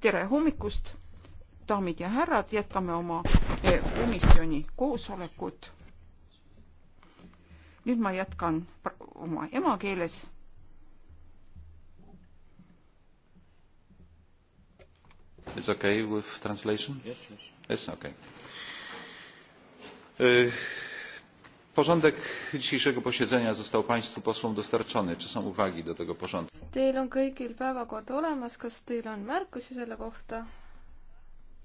tere hommikust, daamid ja härrad, jätkame oma eh, komisjoni koosolekut. nüüd ma jätkan oma emakeeles. It's okay with translation? Yes, yes. Yes, okay. Uh, Porządek dzisiejszego posiedzenia został Państwu posłom dostarczony. Czy są uwagi do tego porządku? Teil on kõigil päevakord olemas. Kas teil on märkusi selle kohta?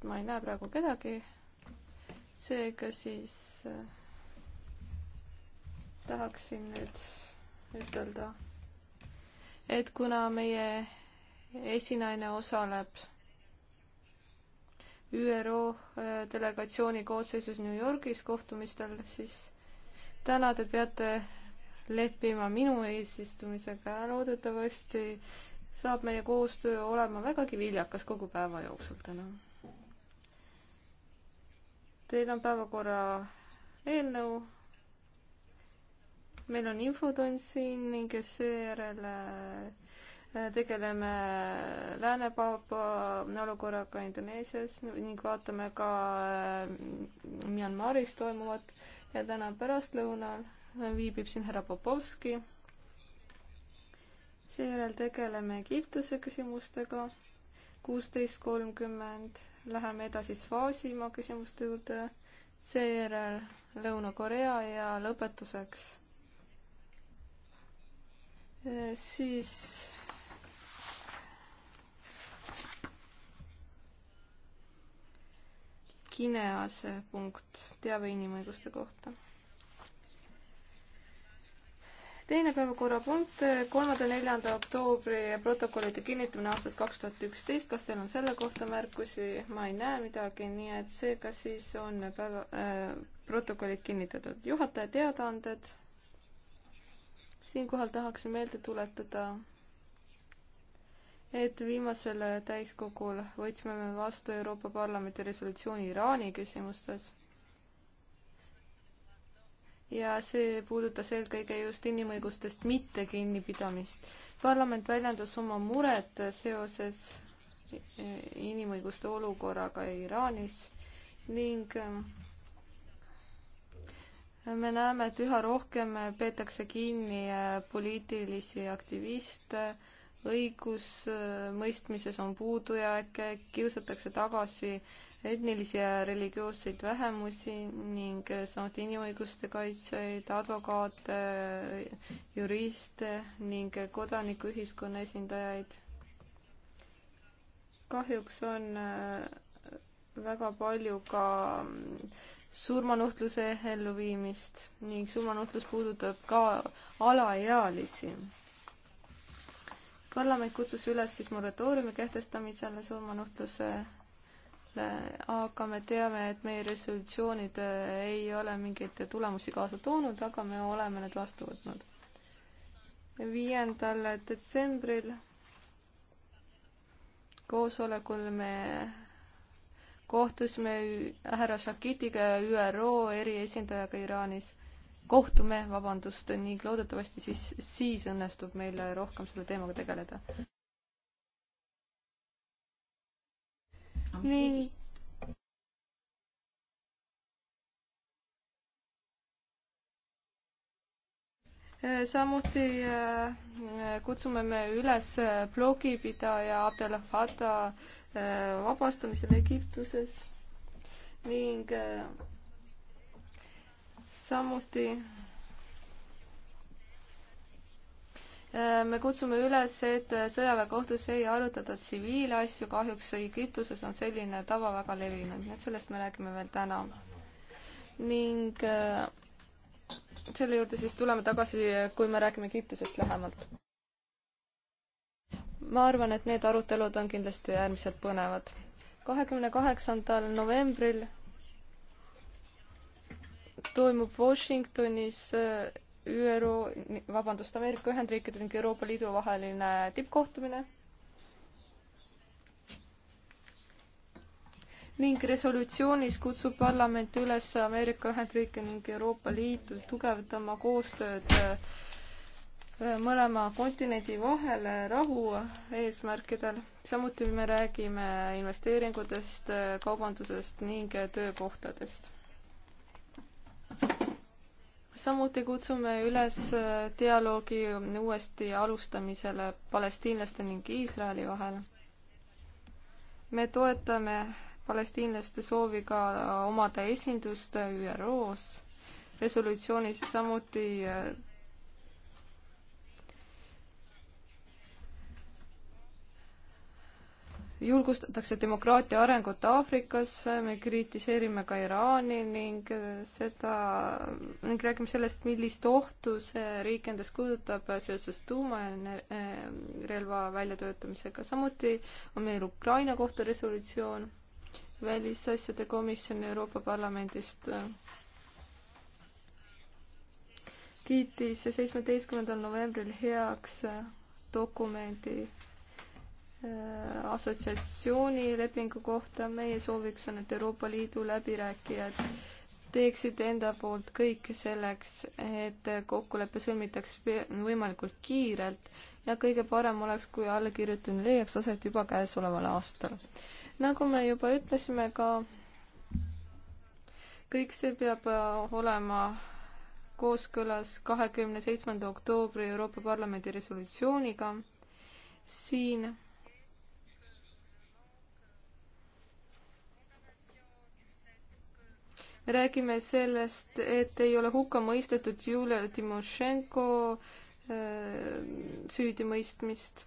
Ma ei näe praegu kedagi. Seega siis äh, tahaksin nüüd ütelda, et kuna meie esinaine osaleb ÜRO äh, delegatsiooni koosseisus New Yorgis kohtumistel, siis täna te peate leppima minu eesistumisega ja loodetavasti saab meie koostöö olema vägagi viljakas kogu päeva jooksul täna. Teil on päevakorra eelnõu. meil on infotund siin ning seejärel äh, tegeleme Lääne-Paapa olukorraga Indoneesias ning vaatame ka äh, Myanmaris toimuvat ja täna pärastlõunal viibib siin härra Popovski. seejärel tegeleme Egiptuse küsimustega. kuusteist kolmkümmend läheme edasi Svaasimaa küsimuste juurde, seejärel Lõuna-Korea ja lõpetuseks siis Guineas eh, punkt teave inimõiguste kohta. teine päevakorrapunkt, eh, kolmanda, neljanda oktoobri protokollide kinnitamine aastast kaks tuhat üksteist, kas teil on selle kohta märkusi? ma ei näe midagi, nii et seega siis on päeva äh,, protokollid kinnitatud. juhataja teadaanded. siinkohal tahaksin meelde tuletada et viimasel täiskogul võtsime me vastu Euroopa Parlamenti resolutsiooni Iraani küsimustes. ja see puudutas eelkõige just inimõigustest mitte kinnipidamist. parlament väljendas oma muret seoses inimõiguste olukorraga Iraanis ning äh, me näeme, et üha rohkem peetakse kinni äh, poliitilisi aktiviste, õigusmõistmises on puudujääke, kiusatakse tagasi etnilisi ja religioosseid vähemusi ning samuti inimõiguste kaitsjaid, advokaate, juriste ning kodanikuühiskonna esindajaid. kahjuks on äh, väga palju ka mm, surmanuhtluse elluviimist ning surmanuhtlus puudutab ka alaealisi parlament kutsus üles siis moratooriumi kehtestamisele surmanuhtlusele, aga me teame, et meie resolutsioonid eh, ei ole mingeid tulemusi kaasa toonud, aga me oleme need vastu võtnud. viiendal detsembril koosolekul me kohtusime härra Shakitiga, ÜRO eriesindajaga Iraanis kohtume, vabandust, ning loodetavasti siis, siis õnnestub meil rohkem selle teemaga tegeleda. ning äh, samuti äh, kutsume me üles äh, blogipidaja Abdel Fattah vabastamisele Egiptuses ning samuti äh, me kutsume üles, et sõjaväekohtus ei arutata tsiviilasju, kahjuks Egiptuses on selline tava väga levinud, nii et sellest me räägime veel täna. ning äh, selle juurde siis tuleme tagasi, kui me räägime Egiptusest lähemalt. ma arvan, et need arutelud on kindlasti äärmiselt põnevad. kahekümne kaheksandal novembril toimub Washingtonis äh, ÜRO, vabandust, Ameerika Ühendriikide ning Euroopa Liidu vaheline tippkohtumine. ning resolutsioonis kutsub parlament üles Ameerika Ühendriike ning Euroopa Liitu tugevdama koostööd äh, mõlema kontinendi vahel rahu eesmärkidel. samuti me räägime investeeringutest, äh, kaubandusest ning töökohtadest samuti kutsume üles äh, dialoogi uuesti alustamisele palestiinlaste ning Iisraeli vahel. me toetame palestiinlaste soovi ka omada esindust ÜRO-s, resolutsioonis samuti äh, julgustatakse demokraatia arengut Aafrikas, me kritiseerime ka Iraani ning seda, ning räägime sellest, millist ohtu see riik endast kujutab seoses tuumarelva väljatöötamisega. samuti on meil Ukraina kohta resolutsioon välisasjade komisjon Euroopa Parlamendist kiitis seitsmeteistkümnendal novembril heaks dokumendi Äh, assotsiatsioonilepingu kohta. meie sooviks on, et Euroopa Liidu läbirääkijad teeksid enda poolt kõik selleks, et kokkulepe sõlmitaks võimalikult kiirelt ja kõige parem oleks, kui allakirjutamine leiaks aset juba käesoleval aastal. nagu me juba ütlesime, ka kõik see peab äh, olema kooskõlas kahekümne seitsmenda oktoobri Euroopa Parlamendi resolutsiooniga. siin me räägime sellest, et ei ole hukka mõistetud Julia Timošenko äh, süüdimõistmist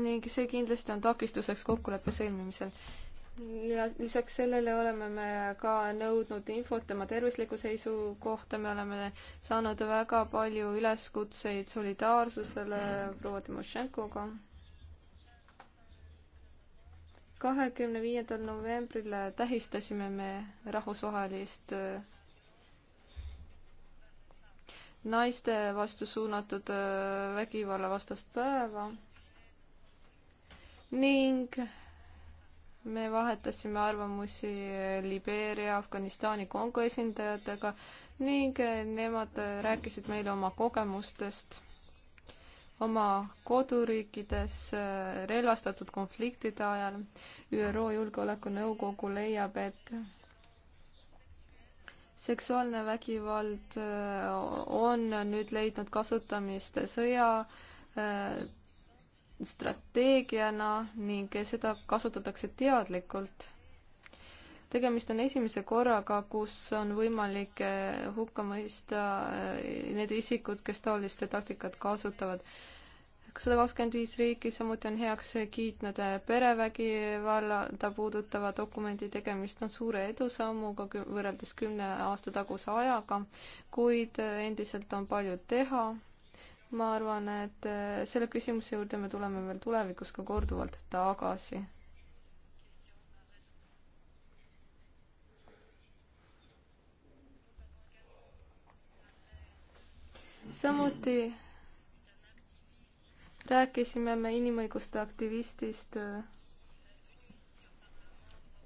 ning see kindlasti on takistuseks kokkuleppe sõlmimisel. ja lisaks sellele oleme me ka nõudnud infot tema tervisliku seisu kohta, me oleme saanud väga palju üleskutseid solidaarsusele proua Timošenkoga kahekümne viiendal novembril tähistasime me rahvusvahelist äh, naiste vastu suunatud äh, vägivallavastast päeva ning me vahetasime arvamusi Libeeria, Afganistani, Kongo esindajatega ning äh, nemad rääkisid meile oma kogemustest oma koduriikides äh, relvastatud konfliktide ajal. ÜRO Julgeolekunõukogu leiab, et seksuaalne vägivald äh, on nüüd leidnud kasutamist sõja äh, strateegiana ning seda kasutatakse teadlikult tegemist on esimese korraga, kus on võimalik eh, hukka mõista eh, need isikud, kes taolist taktikat kasutavad. sada kakskümmend viis riiki samuti on heaks kiitnud eh, perevägivalda puudutava dokumendi tegemist, on suure edusammuga võrreldes kümne aasta taguse ajaga, kuid endiselt on palju teha. ma arvan, et selle küsimuse juurde me tuleme veel tulevikus ka korduvalt tagasi samuti rääkisime me inimõiguste aktivistist,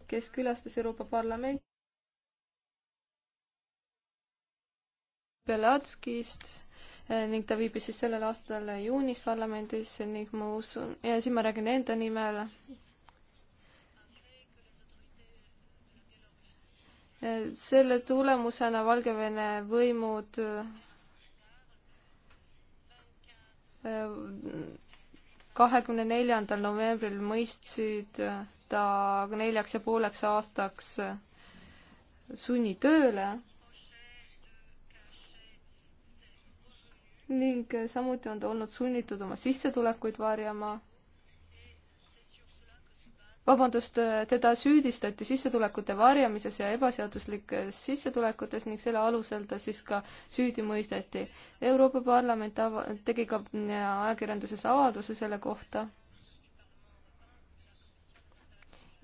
kes külastas Euroopa Parlamenti. Belatskist ning ta viibis siis sellel aastal juunis parlamendis ning ma usun, ja siin ma räägin enda nimel. selle tulemusena Valgevene võimud kahekümne neljandal novembril mõistsid ta neljaks ja pooleks aastaks sunnitööle ning samuti on ta olnud sunnitud oma sissetulekuid varjama vabandust, teda süüdistati sissetulekute varjamises ja ebaseaduslikes sissetulekutes ning selle alusel ta siis ka süüdi mõisteti. Euroopa Parlament ava-, tegi ka äh, ajakirjanduses avalduse selle kohta.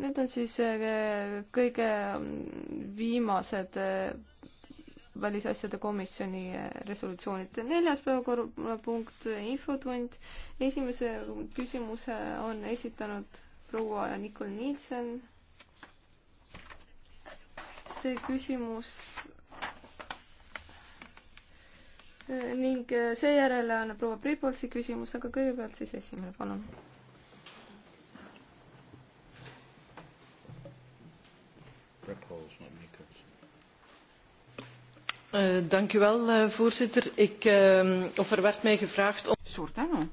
Need on siis äh, kõige viimased äh, välisasjade komisjoni resolutsioonid. neljas päevakorrapunkt, infotund. esimese küsimuse on esitanud proua Nicole Nielsen. see küsimus eh, ning eh, seejärel on proua Pribolsi küsimus, aga kõigepealt siis esimene, palun. Eh, dank u wel, voorzitter. Ik, of er werd mij gevraagd om... Suur tänu.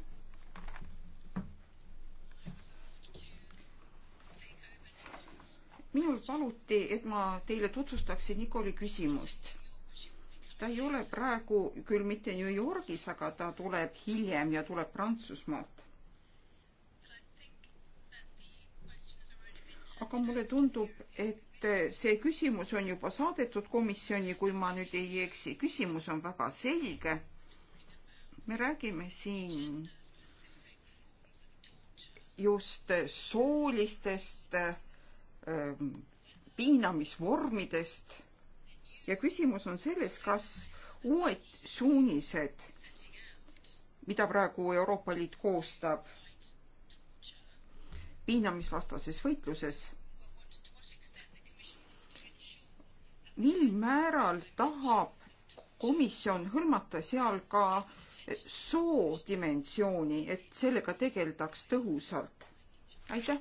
minul paluti, et ma teile tutvustaksin Nikoli küsimust. ta ei ole praegu küll mitte New Yorgis, aga ta tuleb hiljem ja tuleb Prantsusmaalt. aga mulle tundub, et see küsimus on juba saadetud komisjoni, kui ma nüüd ei eksi. küsimus on väga selge. me räägime siin just soolistest Ähm, piinamisvormidest ja küsimus on selles, kas uued suunised, mida praegu Euroopa Liit koostab piinamisvastases võitluses, mil määral tahab komisjon hõlmata seal ka soodimensiooni, et sellega tegeldaks tõhusalt? aitäh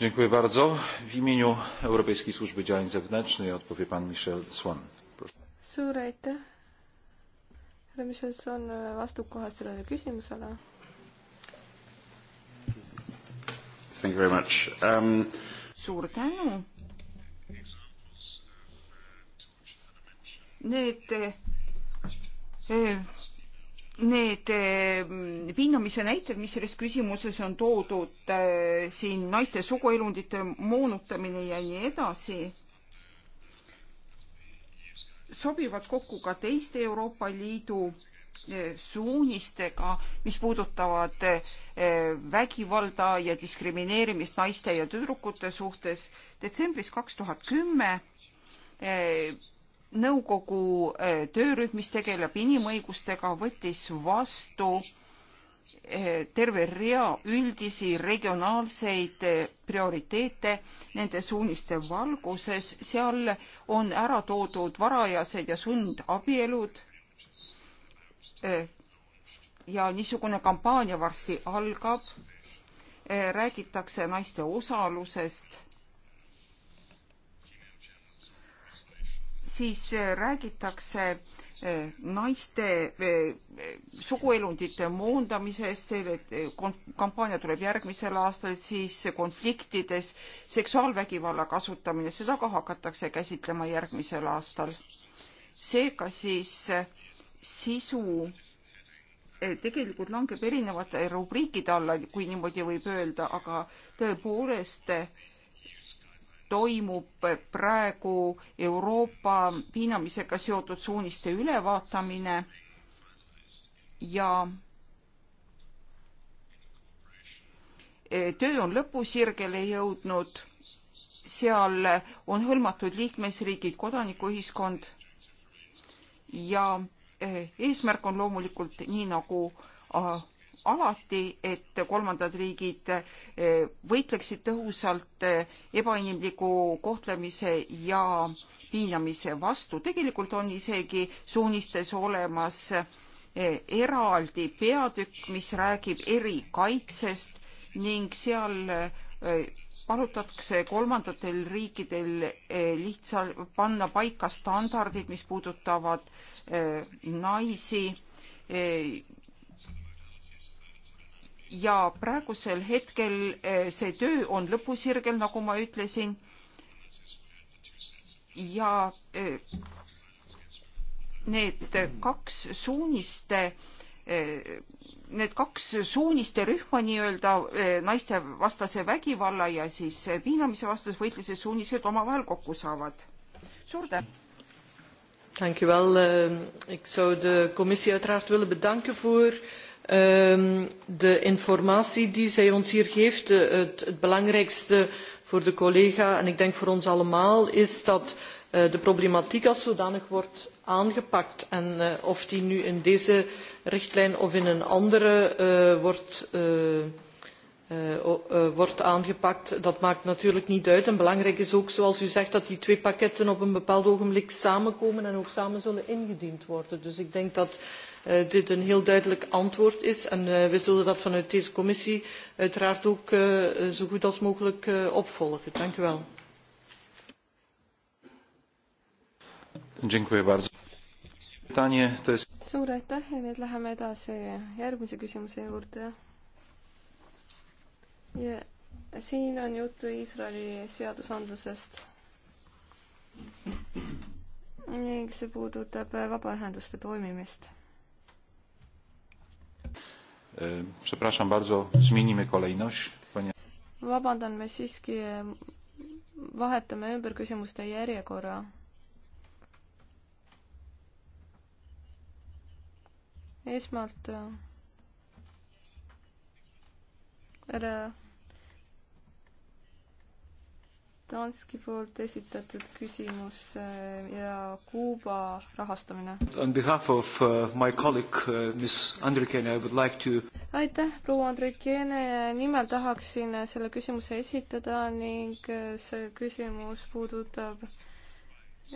Dziękuję bardzo. W imieniu Europejskiej Służby Działań Zewnętrznych odpowie pan Michel Swan. suur aitäh, härra Michel Swan vastab kohe sellele küsimusele. Thank you very much um.... suur tänu. Need eh, eh need eh, piinamise näited, mis selles küsimuses on toodud, eh, siin naiste suguelundite moonutamine ja nii edasi, sobivad kokku ka teiste Euroopa Liidu eh, suunistega, mis puudutavad vägivalda ja diskrimineerimist naiste ja tüdrukute suhtes. detsembris kaks tuhat kümme nõukogu äh, töörühm, mis tegeleb inimõigustega, võttis vastu äh, terve rea üldisi regionaalseid äh, prioriteete nende suuniste valguses. seal on ära toodud varajased ja sundabielud. ja niisugune kampaania varsti algab. räägitakse naiste osalusest siis äh, räägitakse äh, naiste äh, suguelundite moondamisest, kampaania tuleb järgmisel aastal, siis konfliktides seksuaalvägivalla kasutamine, seda ka hakatakse käsitlema järgmisel aastal. seega siis sisu tegelikult langeb erinevate rubriikide alla, kui niimoodi võib öelda, aga tõepoolest toimub praegu Euroopa piinamisega seotud suuniste ülevaatamine ja eh, töö on lõpusirgele jõudnud, seal on hõlmatud liikmesriigid, kodanikuühiskond ja eh, eesmärk on loomulikult nii nagu ah, alati, et kolmandad riigid eh, võitleksid tõhusalt eh, ebainimliku kohtlemise ja piinamise vastu. tegelikult on isegi suunistes olemas eh, eraldi peatükk, mis räägib erikaitsest ning seal palutakse kolmandatel riikidel lihtsalt panna paika standardid, mis puudutavad naisi ja praegusel hetkel eh, see töö on lõpusirgel, nagu ma ütlesin. ja eh, need kaks suuniste eh, Need kaks suuniste rühma nii-öelda naistevastase vägivalla ja siis piinamise vastases võitluses suunised omavahel kokku saavad. suur tänu! Dank u wel. Ik zou de commissie uiteraard willen bedanken voor uh, Ehm, de informatie die zij ons hier geeft eh, het, het belangrijkste voor de collega en ik denk voor ons allemaal is dat eh, de problematiek als zodanig wordt aangepakt en eh, of die nu in deze richtlijn of in een andere uh, wordt, uh, uh, wordt aangepakt dat maakt natuurlijk niet uit en belangrijk is ook zoals u zegt dat die twee pakketten op een bepaald ogenblik samenkomen en ook samen zullen ingediend worden dus ik denk dat uh, dit een heel duidelijk antwoord is. En uh, we zullen dat vanuit deze commissie uiteraard ook uh, zo goed als mogelijk uh, opvolgen. Dank u wel. Dziękuję bardzo. Pytanie to jest... Suur aitäh ja nüüd läheme edasi järgmise küsimuse juurde. ja siin on juttu Iisraeli seadusandlusest ning see puudutab vabaühenduste toimimist E, przepraszam bardzo, zmienimy kolejność. vabandan, me siiski e, vahetame ümber küsimuste järjekorra. esmalt härra e, Danski poolt esitatud küsimus eh, ja Kuuba rahastamine. On behalf of uh, my colleague uh, Miss Andrikene I would like to aitäh, proua Andrikene, nimel tahaksin selle küsimuse esitada ning see küsimus puudutab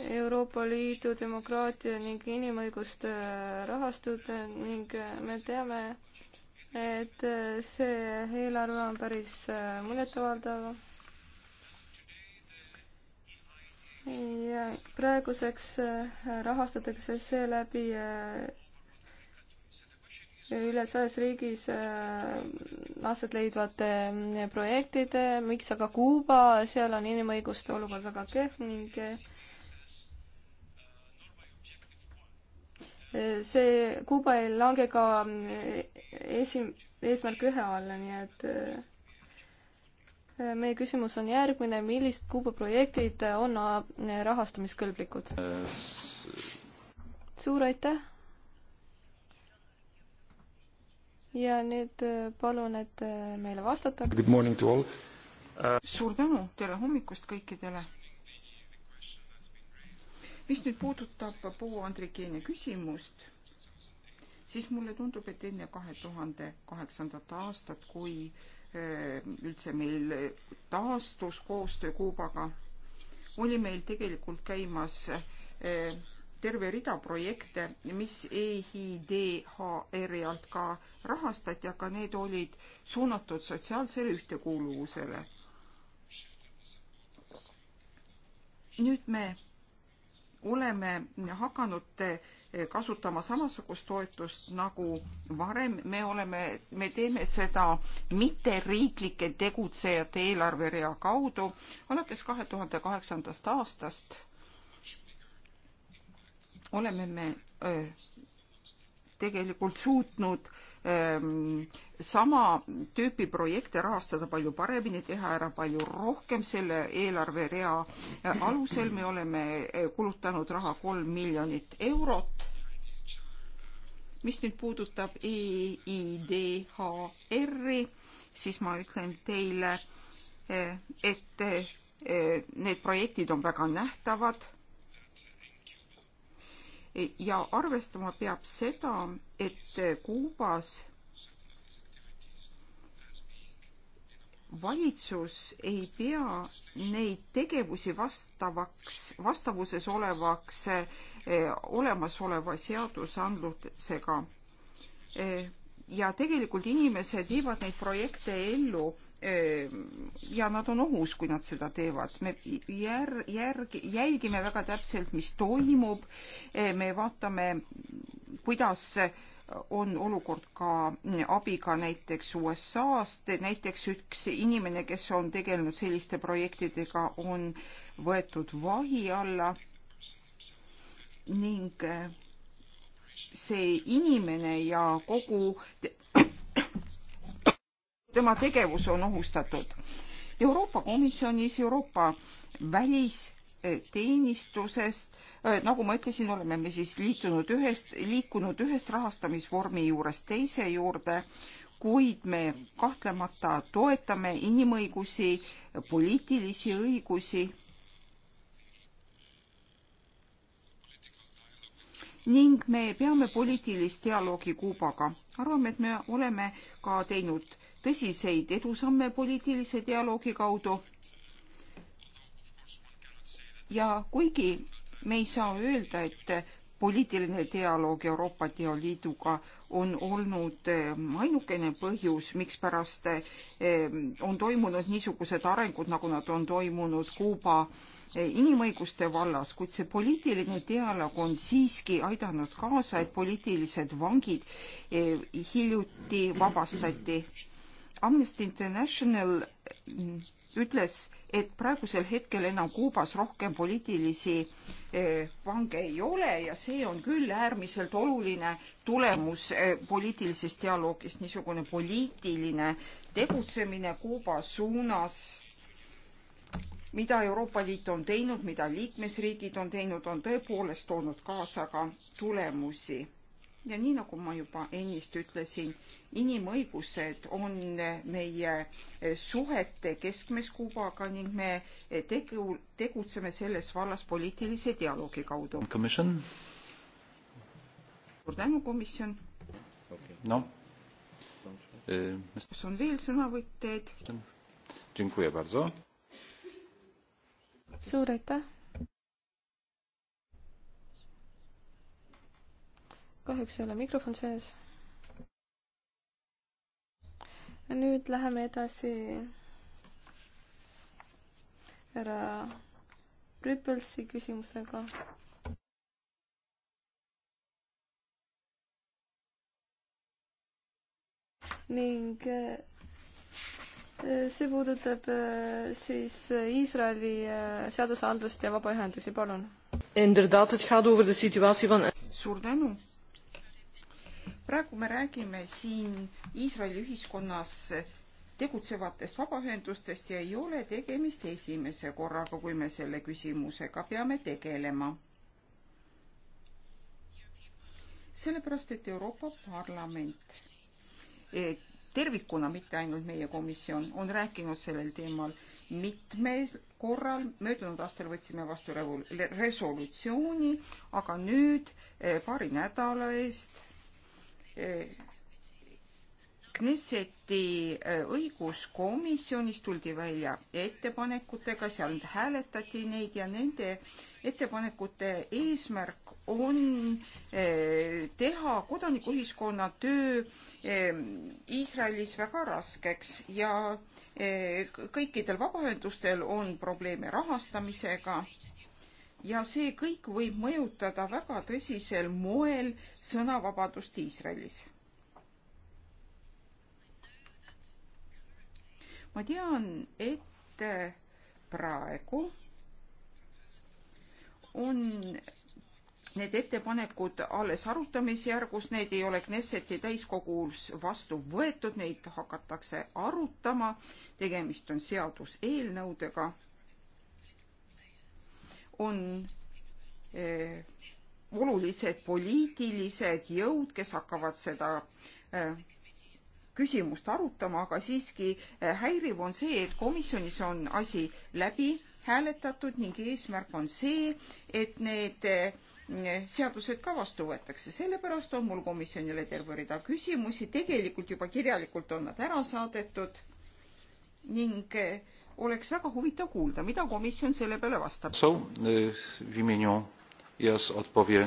Euroopa Liidu demokraatia ning inimõiguste rahastut ning me teame, et see eelarve on päris muljetavaldav ja praeguseks äh, rahastatakse seeläbi äh, üle sajas riigis äh, aset leidvate projektide, miks aga Kuuba, seal on inimõiguste olukord väga kehv ning see Kuuba ei lange ka esi-, eesmärk ühe alla, nii et meie küsimus on järgmine, millised Kuuba projektid on rahastamiskõlblikud? suur aitäh! ja nüüd äh, palun, et äh, meile vastata. Uh... suur tänu, tere hommikust kõikidele! mis nüüd puudutab Puu Andrikeene küsimust, siis mulle tundub, et enne kahe tuhande kaheksandat aastat, kui äh, Eh, üldse meil taastus koostöö Kuubaga, oli meil tegelikult käimas eh, terve rida projekte, mis EIDHR-i alt ka rahastati, aga need olid suunatud sotsiaalsele ühtekuuluvusele. nüüd me oleme hakanud eh, kasutama samasugust toetust nagu varem, me oleme, me teeme seda mitteriiklike tegutsejate eelarverea kaudu alates kahe tuhande kaheksandast aastast oleme me öö, eh, tegelikult suutnud ähm, sama tüüpi projekte rahastada palju paremini, teha ära palju rohkem selle eelarverea alusel. me oleme eh, kulutanud raha kolm miljonit eurot. mis nüüd puudutab EIDHR-i, siis ma ütlen teile, eh, et eh, need projektid on väga nähtavad ja arvestama peab seda, et Kuubas valitsus ei pea neid tegevusi vastavaks, vastavuses olevaks eh, olemasoleva seadusandlusega eh,. ja tegelikult inimesed viivad neid projekte ellu Ehm, ja nad on ohus, kui nad seda teevad. me jär-, järg-, jälgime väga täpselt, mis toimub, ehm, me vaatame, kuidas on olukord ka abiga näiteks USA-st, näiteks üks inimene, kes on tegelenud selliste projektidega, on võetud vahi alla ning ehm, see inimene ja kogu tema tegevus on ohustatud. Euroopa Komisjonis, Euroopa välisteenistusest, eh, nagu ma ütlesin, oleme me siis liitunud ühest, liikunud ühest rahastamisvormi juurest teise juurde, kuid me kahtlemata toetame inimõigusi, poliitilisi õigusi ning me peame poliitilist dialoogi Kuubaga. arvame, et me oleme ka teinud tõsiseid edusamme poliitilise dialoogi kaudu. ja kuigi me ei saa öelda, et poliitiline dialoog Euroopa Dialiiduga on olnud ehm, ainukene põhjus, mikspärast ehm, on toimunud niisugused arengud, nagu nad on toimunud Kuuba eh, inimõiguste vallas, kuid see poliitiline dialoog on siiski aidanud kaasa, et poliitilised vangid eh, hiljuti vabastati Amnesty International mm, ütles, et praegusel hetkel enam Kuubas rohkem poliitilisi eh, vange ei ole ja see on küll äärmiselt oluline tulemus eh, poliitilisest dialoogist, niisugune poliitiline tegutsemine Kuuba suunas mida Euroopa Liit on teinud, mida liikmesriigid on teinud, on tõepoolest toonud kaasa ka tulemusi ja nii nagu ma juba ennist ütlesin, inimõigused on meie suhete keskmes Kuubaga ning me tegu, tegutseme selles vallas poliitilise dialoogi kaudu. suur tänu, komisjon. noh. kas on veel sõnavõtjaid? suur aitäh kahjuks ei ole mikrofon sees. nüüd läheme edasi härra Rüppelsi küsimusega. ning eh, see puudutab eh, siis Iisraeli eh, seadusandlust ja vabaühendusi, palun. suur tänu praegu me räägime siin Iisraeli ühiskonnas tegutsevatest vabaühendustest ja ei ole tegemist esimese korraga, kui me selle küsimusega peame tegelema. sellepärast, et Euroopa Parlament e, tervikuna, mitte ainult meie komisjon, on rääkinud sellel teemal mitmel korral. möödunud aastal võtsime vastu resolutsiooni, aga nüüd e, paari nädala eest Knesseti äh, õiguskomisjonis tuldi välja ettepanekutega, seal hääletati neid ja nende ettepanekute eesmärk on äh, teha kodanikuühiskonna töö äh, Iisraelis väga raskeks ja kõikidel vabaühendustel on probleeme rahastamisega ja see kõik võib mõjutada väga tõsisel moel sõnavabadust Iisraelis. ma tean, et praegu on need ettepanekud alles arutamisjärgus, need ei ole Knesseti täiskogus vastu võetud, neid hakatakse arutama. tegemist on seaduseelnõudega on eh, olulised poliitilised jõud, kes hakkavad seda eh, küsimust arutama, aga siiski eh, häiriv on see, et komisjonis on asi läbi hääletatud ning eesmärk on see, et need seadused ka vastu võetakse, sellepärast on mul komisjonile terve rida küsimusi, tegelikult juba kirjalikult on nad ära saadetud ning äh, oleks väga huvitav kuulda, mida komisjon selle peale vastab. E,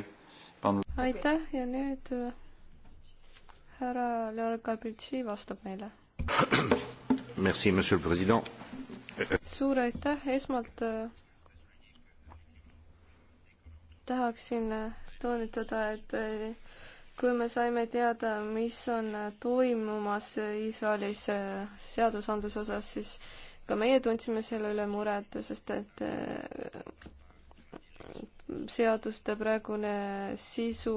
aitäh ja nüüd e, härra Leon Kabitši vastab meile. suur aitäh, esmalt e, tahaksin toonitada, et kui me saime teada, mis on toimumas Iisraelis seadusandluse osas, siis ka meie tundsime selle üle muret, sest et äh, seaduste praegune sisu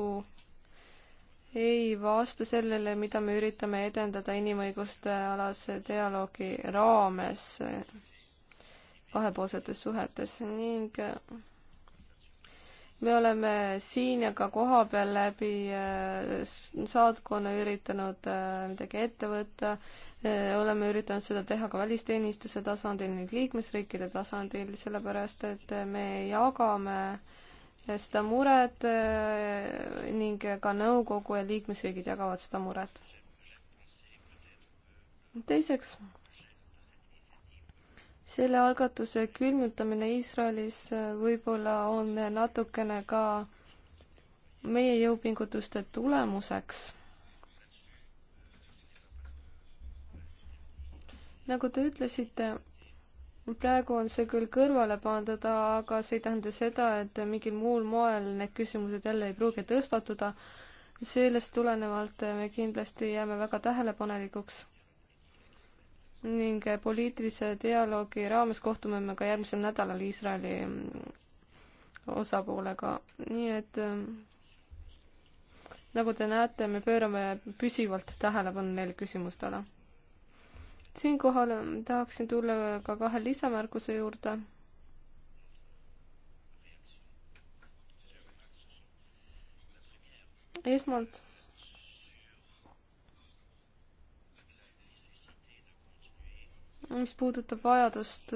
ei vasta sellele, mida me üritame edendada inimõiguste alase dialoogi raames kahepoolsetes suhetes ning äh, me oleme siin ja ka kohapeal läbi äh, saatkonna üritanud äh, midagi ette võtta, äh, oleme üritanud seda teha ka välisteenistuse tasandil ning liikmesriikide tasandil, sellepärast et me jagame seda muret ning ka nõukogu ja liikmesriigid jagavad seda muret. teiseks selle algatuse külmutamine Iisraelis äh, võib-olla on natukene ka meie jõupingutuste tulemuseks. nagu te ütlesite, praegu on see küll kõrvale pandud, aga see ei tähenda seda, et mingil muul moel need küsimused jälle ei pruugi tõstatuda. sellest tulenevalt me kindlasti jääme väga tähelepanelikuks ning poliitilise dialoogi raames kohtume me ka järgmisel nädalal Iisraeli mm, osapoolega, nii et mm, nagu te näete, me pöörame püsivalt tähelepanu neile küsimustele. siinkohal mm, tahaksin tulla ka kahe lisamärkuse juurde esmalt mis puudutab vajadust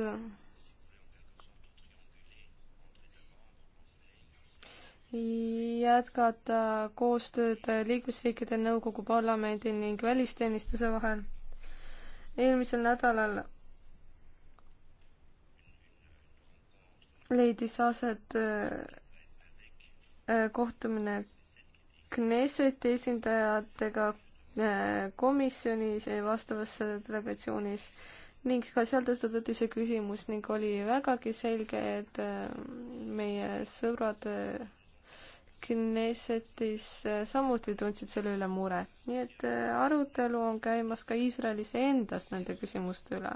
jätkata koostööd liikmesriikide nõukogu parlamendi ning välisteenistuse vahel. eelmisel nädalal leidis aset äh, kohtumine Knesseti esindajatega äh, komisjonis ja vastavas delegatsioonis äh, ning ka seal tõstatati see küsimus ning oli vägagi selge, et äh, meie sõbrad äh, Knessetis äh, samuti tundsid selle üle muret, nii et arutelu on käimas ka Iisraelis endas nende küsimuste üle.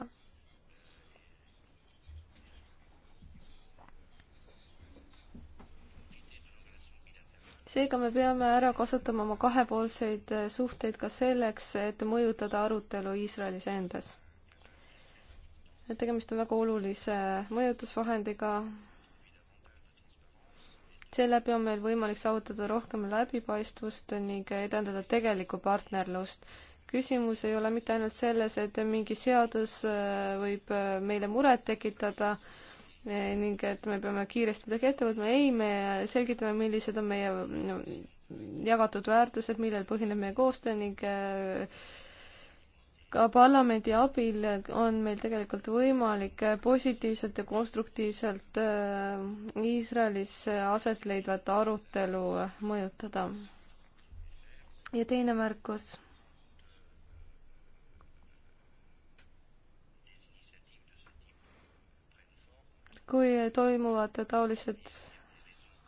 seega me peame ära kasutama oma kahepoolseid suhteid ka selleks, et mõjutada arutelu Iisraelis endas tegemist on väga olulise mõjutusvahendiga. seeläbi on meil võimalik saavutada rohkem läbipaistvust ning edendada tegelikku partnerlust. küsimus ei ole mitte ainult selles, et mingi seadus äh, võib äh, meile muret tekitada äh, ning et me peame kiiresti midagi ette võtma, ei, me selgitame, millised on meie mm, jagatud väärtused, millel põhineb meie koostöö ning ka parlamendi abil on meil tegelikult võimalik positiivselt ja konstruktiivselt äh, Iisraelis aset leidvat arutelu äh, mõjutada. ja teine märkus. kui toimuvad taolised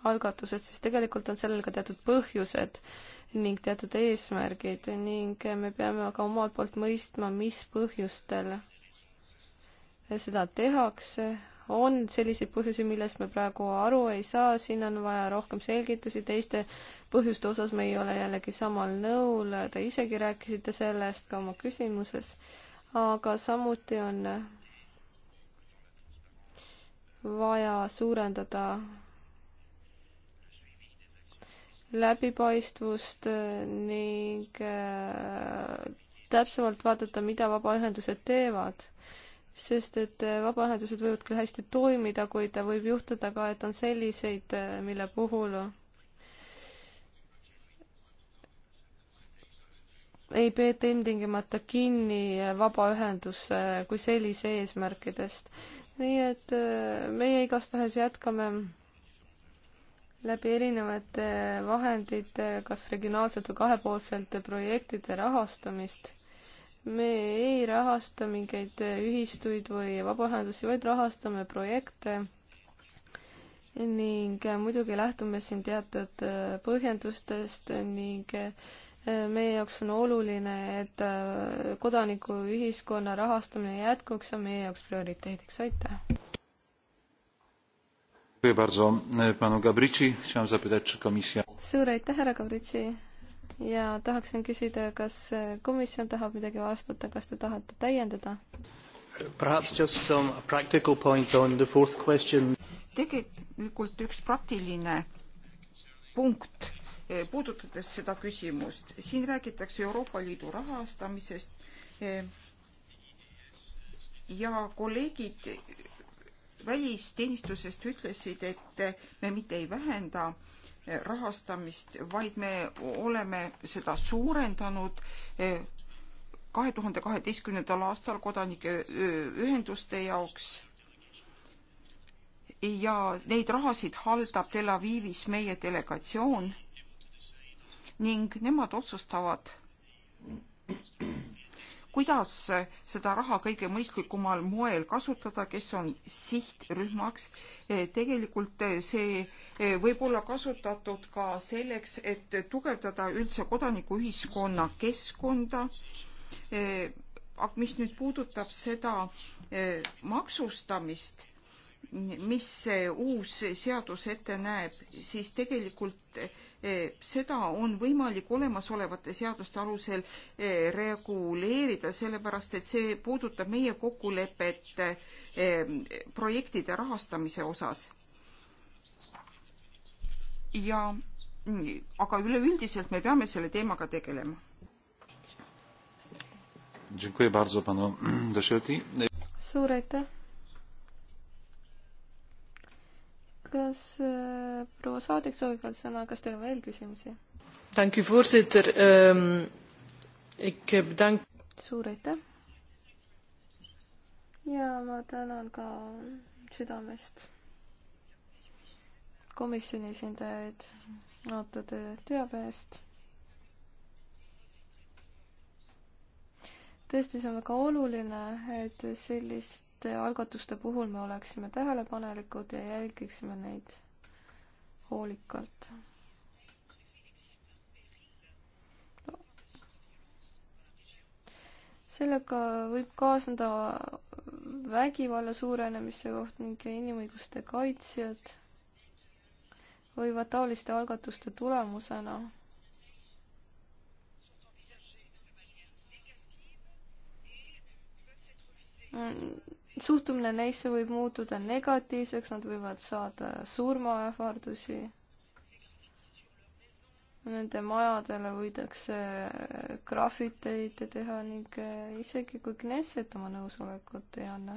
algatused, siis tegelikult on sellel ka teatud põhjused ning teatud eesmärgid ning me peame aga omalt poolt mõistma, mis põhjustel seda tehakse. on selliseid põhjusi, millest me praegu aru ei saa, siin on vaja rohkem selgitusi, teiste põhjuste osas me ei ole jällegi samal nõul, te isegi rääkisite sellest ka oma küsimuses, aga samuti on vaja suurendada läbipaistvust äh, ning äh, täpsemalt vaadata, mida vabaühendused teevad. sest et äh, vabaühendused võivad küll hästi toimida, kuid võib juhtuda ka, et on selliseid, mille puhul ei peeta ilmtingimata kinni vabaühenduse kui sellise eesmärkidest. nii et meie igastahes jätkame läbi erinevate vahendite, kas regionaalselt või kahepoolsete projektide rahastamist. me ei rahasta mingeid ühistuid või vabaühendusi, vaid rahastame projekte ning muidugi lähtume siin teatud põhjendustest ning meie jaoks on oluline, et kodanikuühiskonna rahastamine jätkuks, on meie jaoks prioriteediks, aitäh! E, suur aitäh, härra Gabritši ja tahaksin küsida, kas komisjon tahab midagi vastata, kas te tahate täiendada? tegelikult üks praktiline punkt eh, puudutades seda küsimust. siin räägitakse Euroopa Liidu rahastamisest eh, ja kolleegid välisteenistusest ütlesid, et me mitte ei vähenda rahastamist, vaid me oleme seda suurendanud kahe tuhande kaheteistkümnendal aastal kodanike ühenduste jaoks ja neid rahasid haldab Tel Avivis meie delegatsioon ning nemad otsustavad kuidas seda raha kõige mõistlikumal moel kasutada, kes on sihtrühmaks. Eh, tegelikult eh, see eh, võib olla kasutatud ka selleks, et tugevdada üldse kodanikuühiskonna keskkonda. mis nüüd puudutab seda maksustamist mis uus seadus ette näeb, siis tegelikult eh, seda on võimalik olemasolevate seaduste alusel eh, reguleerida, sellepärast et see puudutab meie kokkulepet eh, projektide rahastamise osas. ja aga üleüldiselt me peame selle teemaga tegelema. suur aitäh! kas äh, proua saadik soovib veel sõna, kas teil on veel küsimusi? Ehm, suur aitäh! ja ma tänan ka südamest komisjoni esindajaid antud teabe eest. tõesti, see on väga oluline, et sellist selliste algatuste puhul me oleksime tähelepanelikud ja jälgiksime neid hoolikalt. sellega võib kaasneda vägivalla suurenemise koht ning inimõiguste kaitsjad võivad taoliste algatuste tulemusena suhtumine neisse võib muutuda negatiivseks, nad võivad saada surmaähvardusi. Nende majadele võidakse graffiteid teha ning eh, isegi kui Knesset oma nõusolekut ei anna,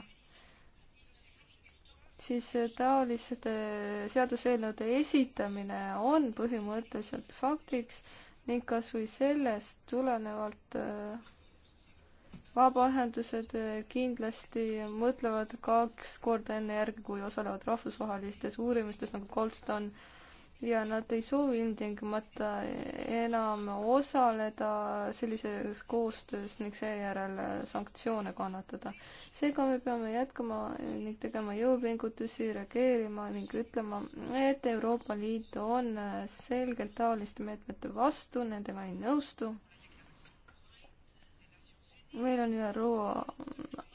siis taoliste seaduseelnõude esitamine on põhimõtteliselt faktiks ning kas või sellest tulenevalt äh, vabaühendused eh, kindlasti mõtlevad kaks korda enne järgi, kui osalevad rahvusvahelistes uurimistes nagu Goldstone ja nad ei soovi ilmtingimata enam osaleda sellises koostöös ning seejärel sanktsioone kannatada. seega me peame jätkama ning tegema jõupingutusi, reageerima ning ütlema, et Euroopa Liit on selgelt taoliste meetmete vastu, nendega ei nõustu meil on ÜRO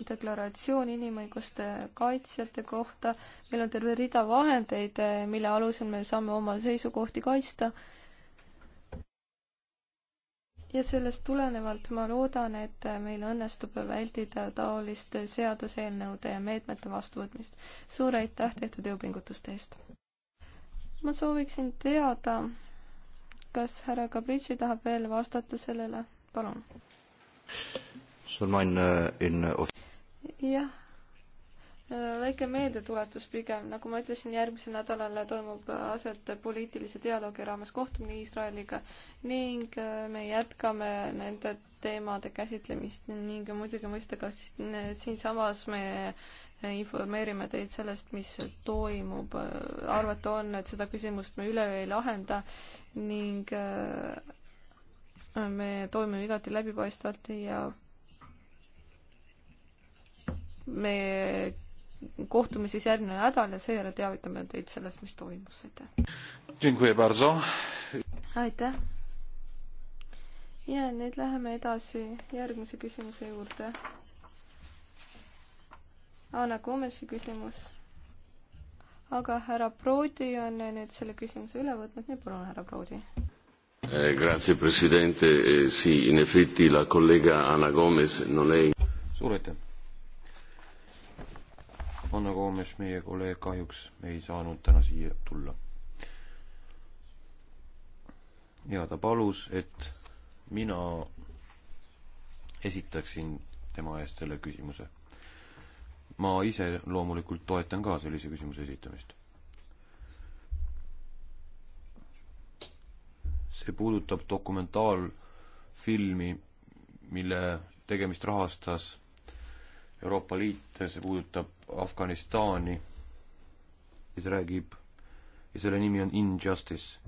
deklaratsioon inimõiguste kaitsjate kohta, meil on terve rida vahendeid, eh, mille alusel me saame oma seisukohti kaitsta. ja sellest tulenevalt ma loodan, et meil õnnestub vältida taoliste seaduseelnõude ja meetmete vastuvõtmist. suur aitäh tehtud jõupingutuste eest! ma sooviksin teada, kas härra Gabritši tahab veel vastata sellele, palun? Äh, äh, jah, äh, väike meeldetuletus pigem, nagu ma ütlesin, järgmisel nädalal toimub aset poliitilise dialoogi raames kohtumine Iisraeliga ning me jätkame nende teemade käsitlemist ning muidugi mõista, kas siinsamas me informeerime teid sellest, mis toimub. arvata on, et seda küsimust me üleöö ei lahenda ning me toimime igati läbipaistvalt ja me kohtume siis järgmine nädal ja seejärel teavitame teid sellest, mis toimus, aitäh. aitäh. ja nüüd läheme edasi järgmise küsimuse juurde. Anna Komesi küsimus. aga härra Proodi on nüüd selle küsimuse üle võtnud, nii palun, härra Proodi. Eh, grazie Presidente, eh, sì, in effetti la collega Anna Gomes non è suur aitäh! Anna Koomes, meie kolleeg, kahjuks ei saanud täna siia tulla. ja ta palus, et mina esitaksin tema eest selle küsimuse. ma ise loomulikult toetan ka sellise küsimuse esitamist. see puudutab dokumentaalfilmi, mille tegemist rahastas Euroopa Liit, see puudutab Afganistani ja see räägib ja selle nimi on Injustice.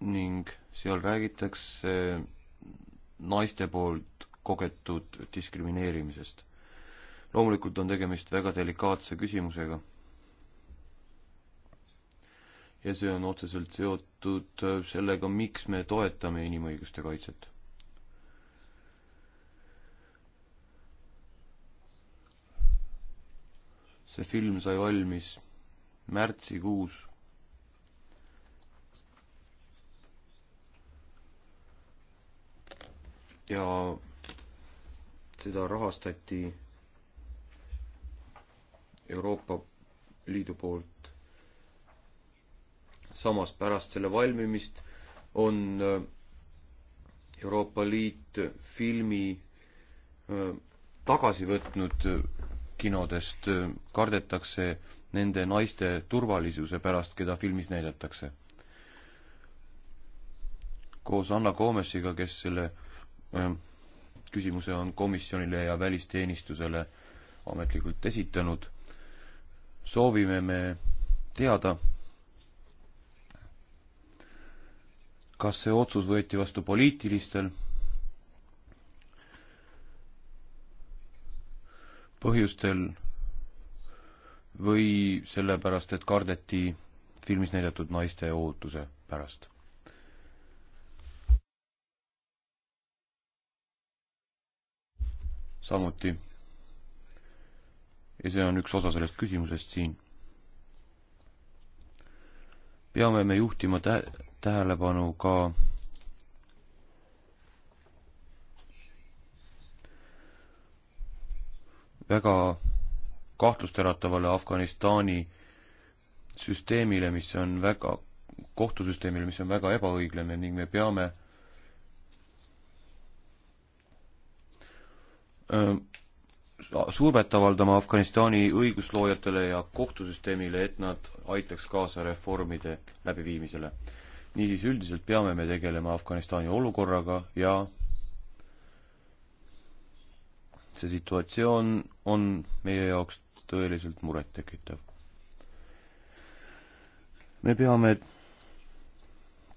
ning seal räägitakse naiste poolt kogetud diskrimineerimisest. loomulikult on tegemist väga delikaatse küsimusega. ja see on otseselt seotud sellega, miks me toetame inimõiguste kaitset see film sai valmis märtsikuus. ja seda rahastati Euroopa Liidu poolt. samas pärast selle valmimist on äh, Euroopa Liit filmi äh, tagasi võtnud äh, kinodest kardetakse nende naiste turvalisuse pärast, keda filmis näidatakse. koos Anna Koomesiga, kes selle äh, küsimuse on komisjonile ja välisteenistusele ametlikult esitanud, soovime me teada, kas see otsus võeti vastu poliitilistel põhjustel või sellepärast, et kardeti filmis näidatud naiste ootuse pärast. samuti. ja see on üks osa sellest küsimusest siin. peame me juhtima tä-, tähelepanu ka väga kahtlusteratavale Afganistani süsteemile, mis on väga, kohtusüsteemile, mis on väga ebaõiglane ning me peame ähm, survet avaldama Afganistani õigusloojatele ja kohtusüsteemile, et nad aitaks kaasa reformide läbiviimisele. niisiis üldiselt peame me tegelema Afganistani olukorraga ja see situatsioon on meie jaoks tõeliselt murettekitav. me peame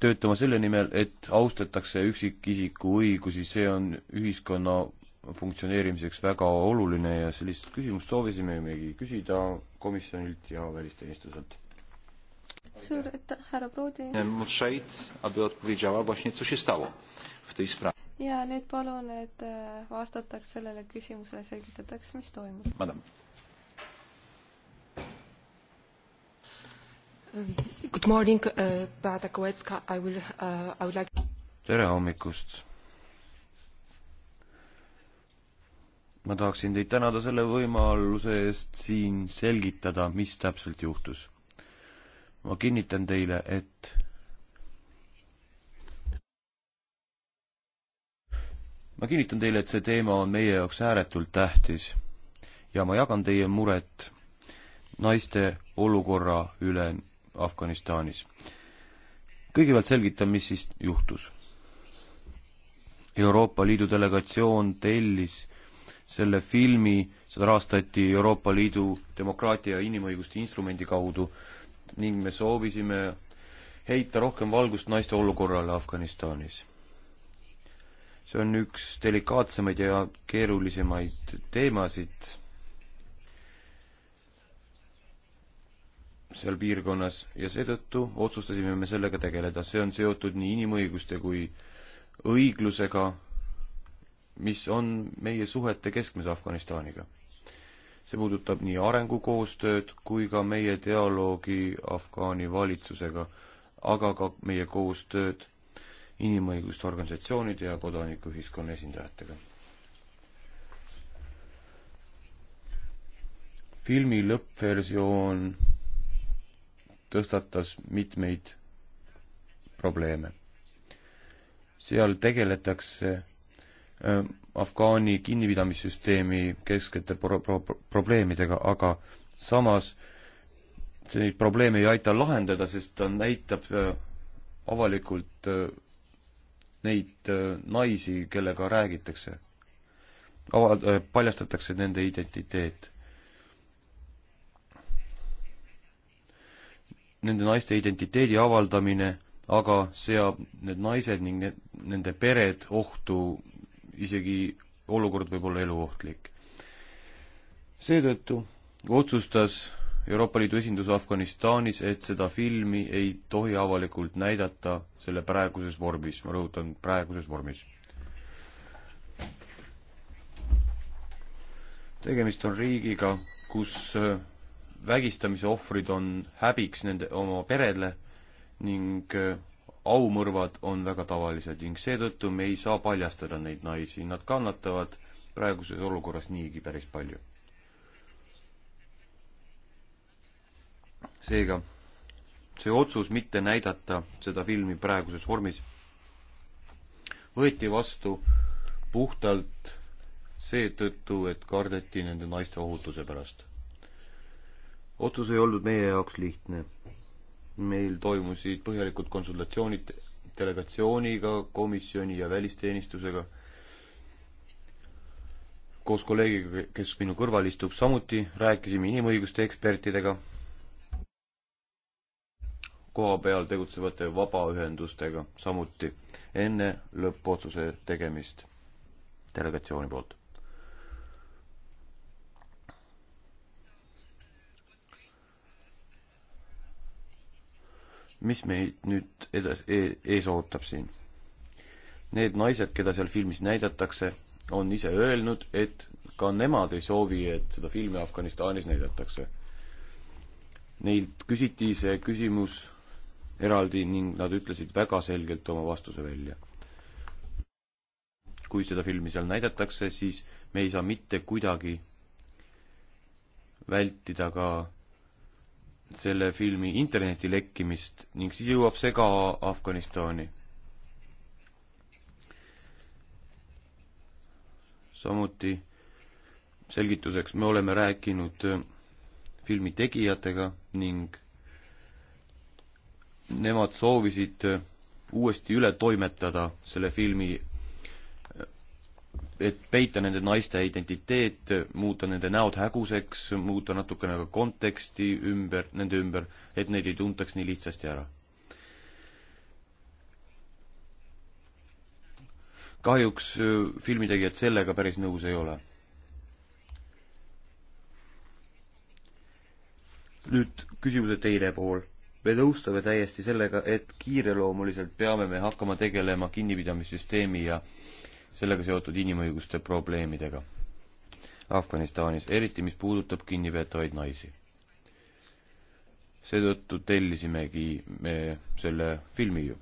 töötama selle nimel, et austatakse üksikisiku õigusi, see on ühiskonna funktsioneerimiseks väga oluline ja sellist küsimust soovisimegi küsida komisjonilt ja välisteenistuselt. suur aitäh, härra Pruudi! ja nüüd palun, et äh, vastataks sellele küsimusele, selgitataks, mis toimus. Madam. Good morning uh,, Beata Kovetska, I will uh,, I would like. tere hommikust. ma tahaksin teid tänada selle võimaluse eest siin selgitada, mis täpselt juhtus. ma kinnitan teile, et ma kinnitan teile, et see teema on meie jaoks ääretult tähtis ja ma jagan teie muret naiste olukorra üle Afganistanis. kõigepealt selgitan, mis siis juhtus. Euroopa Liidu delegatsioon tellis selle filmi, seda rahastati Euroopa Liidu demokraatia ja inimõiguste instrumendi kaudu ning me soovisime heita rohkem valgust naiste olukorrale Afganistanis see on üks delikaatsemaid ja keerulisemaid teemasid seal piirkonnas ja seetõttu otsustasime me sellega tegeleda. see on seotud nii inimõiguste kui õiglusega, mis on meie suhete keskmes Afganistaniga. see puudutab nii arengukoostööd kui ka meie dialoogi Afgaani valitsusega, aga ka meie koostööd inimõiguste organisatsioonide ja kodanikuühiskonna esindajatega. filmi lõppversioon tõstatas mitmeid probleeme. seal tegeletakse ähm, Afgaani kinnipidamissüsteemi keskete pro-, pro-, probleemidega, aga samas see neid probleeme ei aita lahendada, sest ta näitab äh, avalikult äh, neid äh, naisi, kellega räägitakse. ava-, äh, paljastatakse nende identiteet. Nende naiste identiteedi avaldamine aga seab need naised ning need, nende pered ohtu, isegi olukord võib olla eluohtlik. seetõttu otsustas Euroopa Liidu esindus Afganistanis, et seda filmi ei tohi avalikult näidata selle praeguses vormis, ma rõhutan, praeguses vormis. tegemist on riigiga, kus äh, vägistamise ohvrid on häbiks nende, oma perele ning äh, aumõrvad on väga tavalised ning seetõttu me ei saa paljastada neid naisi, nad kannatavad praeguses olukorras niigi päris palju seega see otsus mitte näidata seda filmi praeguses vormis võeti vastu puhtalt seetõttu, et kardeti nende naiste ohutuse pärast. otsus ei olnud meie jaoks lihtne. meil toimusid põhjalikud konsultatsioonid delegatsiooniga, komisjoni ja välisteenistusega, koos kolleegiga, kes minu kõrval istub, samuti rääkisime inimõiguste ekspertidega kohapeal tegutsevate vabaühendustega samuti enne lõppotsuse tegemist delegatsiooni poolt. mis meid nüüd edas- e,, ees ootab siin? Need naised, keda seal filmis näidatakse, on ise öelnud, et ka nemad ei soovi, et seda filmi Afganistanis näidatakse. Neilt küsiti see küsimus eraldi ning nad ütlesid väga selgelt oma vastuse välja. kui seda filmi seal näidatakse, siis me ei saa mitte kuidagi vältida ka selle filmi interneti lekkimist ning siis jõuab see ka Afganistani samuti selgituseks me oleme rääkinud filmi tegijatega ning nemad soovisid äh, uuesti üle toimetada selle filmi, äh, et peita nende naiste identiteet, muuta nende näod häguseks, muuta natukene ka konteksti ümber, nende ümber, et neid ei tuntaks nii lihtsasti ära. kahjuks äh, filmitegijad sellega päris nõus ei ole nüüd küsimuse teine pool me nõustume täiesti sellega, et kiireloomuliselt peame me hakkama tegelema kinnipidamissüsteemi ja sellega seotud inimõiguste probleemidega Afganistanis, eriti mis puudutab kinnipeetavaid naisi. seetõttu tellisimegi me selle filmi ju.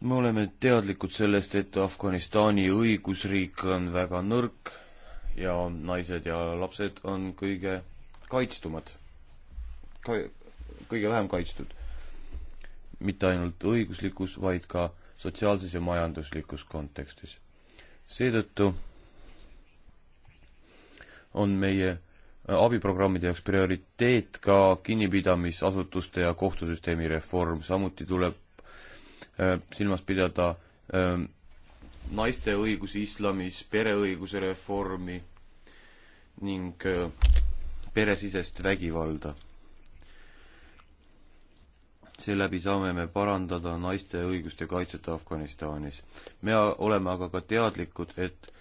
me oleme teadlikud sellest, et Afganistani õigusriik on väga nõrk ja naised ja lapsed on kõige kaitstumad kõige vähem kaitstud. mitte ainult õiguslikus, vaid ka sotsiaalses ja majanduslikus kontekstis. seetõttu on meie abiprogrammide jaoks prioriteet ka kinnipidamisasutuste ja kohtusüsteemi reform, samuti tuleb äh, silmas pidada ähm, naiste õigusi islamis, pereõiguse reformi ning äh, peresisest vägivalda seeläbi saame me parandada naiste õiguste kaitset Afganistanis. me oleme aga ka teadlikud, et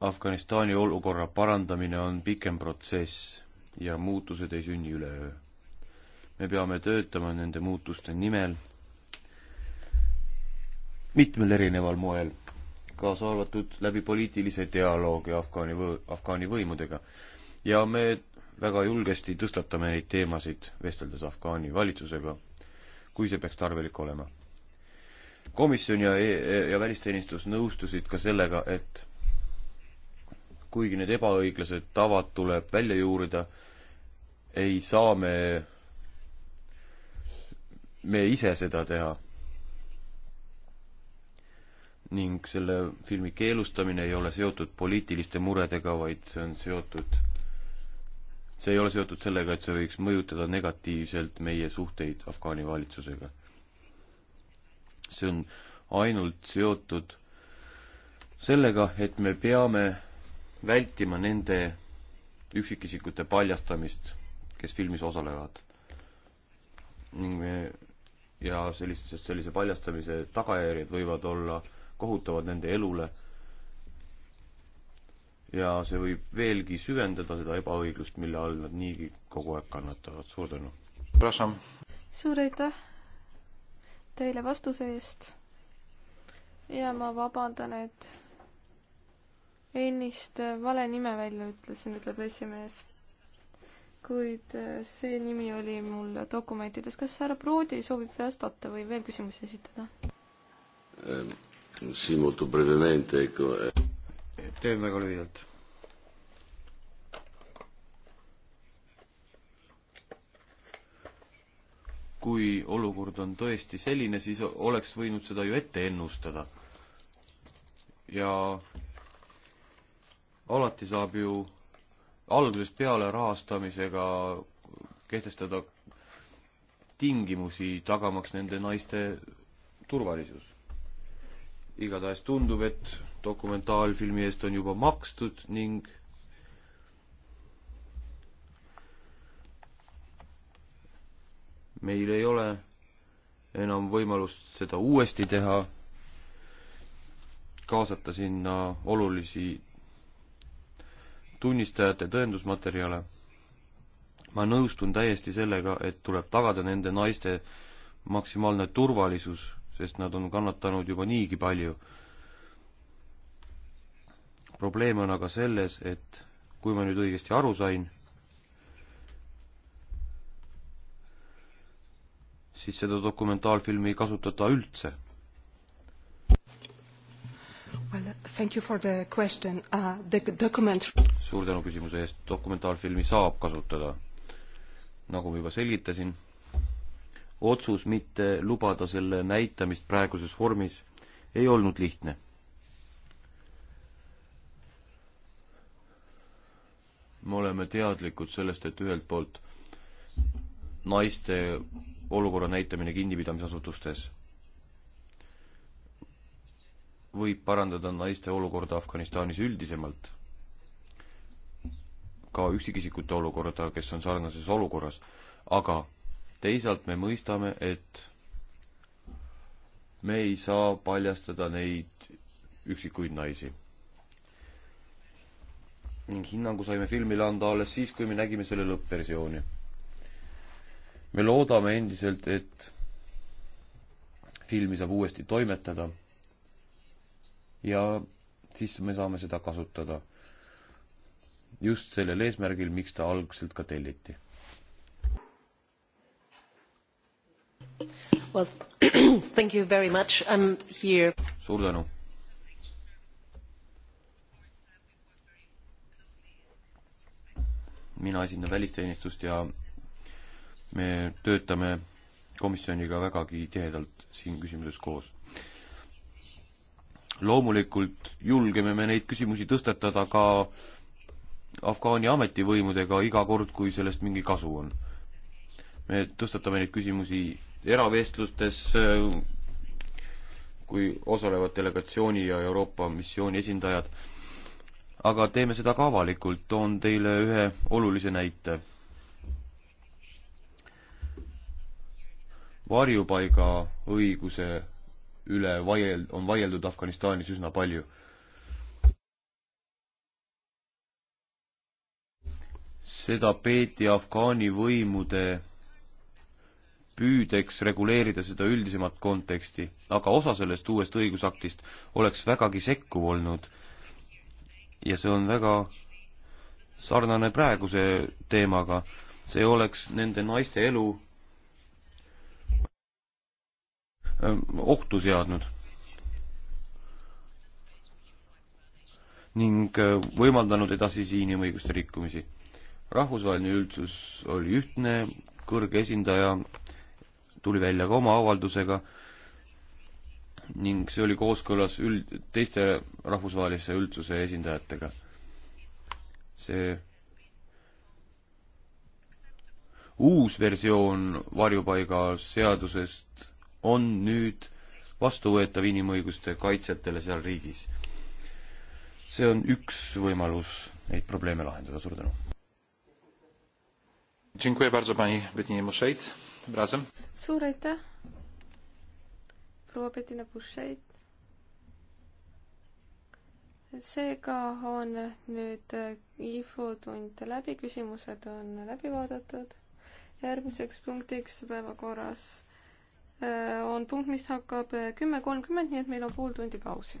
Afganistani olukorra parandamine on pikem protsess ja muutused ei sünni üleöö. me peame töötama nende muutuste nimel mitmel erineval moel, kaasa arvatud läbi poliitilise dialoogi Afgaani võ-, Afgaani võimudega. ja me väga julgesti tõstatame neid teemasid, vesteldes Afgaani valitsusega, kui see peaks tarvilik olema. komisjon ja e-, e, ja välisteenistus nõustusid ka sellega, et kuigi need ebaõiglased tavad tuleb välja juurida, ei saa me, me ise seda teha. ning selle filmi keelustamine ei ole seotud poliitiliste muredega, vaid see on seotud see ei ole seotud sellega, et see võiks mõjutada negatiivselt meie suhteid Afgaani valitsusega. see on ainult seotud sellega, et me peame vältima nende üksikisikute paljastamist, kes filmis osalevad. ning me ja sellist, sest sellise paljastamise tagajärjed võivad olla kohutavad nende elule ja see võib veelgi süvendada seda ebaõiglust, mille all nad niigi kogu aeg kannatavad. suur tänu! suur aitäh teile vastuse eest ja ma vabandan, et ennist vale nime välja ütlesin, ütleb esimees. kuid äh, see nimi oli mul dokumentides. kas härra Proodi soovib vastata või veel küsimusi esitada? Ehm, teen väga lühidalt. kui olukord on tõesti selline, siis oleks võinud seda ju ette ennustada. ja alati saab ju algusest peale rahastamisega kehtestada tingimusi, tagamaks nende naiste turvalisus. igatahes tundub, et dokumentaalfilmi eest on juba makstud ning meil ei ole enam võimalust seda uuesti teha, kaasata sinna olulisi tunnistajate tõendusmaterjale. ma nõustun täiesti sellega, et tuleb tagada nende naiste maksimaalne turvalisus, sest nad on kannatanud juba niigi palju probleem on aga selles, et kui ma nüüd õigesti aru sain, siis seda dokumentaalfilmi ei kasutata üldse. Well, thank you for the question uh,. The document suur tänu küsimuse eest, dokumentaalfilmi saab kasutada. nagu ma juba selgitasin, otsus mitte lubada selle näitamist praeguses vormis ei olnud lihtne me oleme teadlikud sellest, et ühelt poolt naiste olukorra näitamine kinnipidamisasutustes võib parandada naiste olukorda Afganistanis üldisemalt, ka üksikisikute olukorda, kes on sarnases olukorras, aga teisalt me mõistame, et me ei saa paljastada neid üksikuid naisi ning hinnangu saime filmile anda alles siis, kui me nägime selle lõppversiooni. me loodame endiselt, et filmi saab uuesti toimetada ja siis me saame seda kasutada. just sellel eesmärgil, miks ta algselt ka telliti. Well, thank you very much, I am here. suur tänu mina esindan välisteenistust ja me töötame komisjoniga vägagi tihedalt siin küsimuses koos. loomulikult julgeme me neid küsimusi tõstatada ka Afgaani ametivõimudega iga kord, kui sellest mingi kasu on. me tõstatame neid küsimusi eravestlustes, kui osalevad delegatsiooni ja Euroopa missiooni esindajad aga teeme seda ka avalikult, toon teile ühe olulise näite. varjupaiga õiguse üle vaiel-, on vaieldud Afganistanis üsna palju. seda peeti Afgaani võimude püüdeks reguleerida seda üldisemat konteksti, aga osa sellest uuest õigusaktist oleks vägagi sekkuv olnud ja see on väga sarnane praeguse teemaga. see oleks nende naiste elu ähm, ohtu seadnud. ning äh, võimaldanud edasisi inimõiguste rikkumisi. rahvusvaheline üldsus oli ühtne, kõrge esindaja tuli välja ka oma avaldusega ning see oli kooskõlas üld, teiste rahvusvahelise üldsuse esindajatega. see uus versioon varjupaigaseadusest on nüüd vastuvõetav inimõiguste kaitsjatele seal riigis. see on üks võimalus neid probleeme lahendada, suur tänu. suur aitäh proua Bettina Bushait. seega on nüüd äh, infotund läbi, küsimused on läbi vaadatud. järgmiseks punktiks päevakorras äh, on punkt, mis hakkab äh, kümme kolmkümmend, nii et meil on pool tundi pausi.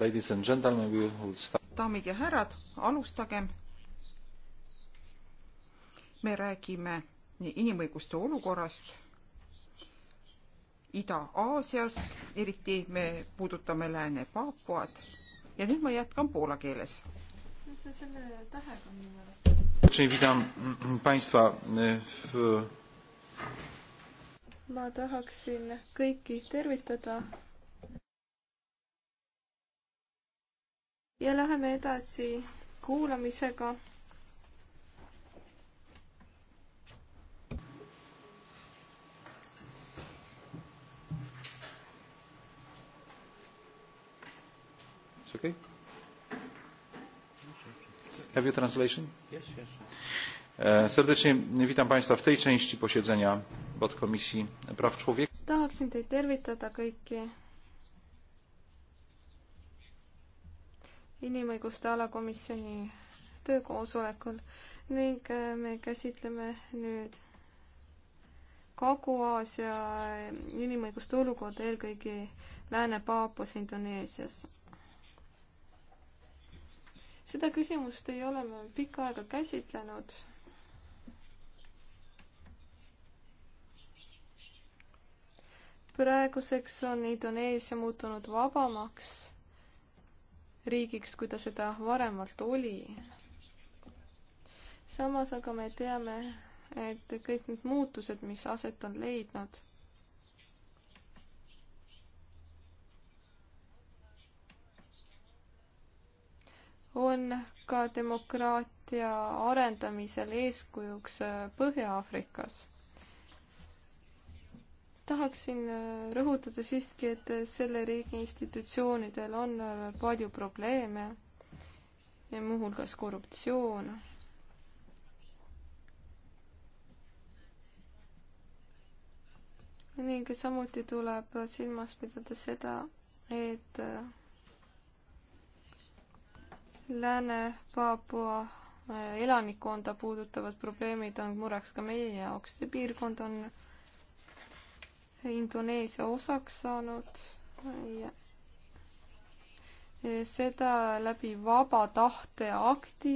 Ladies and gentlemen, we will start. daamid ja härrad, alustagem. me räägime inimõiguste olukorrast Ida-Aasias, eriti me puudutame Lääne-Paapuad ja nüüd ma jätkan poola keeles. ma tahaksin kõiki tervitada ja läheme edasi kuulamisega. It's okay. Have you translation? Yes, yes. E, serdecznie witam Państwa w tej części posiedzenia podkomisji praw człowieka. Tahaksin teid tervitada kõiki inimõiguste alakomisjoni töökoosolekul ning äh, me käsitleme nüüd Kagu-Aasia äh, inimõiguste olukorda eelkõige Lääne-Paapus Indoneesias. seda küsimust ei ole me pikka aega käsitlenud. praeguseks on Indoneesia muutunud vabamaks riigiks, kui ta seda varemalt oli. samas aga me teame, et kõik need muutused, mis aset on leidnud, on ka demokraatia arendamisel eeskujuks Põhja-Aafrikas tahaksin äh, rõhutada siiski, et äh, selle riigi institutsioonidel on äh, palju probleeme, muuhulgas korruptsioon. ning samuti tuleb silmas pidada seda, et Lääne-Paapua elanikkonda puudutavad probleemid on mureks ka meie jaoks, see piirkond on Indoneesia osaks saanud ja seda läbi vaba tahte akti.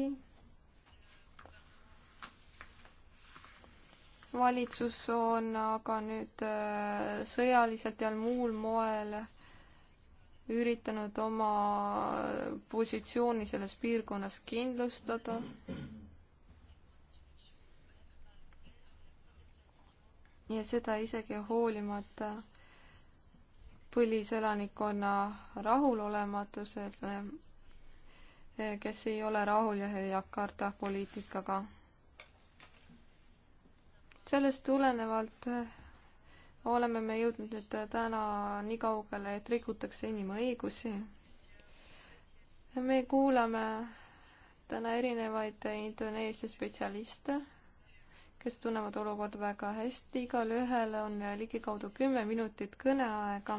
valitsus on aga nüüd äh, sõjaliselt ja muul moel üritanud oma positsiooni selles piirkonnas kindlustada ja seda isegi hoolimata põliselanikkonna rahulolematusele, eh, kes ei ole rahul Jakarta poliitikaga. sellest tulenevalt eh, oleme me jõudnud nüüd eh, täna nii kaugele, et rikutakse inimõigusi. me kuulame täna erinevaid Indoneesia spetsialiste kes tunnevad olukorda väga hästi, igalühel on ligikaudu kümme minutit kõneaega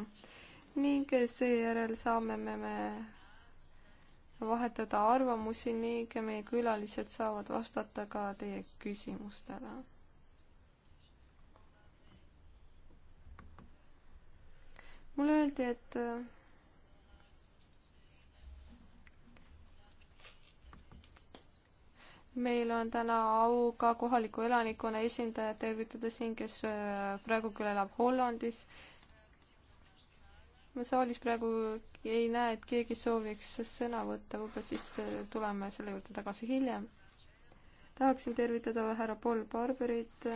ning seejärel saame me, me vahetada arvamusi ning meie külalised saavad vastata ka teie küsimustele. mulle öeldi, et meil on täna au ka kohaliku elanikkonna esindaja tervitada siin, kes äh, praegu küll elab Hollandis. ma saalis praegu ei näe, et keegi sooviks sõna võtta, võib-olla siis äh, tuleme selle juurde tagasi hiljem. tahaksin tervitada härra Paul Barberit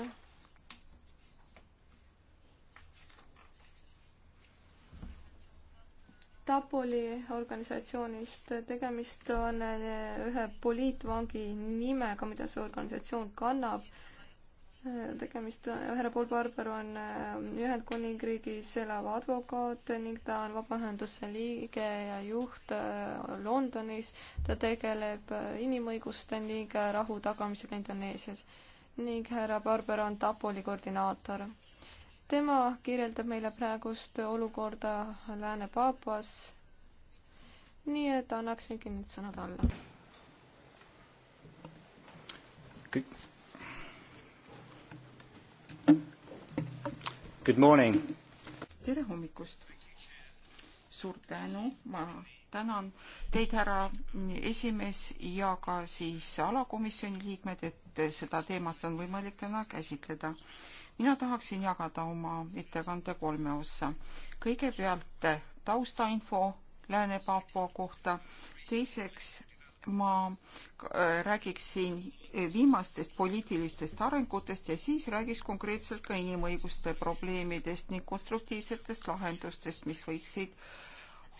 Tapoli organisatsioonist, tegemist on eh, ühe poliitvangi nimega, mida see organisatsioon kannab. Eh, tegemist on, härra Paul Barber on eh, Ühendkuningriigis elav advokaat ning ta on vabaühenduse liige ja juht Londonis. ta tegeleb inimõiguste ning rahu tagamisega Indoneesias ning härra Barber on Tapoli koordinaator tema kirjeldab meile praegust olukorda Lääne-Paapuas. nii et annaksingi nüüd sõna talle. kõik. Good morning. tere hommikust. suur tänu, ma tänan teid, härra esimees ja ka siis alakomisjoni liikmed, et seda teemat on võimalik täna käsitleda mina tahaksin jagada oma ettekande kolme ossa. kõigepealt taustainfo Lääne-Papua kohta, teiseks ma äh, räägiksin viimastest poliitilistest arengutest ja siis räägiks konkreetselt ka inimõiguste probleemidest ning konstruktiivsetest lahendustest, mis võiksid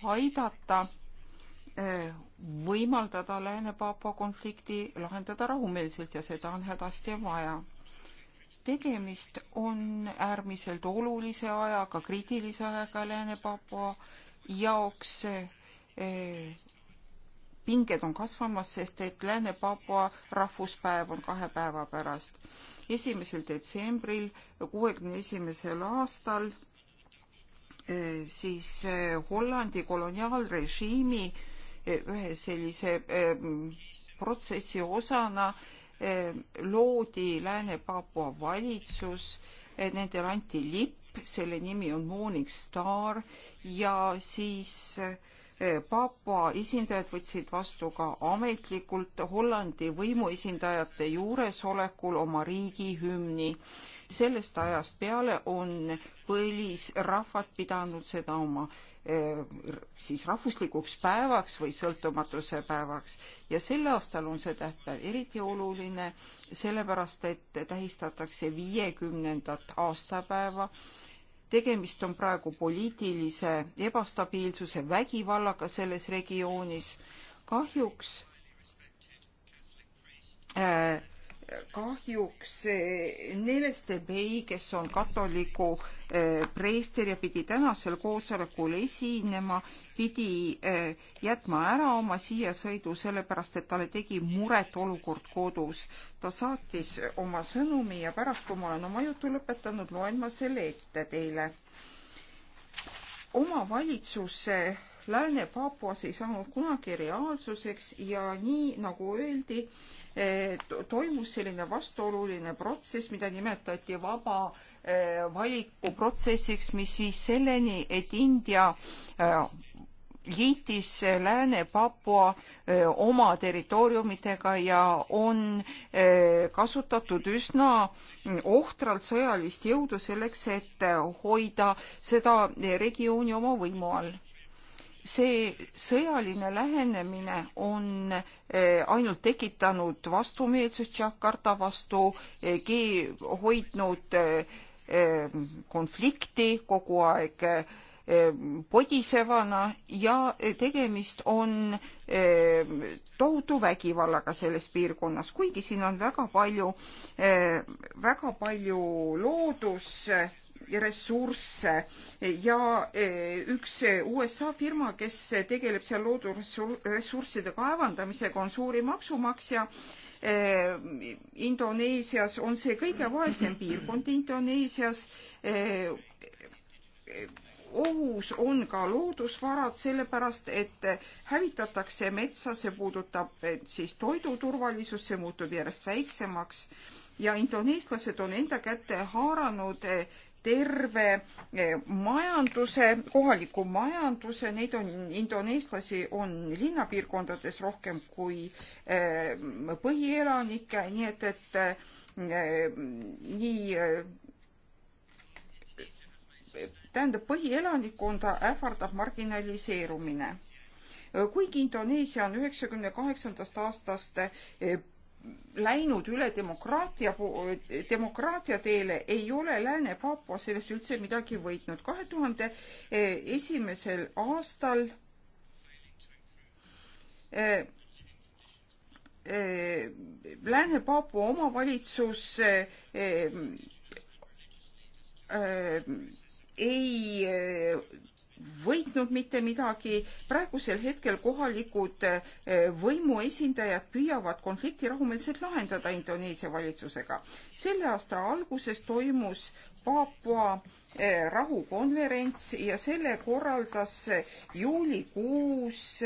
aidata äh, võimaldada Lääne-Paapua konflikti lahendada rahumeelselt ja seda on hädasti vaja tegemist on äärmiselt olulise ajaga, kriitilise ajaga Lääne-Papua jaoks. Eh, pinged on kasvamas, sest et Lääne-Papua rahvuspäev on kahe päeva pärast. esimesel detsembril kuuekümne esimesel aastal eh, siis eh, Hollandi koloniaalrežiimi ühe sellise protsessi osana äh, Eh, loodi Lääne-Papua valitsus, eh, nendele anti lipp, selle nimi on Morning Star ja siis eh, Papua esindajad võtsid vastu ka ametlikult Hollandi võimuesindajate juuresolekul oma riigihümni. sellest ajast peale on põlisrahvad pidanud seda oma Eh, siis rahvuslikuks päevaks või sõltumatuse päevaks ja sel aastal on see tähtpäev eriti oluline, sellepärast et tähistatakse viiekümnendat aastapäeva. tegemist on praegu poliitilise ebastabiilsuse vägivallaga selles regioonis. kahjuks äh, kahjuks eh, Neleste Bey, kes on katoliku eh, preester ja pidi tänasel koosolekul esinema, pidi eh, jätma ära oma siiasõidu, sellepärast et talle tegi muret olukord kodus. ta saatis oma sõnumi ja pärast, kui ma olen oma jutu lõpetanud, loen ma selle ette teile. omavalitsus Lääne-Paapuas ei saanud kunagi reaalsuseks ja nii nagu öeldi, eh, toimus selline vastuoluline protsess, mida nimetati vaba eh, valiku protsessiks, mis viis selleni, et India eh, liitis Lääne-Papua oma territooriumidega ja on kasutatud üsna ohtralt sõjalist jõudu selleks, et hoida seda regiooni oma võimu all see sõjaline lähenemine on eh, ainult tekitanud vastumeelsust Jakarta vastu, eh, hoidnud eh, konflikti kogu aeg podisevana ja tegemist on tohutu vägivallaga selles piirkonnas, kuigi siin on väga palju, väga palju loodus ressursse ja eh, üks eh, USA firma, kes tegeleb seal loodusressursside kaevandamisega, on suuri maksumaksja. Eh, Indoneesias on see kõige vaesem piirkond Indoneesias ohus on ka loodusvarad, sellepärast et hävitatakse metsa, see puudutab siis toiduturvalisust, see muutub järjest väiksemaks ja indoneeslased on enda kätte haaranud terve eh, majanduse, kohaliku majanduse, neid on, indoneeslasi on linnapiirkondades rohkem kui eh, põhielanikke, nii et, et eh, nii tähendab, põhielanikkonda ähvardab marginaliseerumine. kuigi Indoneesia on üheksakümne kaheksandast aastast läinud üle demokraatia, demokraatia teele, ei ole Lääne-Papua sellest üldse midagi võitnud. kahe tuhande eh, esimesel aastal eh, eh, Lääne-Paapua omavalitsus ei võitnud mitte midagi. praegusel hetkel kohalikud eh, võimuesindajad püüavad konflikti rahumeelselt lahendada Indoneesia valitsusega. selle aasta alguses toimus Paapua eh, rahukonverents ja selle korraldas eh, juulikuus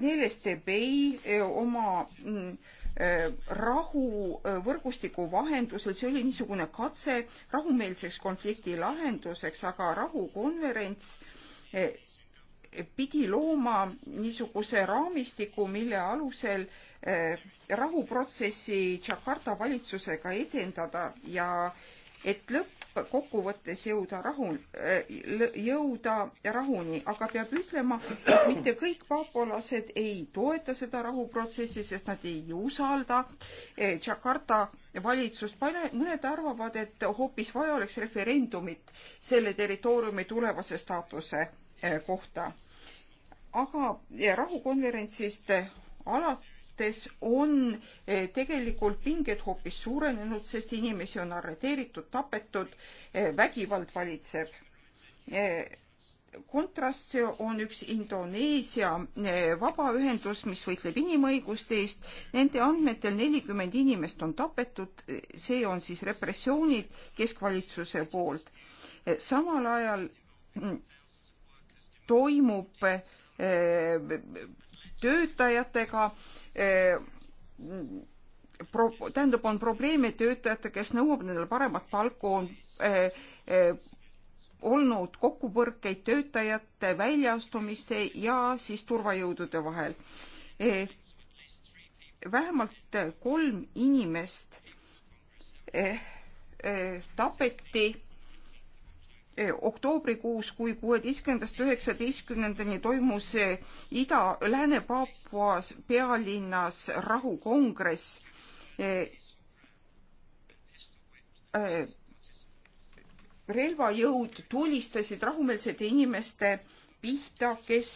Neles Debei oma mm, Äh, rahuvõrgustiku äh, vahendusel, see oli niisugune katse rahumeelseks konflikti lahenduseks, aga rahukonverents äh, pidi looma niisuguse raamistiku, mille alusel rahuprotsessi Jakarta valitsusega edendada ja et lõpp kokkuvõttes jõuda rahul, äh, jõuda rahuni, aga peab ütlema, et mitte kõik paapolased ei toeta seda rahuprotsessi, sest nad ei usalda eh, Jakarta valitsust. mõned arvavad, et hoopis vaja oleks referendumit selle territooriumi tulevase staatuse eh, kohta. aga eh, rahukonverentsist alati suhtes on eh, tegelikult pinged hoopis suurenenud, sest inimesi on arreteeritud, tapetud, eh, vägivald valitseb. Eh, kontrast on üks Indoneesia vabaühendus, mis võitleb inimõiguste eest. Nende andmetel nelikümmend inimest on tapetud, see on siis repressioonid keskvalitsuse poolt. samal ajal mm, toimub töötajatega eh, pro-, tähendab, on probleeme töötajate, kes nõuab endale paremat palku, on eh, eh, olnud kokkupõrkeid töötajate väljaastumiste ja siis turvajõudude vahel eh,. vähemalt kolm inimest eh, eh, tapeti Eh, oktoobrikuus kui kuueteistkümnendast üheksateistkümnendani toimus ida, Lääne-Paapuas pealinnas rahukongress. Eh, eh, relvajõud tulistasid rahumeelsete inimeste pihta, kes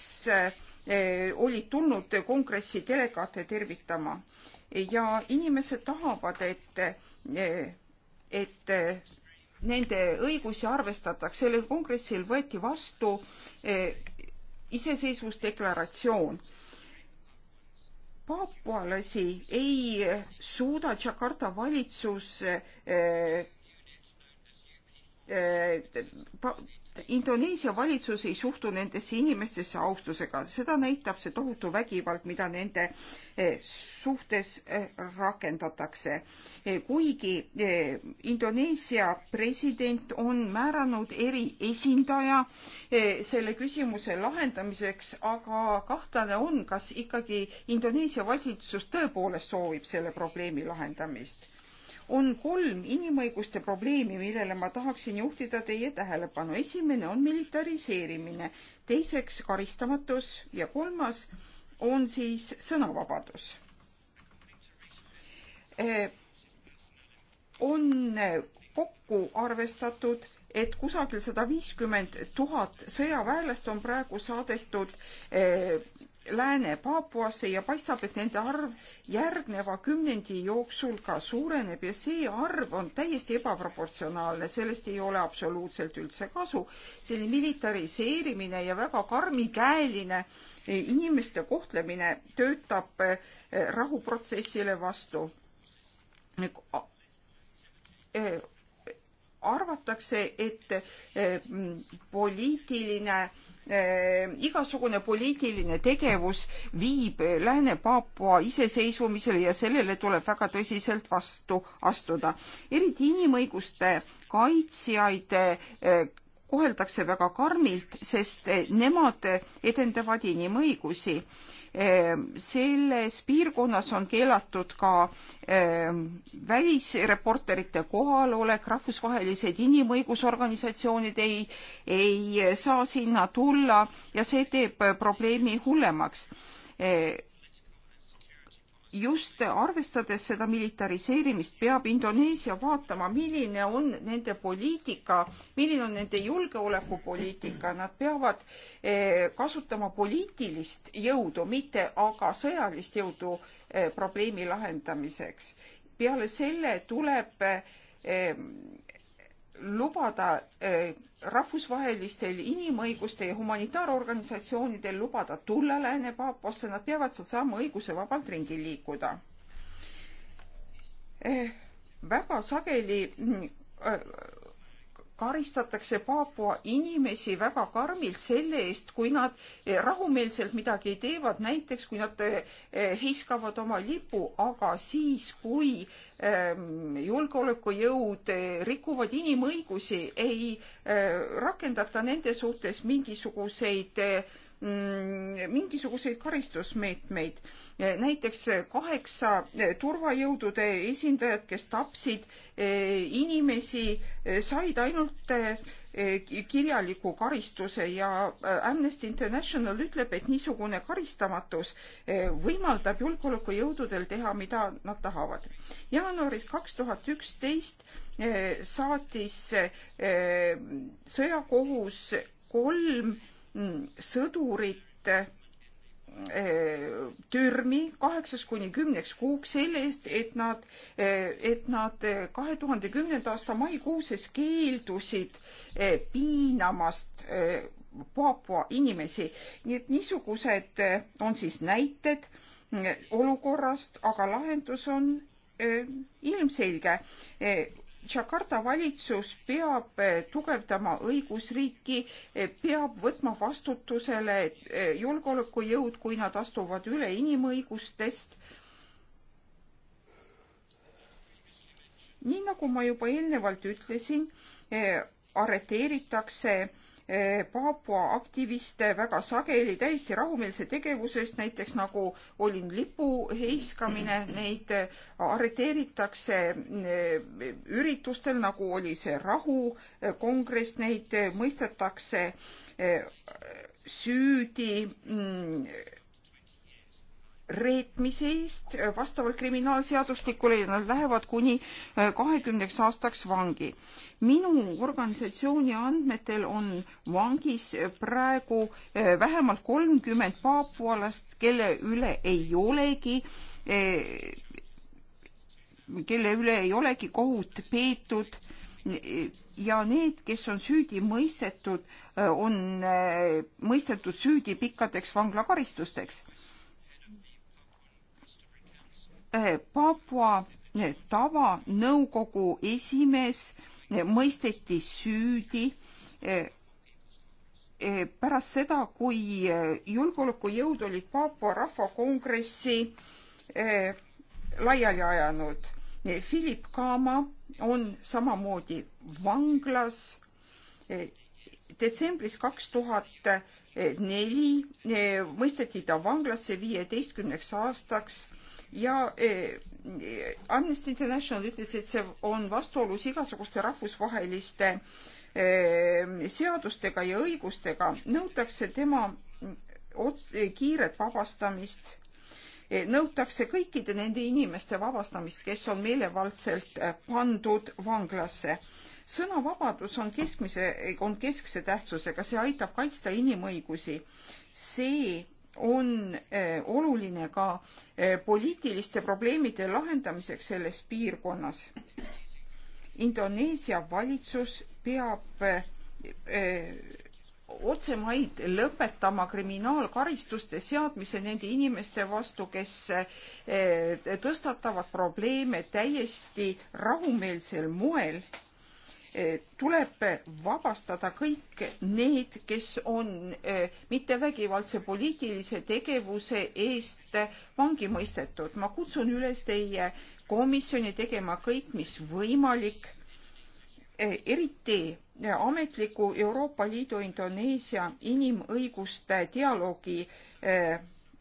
olid tulnud kongressi delegaate tervitama ja inimesed tahavad, et, et nende õigusi arvestataks. sellel kongressil võeti vastu eh, iseseisvusdeklaratsioon. paapualasi ei suuda Jakarta valitsus eh, eh, Indoneesia valitsus ei suhtu nendesse inimestesse austusega, seda näitab see tohutu vägivald, mida nende eh, suhtes eh, rakendatakse. Eh, kuigi Indoneesia president on määranud eriesindaja selle küsimuse lahendamiseks, aga kahtlane on, kas ikkagi Indoneesia valitsus tõepoolest soovib selle probleemi lahendamist on kolm inimõiguste probleemi, millele ma tahaksin juhtida teie tähelepanu. esimene on militariseerimine, teiseks karistamatus ja kolmas on siis sõnavabadus eh, on kokku arvestatud, et kusagil sada viiskümmend tuhat sõjaväelast on praegu saadetud eh, Lääne-Paapuasse ja paistab, et nende arv järgneva kümnendi jooksul ka suureneb ja see arv on täiesti ebaproportsionaalne, sellest ei ole absoluutselt üldse kasu. selline militariseerimine ja väga karmikäeline inimeste kohtlemine töötab eh, rahuprotsessile vastu eh, arvatakse, et eh, poliitiline Äh, igasugune poliitiline tegevus viib Lääne-Paapua iseseisvumisele ja sellele tuleb väga tõsiselt vastu astuda. eriti inimõiguste kaitsjaid äh, koheldakse väga karmilt, sest äh, nemad edendavad inimõigusi Ehm, selles piirkonnas on keelatud ka ehm, välisreporterite kohalolek, rahvusvahelised inimõigusorganisatsioonid ei, ei saa sinna tulla ja see teeb probleemi hullemaks ehm, just arvestades seda militariseerimist, peab Indoneesia vaatama, milline on nende poliitika, milline on nende julgeolekupoliitika, nad peavad eh, kasutama poliitilist jõudu, mitte aga sõjalist jõudu eh, probleemi lahendamiseks. peale selle tuleb eh, lubada eh, rahvusvahelistel inimõiguste ja humanitaarorganisatsioonidel lubada tulla Lääne-Paaposse, nad peavad seal saama õiguse vabalt ringi liikuda. Eh, väga sageli mm, eh, karistatakse Paapua inimesi väga karmilt selle eest, kui nad eh, rahumeelselt midagi teevad, näiteks kui nad eh, heiskavad oma lipu, aga siis, kui ehm, julgeolekujõud eh, rikuvad inimõigusi, ei rakendata nende suhtes mingisuguseid Mm, mingisuguseid karistusmeetmeid. näiteks kaheksa turvajõudude esindajat, kes tapsid eh, inimesi, eh, said ainult eh, kirjaliku karistuse ja Amnesty International ütleb, et niisugune karistamatus võimaldab julgeolekujõududel teha, mida nad tahavad. jaanuaris kaks tuhat üksteist saatis sõjakohus kolm sõdurit eh, türmi kaheksast kuni kümneks kuuks selle eest, et nad, eh, et nad eh, kahe tuhande kümnenda aasta maikuuses keeldusid piinamast Paapua inimesi. nii et niisugused on siis näited olukorrast, aga lahendus on ilmselge. Jakarta valitsus peab tugevdama õigusriiki, peab võtma vastutusele julgeolekujõud, kui nad astuvad üle inimõigustest. nii nagu ma juba eelnevalt ütlesin, eh, arreteeritakse Eh, Paapua aktiviste väga sageli täiesti rahumeelse tegevuse eest, näiteks nagu olin lipu heiskamine, neid arreteeritakse eh, üritustel, nagu oli see rahukongress, eh, neid mõistetakse süüdi mm, reetmise eest vastavalt kriminaalseadustikule ja nad lähevad kuni äh, kahekümneks aastaks vangi. minu organisatsiooni andmetel on vangis äh, praegu äh, vähemalt kolmkümmend paapualast, kelle üle ei olegi kelle üle ei olegi kohut peetud ja need, kes on süüdi mõistetud, on mõistetud süüdi pikkadeks vanglakaristusteks Eh, Papua eh, tava nõukogu esimees eh, mõisteti süüdi pärast seda, kui julgeolekujõud olid Papua rahvakongressi laiali ajanud. Philip Kama on samamoodi vanglas. detsembris kaks tuhat neli mõisteti ta vanglasse viieteistkümneks aastaks ja eh, Amnesty International ütles, et see on vastuolus igasuguste rahvusvaheliste eh, seadustega ja õigustega. nõutakse tema ots-, kiiret vabastamist, eh, nõutakse kõikide nende inimeste vabastamist, kes on meelevaldselt pandud vanglasse. sõnavabadus on keskmise, on keskse tähtsusega, see aitab kaitsta inimõigusi. see on eh, oluline ka eh, poliitiliste probleemide lahendamiseks selles piirkonnas. Indoneesia valitsus peab eh, otsemaid lõpetama kriminaalkaristuste seadmise nende inimeste vastu, kes tõstatavad probleeme täiesti rahumeelsel moel Eh, tuleb vabastada kõik need, kes on eh, mittevägivaldse poliitilise tegevuse eest vangi mõistetud. ma kutsun üles teie komisjoni tegema kõik, mis võimalik, eh, eriti ametliku Euroopa Liidu Indoneesia inimõiguste dialoogi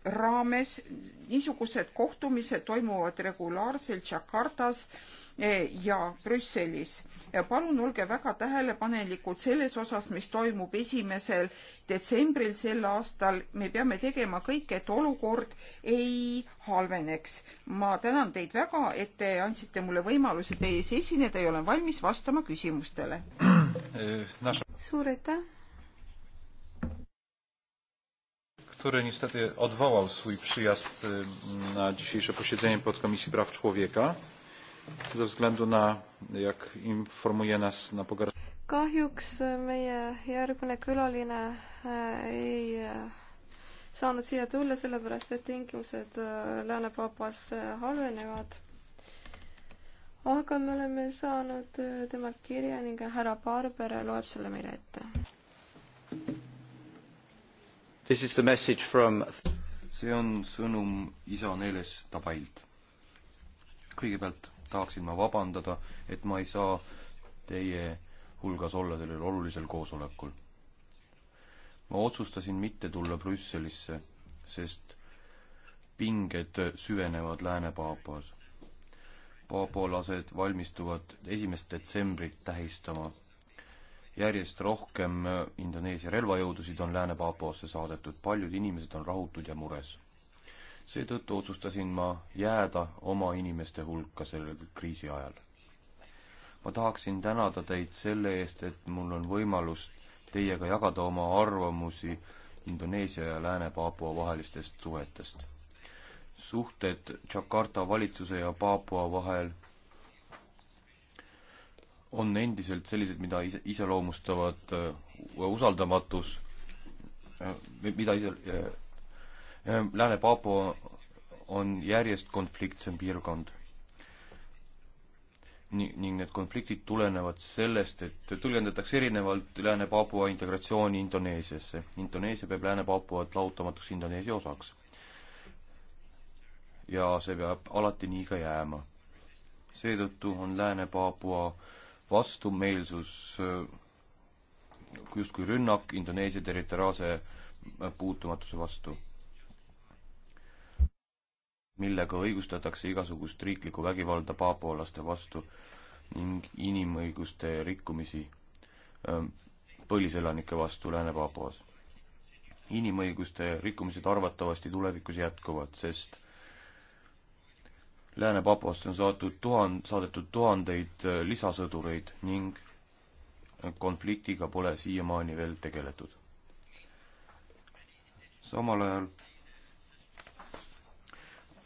raames niisugused kohtumised toimuvad regulaarselt Jakartas eh, ja Brüsselis. palun olge väga tähelepanelikud selles osas, mis toimub esimesel detsembril sel aastal. me peame tegema kõik, et olukord ei halveneks. ma tänan teid väga, et te andsite mulle võimaluse teie ees esineda ja olen valmis vastama küsimustele. Eh, suur aitäh który niestety odwołał swój przyjazd na dzisiejsze posiedzenie podkomisji praw człowieka ze względu na, jak informuje nas, na pogarszenie. kahjuks meie järgmine külaline e, ei e, saanud siia tulla, sellepärast et tingimused e, Lääne-Paapuas halvenevad. aga me oleme saanud temalt kirja ning härra Barber loeb selle meile ette. This is the message from see on sõnum isa Neeles Tabailt. kõigepealt tahaksin ma vabandada, et ma ei saa teie hulgas olla sellel olulisel koosolekul. ma otsustasin mitte tulla Brüsselisse, sest pinged süvenevad Lääne-Paapuas. paapualased valmistuvad esimest detsembrit tähistama järjest rohkem äh, Indoneesia relvajõudusid on Lääne Papuasse saadetud, paljud inimesed on rahutud ja mures. seetõttu otsustasin ma jääda oma inimeste hulka sellel kriisi ajal. ma tahaksin tänada teid selle eest, et mul on võimalus teiega jagada oma arvamusi Indoneesia ja Lääne Paapua vahelistest suhetest. suhted Jakarta valitsuse ja Paapua vahel on endiselt sellised, mida ise, iseloomustavad äh, usaldamatus, äh, mida ise äh, Lääne-Paapua on järjest konfliktsem piirkond ning, ning need konfliktid tulenevad sellest, et tõlgendatakse erinevalt Lääne-Paapua integratsiooni Indoneesiasse. Indoneesia peab Lääne-Paapuat lahutamatuks Indoneesia osaks. ja see peab alati nii ka jääma. seetõttu on Lääne-Paapua vastumeelsus, justkui rünnak Indoneesia territoriaalse puutumatuse vastu, millega õigustatakse igasugust riiklikku vägivalda paapualaste vastu ning inimõiguste rikkumisi ähm, põliselanike vastu Lääne-Paapuas. inimõiguste rikkumised arvatavasti tulevikus jätkuvad, sest Lääne-Papuasse on saatud tuhan-, saadetud tuhandeid äh, lisasõdureid ning konfliktiga pole siiamaani veel tegeletud. samal ajal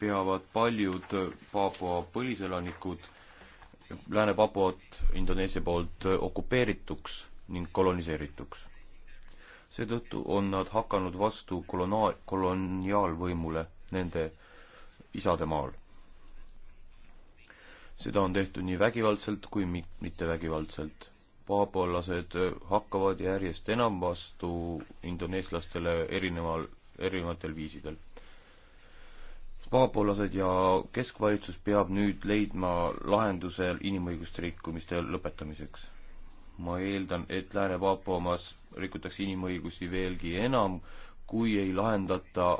peavad paljud äh, Papua põliselanikud äh, Lääne-Papuat Indoneesia poolt okupeerituks ning koloniseerituks. seetõttu on nad hakanud vastu kolona-, koloniaalvõimule nende isade maal seda on tehtud nii vägivaldselt kui mitte vägivaldselt. paapualased äh, hakkavad järjest enam vastu indoneeslastele erineval, erinevatel viisidel. paapualased ja keskvalitsus peab nüüd leidma lahenduse inimõiguste rikkumiste lõpetamiseks. ma eeldan, et Lääne-Paapuamas rikutakse inimõigusi veelgi enam, kui ei lahendata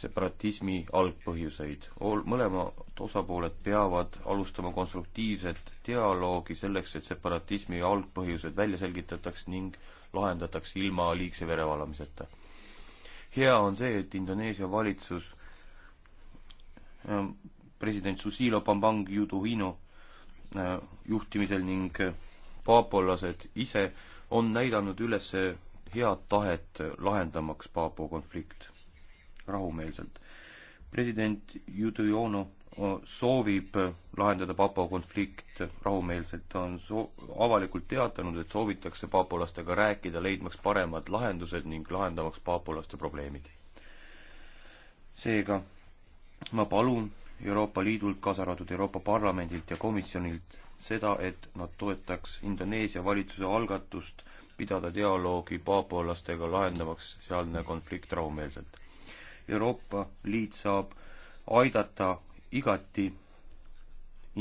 separatismi algpõhjuseid. mõlemad osapooled peavad alustama konstruktiivset dialoogi selleks, et separatismi algpõhjused välja selgitataks ning lahendataks ilma liigse verevalamiseta. hea on see, et Indoneesia valitsus ähm, president Susilo Bambang Yudhoino äh, juhtimisel ning paapolased ise on näidanud üles head tahet lahendamaks Paapo konflikt rahumeelselt. president Yudhoyono äh, soovib äh, lahendada Papa konflikt rahumeelselt, ta on soo-, avalikult teatanud, et soovitakse paapolastega rääkida, leidmaks paremad lahendused ning lahendamaks paapolaste probleemid. seega ma palun Euroopa Liidult, kaasa arvatud Euroopa Parlamendilt ja komisjonilt, seda, et nad toetaks Indoneesia valitsuse algatust pidada dialoogi paapolastega, lahendamaks sealne konflikt rahumeelselt. Euroopa Liit saab aidata igati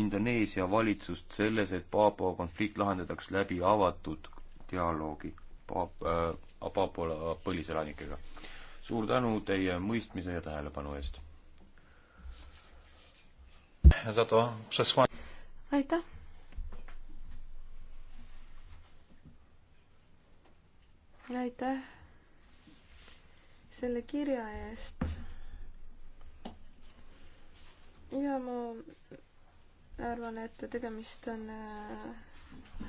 Indoneesia valitsust selles, et Paapua konflikt lahendataks läbi avatud dialoogi Paap- äh,, Paapua põliselanikega. suur tänu teie mõistmise ja tähelepanu eest! aitäh! aitäh! selle kirja eest. ja ma arvan, et tegemist on äh,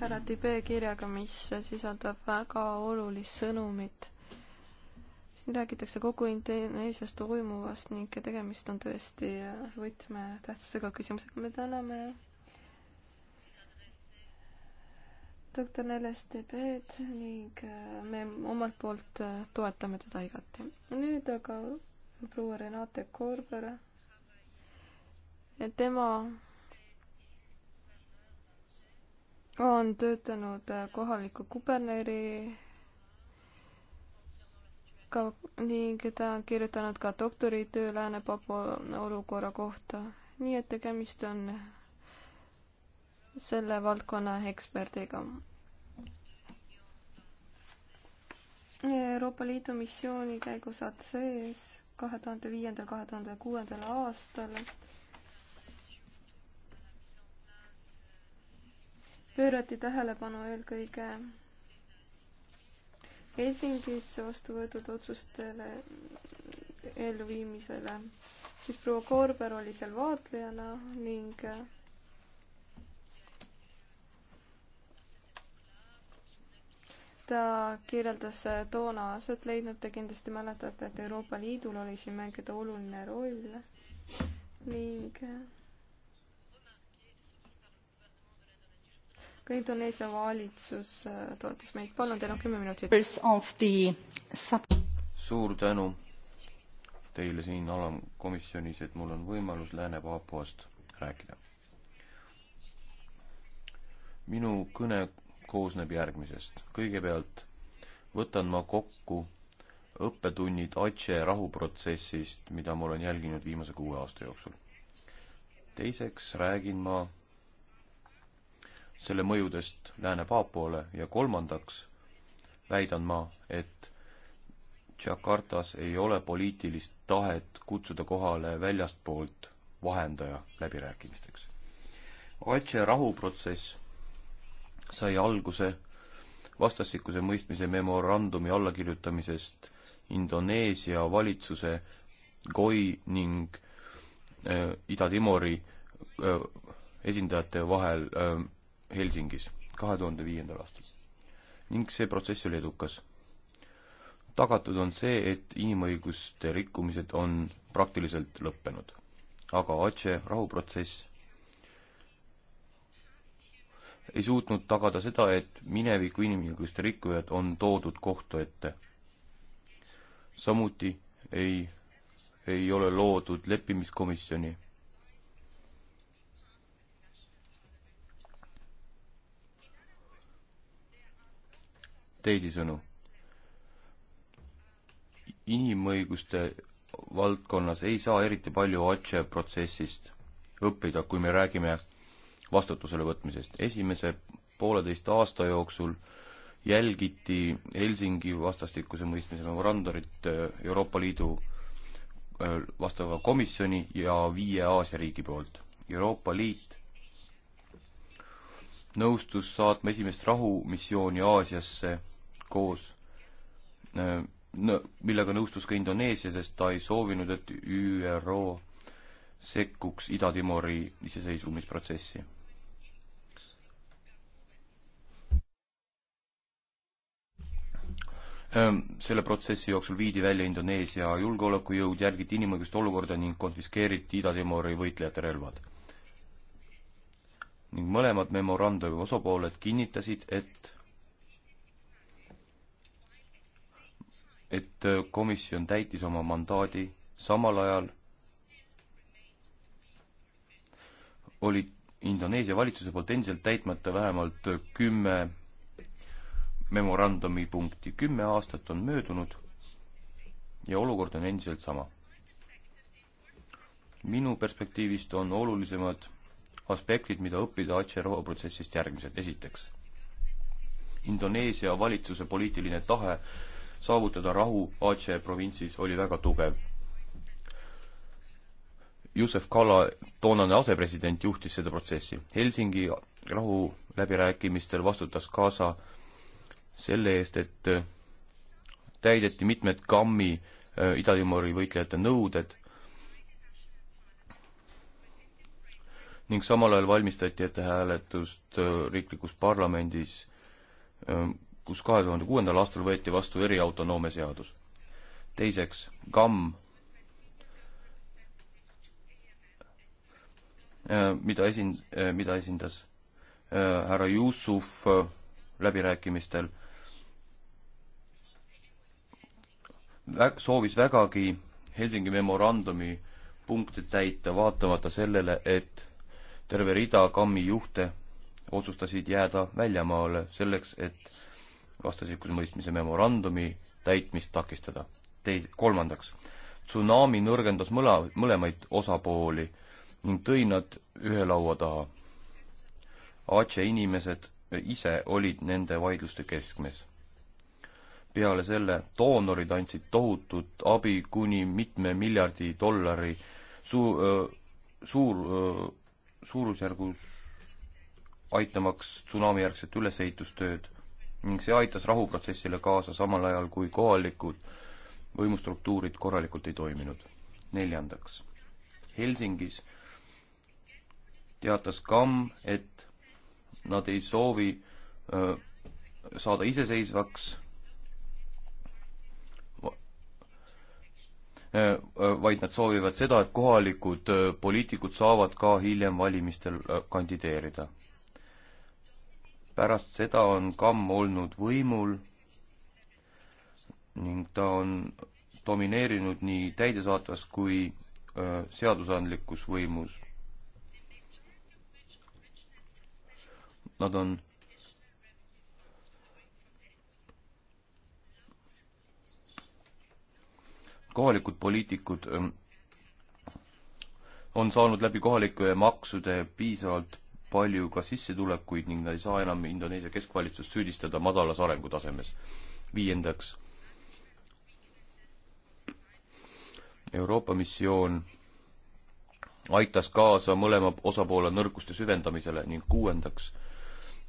härra Tibe kirjaga, mis sisaldab väga olulist sõnumit. siin räägitakse kogu Indoneesias toimuvast ning tegemist on tõesti võtmetähtsusega küsimusega. me täname doktor Neles teeb eed ning äh, me omalt poolt äh, toetame teda igati. nüüd aga proua Renate Korber. tema on töötanud äh, kohaliku kuberneri ka ning ta on kirjutanud ka doktoritöö Lääne-Papua olukorra kohta, nii et tegemist on selle valdkonna eksperdiga. Euroopa Liidu missiooni käigus ATSEES kahe tuhande viiendal, kahe tuhande kuuendal aastal pöörati tähelepanu eelkõige Helsingis vastu võetud otsustele elluviimisele, siis proua Koorber oli seal vaatlejana ning ta kirjeldas äh, toona aset leidnud, te kindlasti mäletate, et Euroopa Liidul oli siin mängida oluline roll ning äh, ka Indoneesia valitsus äh, toetas meid. palun, teil on kümme minutit. suur tänu teile siin alamkomisjonis, et mul on võimalus Lääne-Paapuast rääkida. minu kõne koosneb järgmisest. kõigepealt võtan ma kokku õppetunnid Aceh rahuprotsessist, mida ma olen jälginud viimase kuue aasta jooksul. teiseks räägin ma selle mõjudest Lääne-Paapuale ja kolmandaks väidan ma, et Jakartas ei ole poliitilist tahet kutsuda kohale väljastpoolt vahendaja läbirääkimisteks. Aceh rahuprotsess sai alguse vastastikuse mõistmise memorandumi allakirjutamisest Indoneesia valitsuse Goi ning äh, Ida-Timori äh, esindajate vahel äh, Helsingis kahe tuhande viiendal aastal. ning see protsess oli edukas. tagatud on see, et inimõiguste rikkumised on praktiliselt lõppenud. aga Aceh rahuprotsess ei suutnud tagada seda, et mineviku inimõiguste rikkujad on toodud kohtu ette. samuti ei, ei ole loodud leppimiskomisjoni. teisisõnu, inimõiguste valdkonnas ei saa eriti palju Aceh protsessist õppida, kui me räägime vastutusele võtmisest. esimese pooleteist aasta jooksul jälgiti Helsingi vastastikuse mõistmise memorandumit äh, Euroopa Liidu äh, vastava komisjoni ja viie Aasia riigi poolt. Euroopa Liit nõustus saatma esimest rahumissiooni Aasiasse koos, äh, millega nõustus ka Indoneesia, sest ta ei soovinud, et ÜRO sekkuks Ida-Timori iseseisvumisprotsessi Ähm, selle protsessi jooksul viidi välja Indoneesia julgeolekujõud, järgiti inimõiguste olukorda ning konfiskeeriti Ida-Timori võitlejate relvad. ning mõlemad memorandumi osapooled kinnitasid, et et komisjon täitis oma mandaadi, samal ajal oli Indoneesia valitsuse poolt endiselt täitmata vähemalt kümme memorandumi punkti. kümme aastat on möödunud ja olukord on endiselt sama. minu perspektiivist on olulisemad aspektid, mida õppida Aceh-Roa protsessist järgmised. esiteks, Indoneesia valitsuse poliitiline tahe saavutada rahu Aceh provintsis oli väga tugev. Jusef Kala, toonane asepresident, juhtis seda protsessi. Helsingi rahuläbirääkimistel vastutas Gaza selle eest, et äh, täideti mitmed GAM-i äh, Ida-Timori võitlejate nõuded ning samal ajal valmistati ette hääletust äh, riiklikus parlamendis, kus kahe tuhande kuuendal aastal võeti vastu eriautonoomia seadus. teiseks, GAM, mida esin-, mida esindas härra Jussuf läbirääkimistel vä-, soovis vägagi Helsingi memorandumi punkte täita, vaatamata sellele, et terve rida kammi juhte otsustasid jääda väljamaale selleks, et vastastikuse mõistmise memorandumi täitmist takistada. Tei-, kolmandaks, tsunami nõrgendas mõla, mõlemaid osapooli ning tõi nad ühe laua taha. Aceh inimesed ise olid nende vaidluste keskmes peale selle doonorid andsid tohutut abi kuni mitme miljardi dollari suu-, suur, suurusjärgus aitamaks tsunamijärgset ülesehitustööd ning see aitas rahuprotsessile kaasa samal ajal, kui kohalikud võimustruktuurid korralikult ei toiminud. neljandaks, Helsingis teatas Kamm, et nad ei soovi öö, saada iseseisvaks Äh, äh, vaid nad soovivad seda, et kohalikud äh, poliitikud saavad ka hiljem valimistel kandideerida. pärast seda on Kamm olnud võimul ning ta on domineerinud nii täidesaatvas kui seadusandlikus võimus. Nad on kohalikud poliitikud ähm, on saanud läbi kohalike maksude piisavalt palju ka sissetulekuid ning nad ei saa enam Indoneesia keskvalitsust süüdistada madalas arengutasemes. viiendaks, Euroopa missioon aitas kaasa mõlema osapoole nõrkuste süvendamisele ning kuuendaks,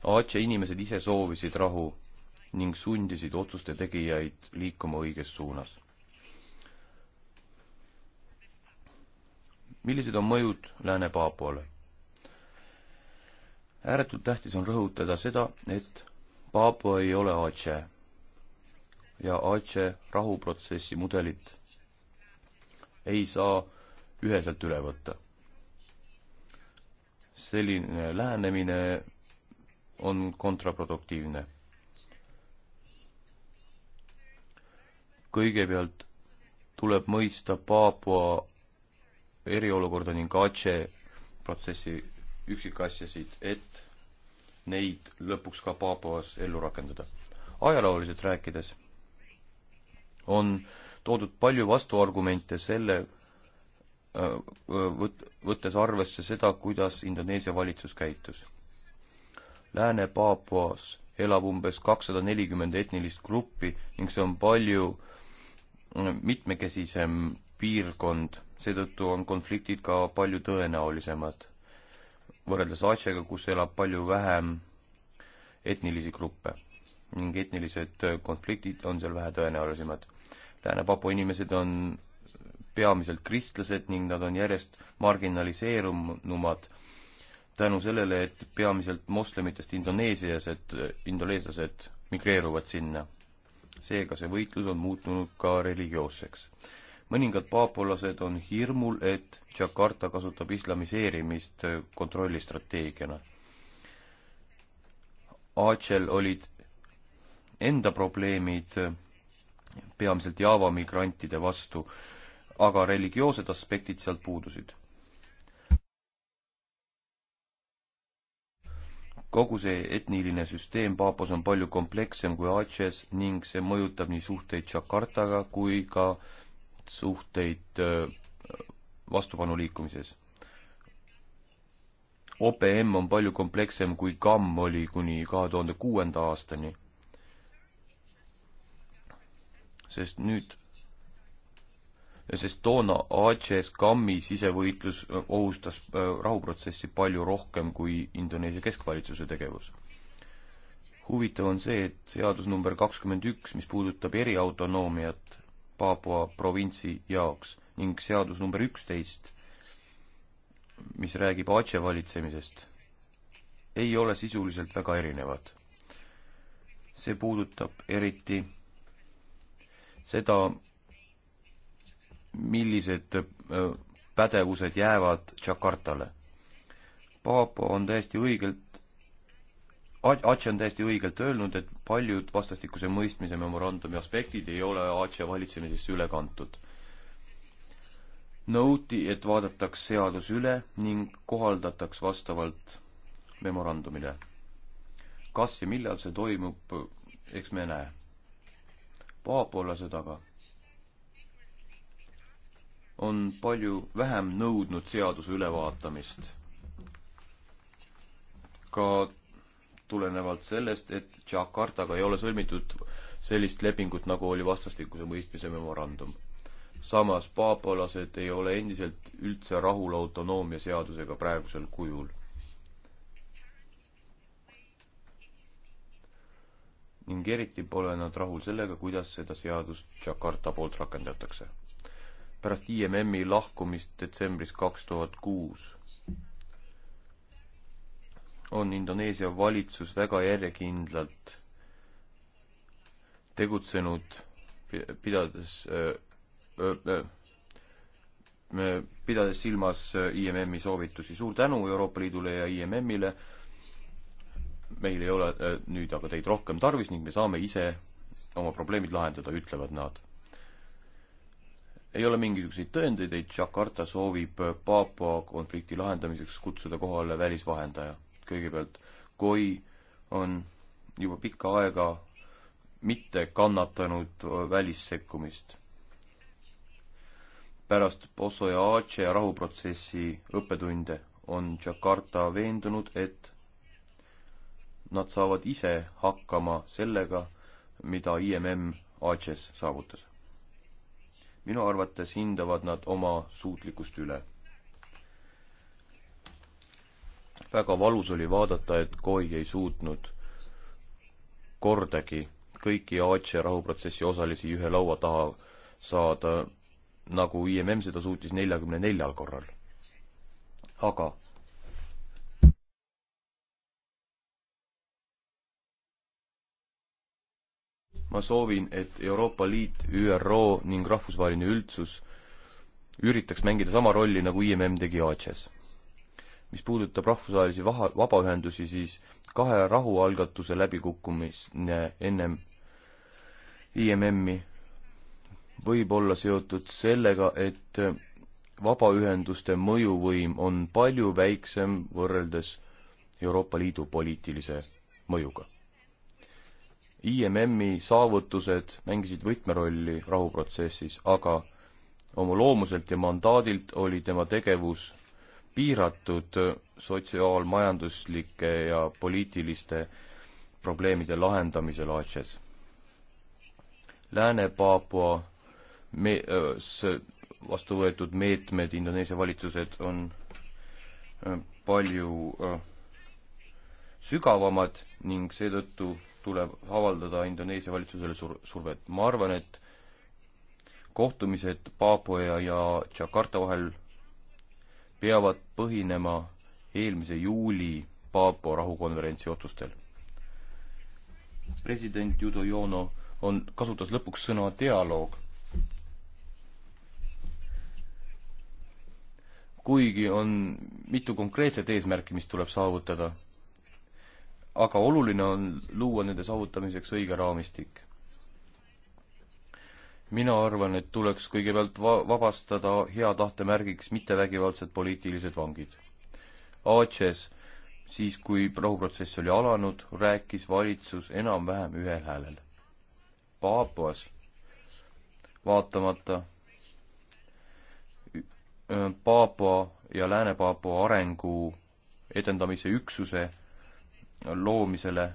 Aatia inimesed ise soovisid rahu ning sundisid otsuste tegijaid liikuma õiges suunas millised on mõjud Lääne-Paapuale? ääretult tähtis on rõhutada seda, et Paapua ei ole Aceh ja Aceh rahuprotsessi mudelit ei saa üheselt üle võtta. selline lähenemine on kontraproduktiivne. kõigepealt tuleb mõista Paapua eriolukorda ning ACE protsessi üksikasjasid, et neid lõpuks ka Paapuas ellu rakendada. ajalooliselt rääkides on toodud palju vastuargumente selle äh, äh, võt-, võttes arvesse seda, kuidas Indoneesia valitsus käitus. Lääne-Paapuas elab umbes kakssada nelikümmend etnilist gruppi ning see on palju äh, mitmekesisem piirkond, seetõttu on konfliktid ka palju tõenäolisemad. võrreldes Aasiaga, kus elab palju vähem etnilisi gruppe ning etnilised konfliktid on seal vähe tõenäolisemad. Lääne-Papua inimesed on peamiselt kristlased ning nad on järjest marginaliseerunumad tänu sellele, et peamiselt moslemitest indoneesiased, indoneeslased migreeruvad sinna. seega see võitlus on muutunud ka religioosseks mõningad paapulased on hirmul, et Jakarta kasutab islamiseerimist kontrollistrateegiana. Aachel olid enda probleemid peamiselt Java migrantide vastu, aga religioossed aspektid sealt puudusid. kogu see etniline süsteem Paapos on palju komplekssem kui Aches ning see mõjutab nii suhteid Jakartaga kui ka äh, suhteid äh, vastupanuliikumises. OPM on palju komplekssem kui GAM oli kuni kahe tuhande kuuenda aastani. sest nüüd, sest toona ACS GAM-i sisevõitlus äh, ohustas äh, rahuprotsessi palju rohkem kui Indoneesia keskvalitsuse tegevus huvitav on see, et seadus number kakskümmend üks, mis puudutab eriautonoomiat, Paapua provintsi jaoks ning seadus number üksteist, mis räägib Aceh valitsemisest, ei ole sisuliselt väga erinevad. see puudutab eriti seda, millised äh, pädevused jäävad Jakartale. Paapua on täiesti õigelt Atse on täiesti õigelt öelnud, et paljud vastastikuse mõistmise memorandumi aspektid ei ole Atse valitsemisesse üle kantud. nõuti, et vaadataks seadus üle ning kohaldataks vastavalt memorandumile. kas ja millal see toimub, eks me näe. paapollased aga on palju vähem nõudnud seaduse ülevaatamist. ka tulenevalt sellest, et Jakartaga ei ole sõlmitud sellist lepingut, nagu oli vastastikuse mõistmise memorandum. samas paapolased ei ole endiselt üldse rahul autonoomia seadusega praegusel kujul. ning eriti pole nad rahul sellega, kuidas seda seadust Jakarta poolt rakendatakse. pärast IMM-i lahkumist detsembris kaks tuhat kuus on Indoneesia valitsus väga järjekindlalt tegutsenud, pidades öö, öö, pidades silmas IMM-i soovitusi. suur tänu Euroopa Liidule ja IMM-ile. meil ei ole nüüd aga teid rohkem tarvis ning me saame ise oma probleemid lahendada, ütlevad nad. ei ole mingisuguseid tõendeid, et Jakarta soovib Papua konflikti lahendamiseks kutsuda kohale välisvahendaja kõigepealt Koi on juba pikka aega mitte kannatanud välissekkumist. pärast Poso ja Aceh rahuprotsessi õppetunde on Jakarta veendunud, et nad saavad ise hakkama sellega, mida IMM Aceh's saavutas. minu arvates hindavad nad oma suutlikkust üle väga valus oli vaadata, et Koi ei suutnud kordagi kõiki Aatsia rahuprotsessi osalisi ühe laua taha saada, nagu IMM seda suutis neljakümne neljal korral. aga ma soovin, et Euroopa Liit, ÜRO ning rahvusvaheline üldsus üritaks mängida sama rolli, nagu IMM tegi Aatsias mis puudutab rahvusvahelisi vaha, vabaühendusi, siis kahe rahualgatuse läbikukkumine ennem IMM-i võib olla seotud sellega, et vabaühenduste mõjuvõim on palju väiksem võrreldes Euroopa Liidu poliitilise mõjuga. IMM-i saavutused mängisid võtmerolli rahuprotsessis, aga oma loomuselt ja mandaadilt oli tema tegevus piiratud sotsiaalmajanduslike ja poliitiliste probleemide lahendamisel Aatšias. Lääne-Paapua me-, vastu võetud meetmed, Indoneesia valitsused on palju sügavamad ning seetõttu tuleb avaldada Indoneesia valitsusele sur-, survet. ma arvan, et kohtumised Paapua ja Jakarta vahel peavad põhinema eelmise juuli Paapo rahukonverentsi otsustel. president Judo Jono on, kasutas lõpuks sõna dialoog. kuigi on mitu konkreetset eesmärki, mis tuleb saavutada, aga oluline on luua nende saavutamiseks õige raamistik mina arvan, et tuleks kõigepealt va vabastada hea tahte märgiks mittevägivaldsed poliitilised vangid. Aatšes, siis kui rahuprotsess oli alanud, rääkis valitsus enam-vähem ühel häälel. Paapuas, vaatamata Paapua ja Lääne-Paapua arengu edendamise üksuse loomisele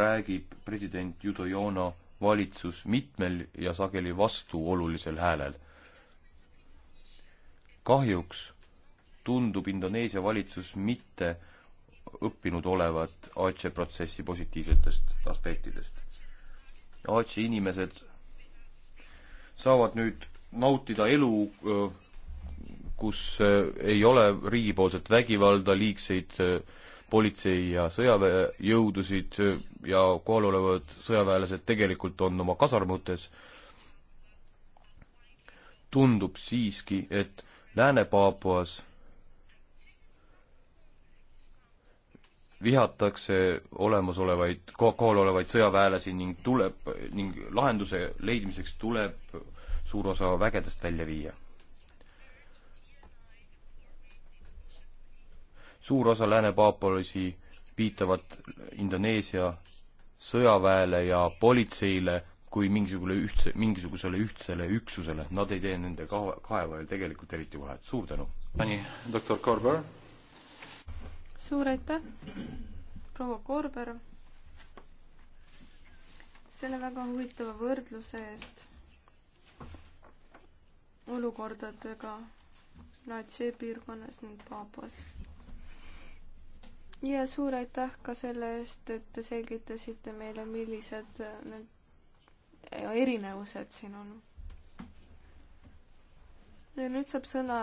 räägib president Judo Yono valitsus mitmel ja sageli vastuolulisel häälel. kahjuks tundub Indoneesia valitsus mitte õppinud olevat Aceh protsessi positiivsetest aspektidest. Aceh inimesed saavad nüüd nautida elu, kus ei ole riigipoolset vägivalda, liigseid politsei- ja sõjaväejõudusid ja kohal olevad sõjaväelased tegelikult on oma kasarmutes, tundub siiski, et Lääne-Paapuas vihatakse olemasolevaid, kohal olevaid sõjaväelasi ning tuleb, ning lahenduse leidmiseks tuleb suur osa vägedest välja viia suur osa läänepaapalasi viitavad Indoneesia sõjaväele ja politseile kui mingisugune ühtse, mingisugusele ühtsele üksusele, nad ei tee nende kahe, kahe vahel tegelikult eriti vahet, suur tänu. nii, doktor Korber. suur aitäh, proua Korber, selle väga huvitava võrdluse eest olukordadega Natsi piirkonnas ning Paapuas ja suur aitäh ka selle eest, et te selgitasite meile, millised need erinevused siin on. ja nüüd saab sõna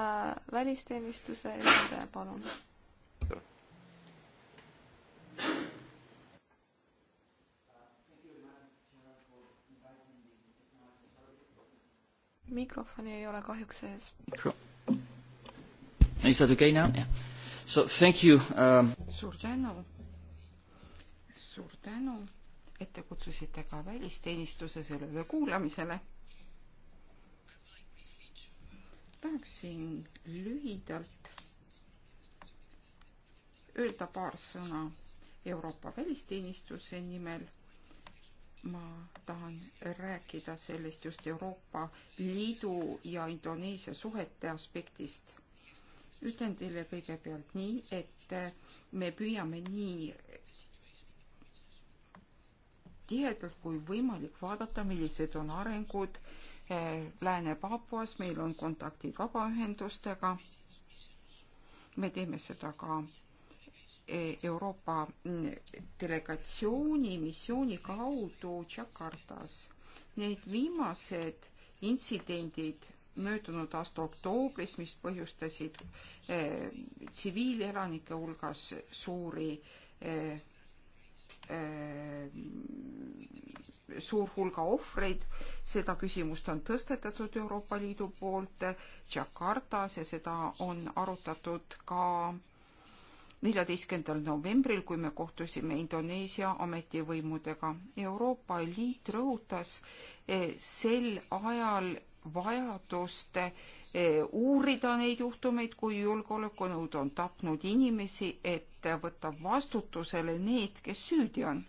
välisteenistuse esindaja, palun. mikrofoni ei ole kahjuks sees. Is that okay now? Yeah So thank you um.... suur tänu, suur tänu, et te kutsusite ka välisteenistuse sellele kuulamisele. tahaksin lühidalt öelda paar sõna Euroopa välisteenistuse nimel ma tahan rääkida sellest just Euroopa Liidu ja Indoneesia suhete aspektist ütlen teile kõigepealt nii, et äh, me püüame nii tihedalt kui võimalik vaadata, millised on arengud äh, Lääne-Papuas, meil on kontaktid vabaühendustega. me teeme seda ka äh, Euroopa mm, delegatsiooni missiooni kaudu Jakartas. Need viimased intsidendid möödunud aasta oktoobris, mis põhjustasid eh, tsiviilelanike eh, hulgas suuri eh, eh, suur hulga ohvreid. seda küsimust on tõstetatud Euroopa Liidu poolt Jakartas ja seda on arutatud ka neljateistkümnendal novembril, kui me kohtusime Indoneesia ametivõimudega. Euroopa Liit rõhutas eh, sel ajal vajadust eh, uurida neid juhtumeid, kui julgeolekunõud on tapnud inimesi, et võtta vastutusele need, kes süüdi on.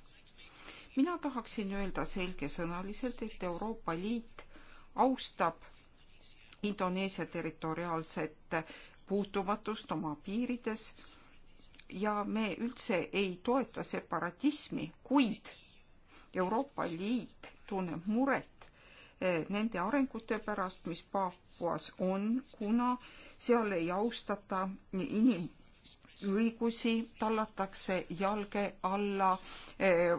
mina tahaksin öelda selgesõnaliselt, et Euroopa Liit austab Indoneesia territoriaalset puutumatust oma piirides ja me üldse ei toeta separatismi, kuid Euroopa Liit tunneb muret Eh, nende arengute pärast, mis Paapuas on, kuna seal ei austata inimõigusi, tallatakse jalge alla eh,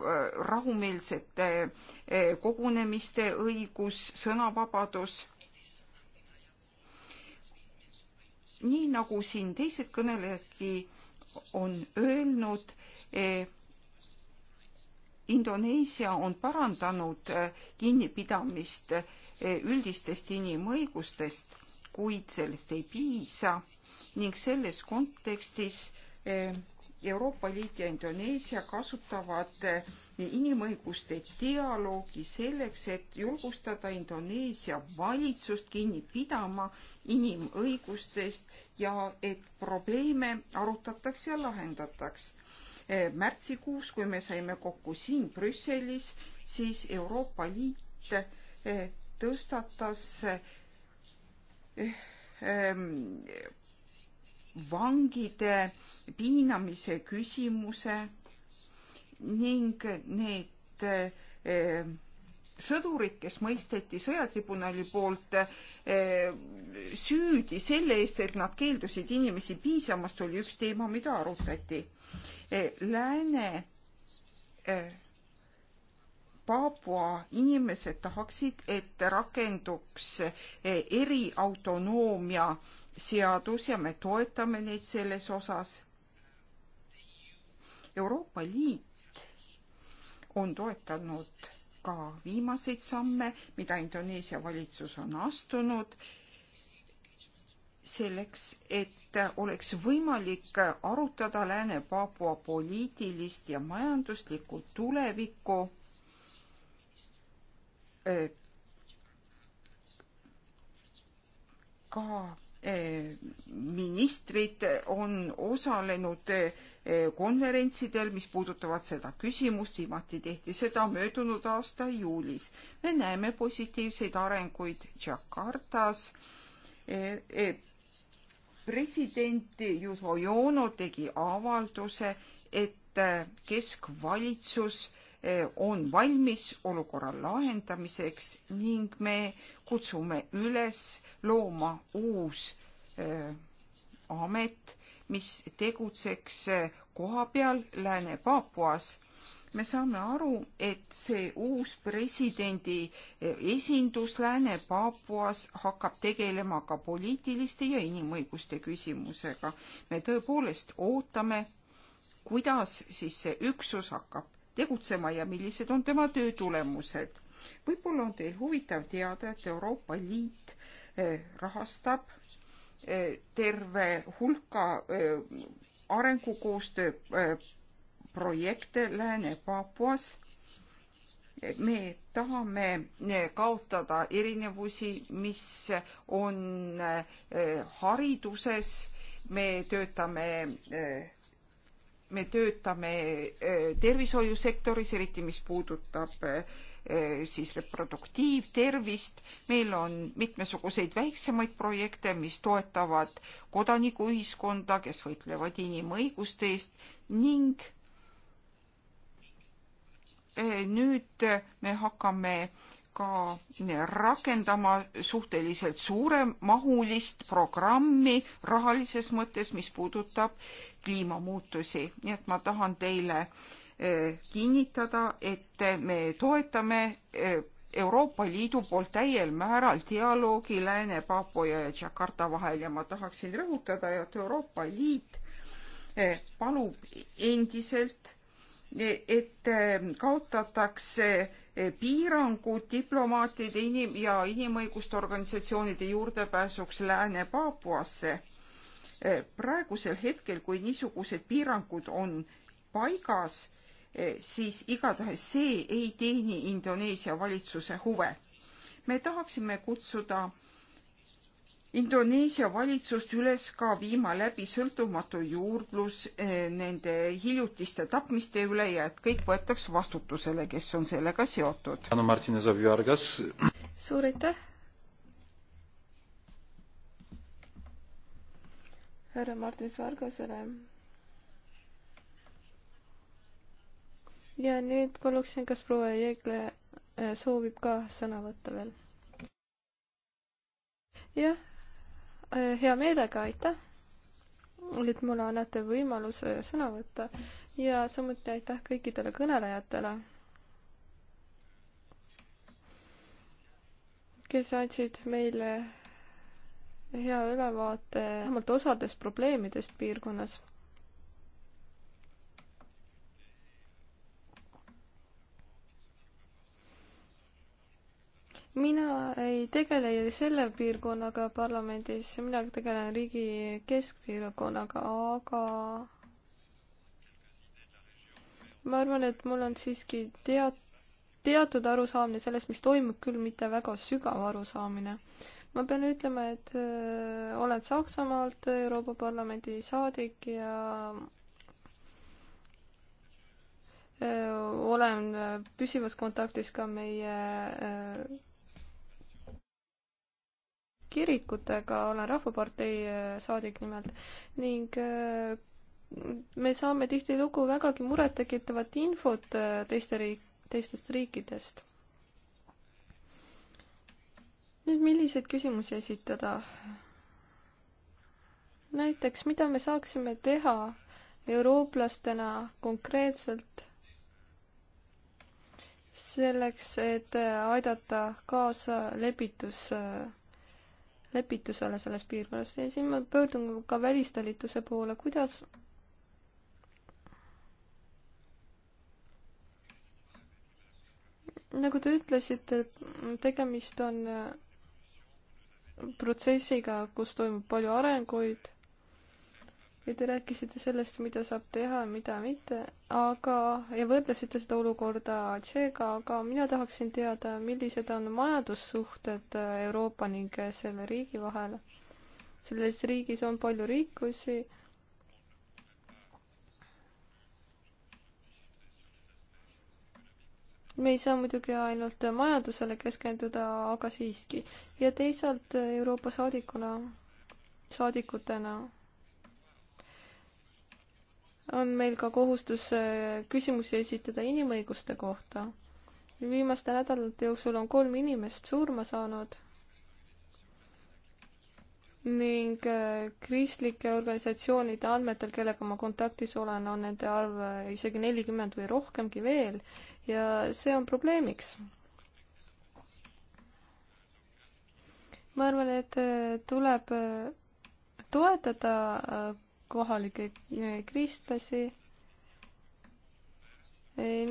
rahumeelsete eh, kogunemiste õigus, sõnavabadus nii nagu siin teised kõnelejadki on öelnud eh,, Indoneesia on parandanud äh, kinnipidamist äh, üldistest inimõigustest, kuid sellest ei piisa ning selles kontekstis äh, Euroopa Liit ja Indoneesia kasutavad inimõiguste dialoogi selleks, et julgustada Indoneesia valitsust kinni pidama inimõigustest ja et probleeme arutataks ja lahendataks. Eh, märtsikuus, kui me saime kokku siin Brüsselis, siis Euroopa Liit eh, tõstatas eh, ehm, vangide piinamise küsimuse ning need sõdurid, kes mõisteti sõjatribunali poolt eh, süüdi selle eest, et nad keeldusid inimesi piisamast, oli üks teema, mida arutati. Eh, Lääne eh, Paapua inimesed tahaksid, et rakenduks eriautonoomia seadus ja me toetame neid selles osas. Euroopa Liit on toetanud ka viimaseid samme, mida Indoneesia valitsus on astunud selleks, et oleks võimalik arutada Lääne-Paapua poliitilist ja majanduslikku tulevikku äh, ka Eh, ministrid on osalenud eh, konverentsidel, mis puudutavad seda küsimust, viimati tehti seda möödunud aasta juulis. me näeme positiivseid arenguid Jakartas. Eh, president Yudhoyono tegi avalduse, et keskvalitsus Eh, on valmis olukorra lahendamiseks ning me kutsume üles looma uus eh, amet, mis tegutseks eh, kohapeal Lääne-Paapuas me saame aru, et see uus presidendi esindus Lääne-Paapuas hakkab tegelema ka poliitiliste ja inimõiguste küsimusega. me tõepoolest ootame, kuidas siis see üksus hakkab tegutsema ja millised on tema töö tulemused. võib-olla on teil huvitav teada, et Euroopa Liit eh, rahastab eh, terve hulka eh, arengukoostöö projekte Lääne-Papuas. me tahame kaotada erinevusi, mis on hariduses, me töötame me töötame eh, tervishoiusektoris, eriti mis puudutab eh, siis reproduktiivtervist, meil on mitmesuguseid väiksemaid projekte, mis toetavad kodanikuühiskonda, kes võitlevad inimõiguste eest ning eh, nüüd me hakkame ka rakendama suhteliselt suuremahulist programmi rahalises mõttes, mis puudutab kliimamuutusi. nii et ma tahan teile e, kinnitada, et me toetame e, Euroopa Liidu poolt täiel määral dialoogi Lääne-Papua ja Jakarta vahel ja ma tahaksin rõhutada, et Euroopa Liit e, palub endiselt, et kaotatakse Eh, piirangud diplomaatide inim- ja inimõiguste organisatsioonide juurdepääsuks Lääne-Paapuasse. Eh, praegusel hetkel, kui niisugused piirangud on paigas, eh, siis igatahes see ei teeni Indoneesia valitsuse huve. me tahaksime kutsuda Indoneesia valitsust üles ka viima läbi sõltumatu juurdlus eh, nende hiljutiste tapmiste üle ja et kõik võetaks vastutusele, kes on sellega seotud. suur aitäh. härra Martin Vargasele. ja nüüd paluksin, kas proua Jeegle eh, soovib ka sõna võtta veel? jah Äh, hea meelega, aitäh, et mulle annate võimaluse äh, sõna võtta ja samuti aitäh kõikidele kõnelejatele, kes andsid meile hea ülevaate vähemalt osadest probleemidest piirkonnas mina ei tegele selle piirkonnaga parlamendis, mina tegelen riigi keskpiirkonnaga, aga ma arvan, et mul on siiski teat-, teatud arusaamine sellest, mis toimub, küll mitte väga sügav arusaamine. ma pean ütlema, et öö, äh, olen Saksamaalt Euroopa Parlamendi saadik ja öö, äh, olen äh, püsivas kontaktis ka meie öö, kirikutega, olen Rahvapartei äh, saadik nimelt, ning äh, me saame tihtilugu vägagi murettekitavat infot äh, teiste riik, teistest riikidest. nüüd, milliseid küsimusi esitada? näiteks, mida me saaksime teha eurooplastena konkreetselt selleks, et aidata kaasa lepitus äh, lepitusele selles piirkonnas ja siin ma pöördun ka välistalituse poole, kuidas nagu te ütlesite, tegemist on protsessiga, kus toimub palju arenguid ja te rääkisite sellest, mida saab teha, mida mitte, aga, ja võrdlesite seda olukorda Tšeega, aga mina tahaksin teada, millised on majandussuhted äh, Euroopa ning äh, selle riigi vahel. selles riigis on palju rikkusi. me ei saa muidugi ainult majandusele keskenduda, aga siiski. ja teisalt Euroopa saadikuna, saadikutena on meil ka kohustus äh, küsimusi esitada inimõiguste kohta. viimaste nädalate jooksul on kolm inimest surma saanud ning äh, kristlike organisatsioonide andmetel, kellega ma kontaktis olen, on nende arv äh, isegi nelikümmend või rohkemgi veel ja see on probleemiks. ma arvan, et tuleb toetada kohalikke kristlasi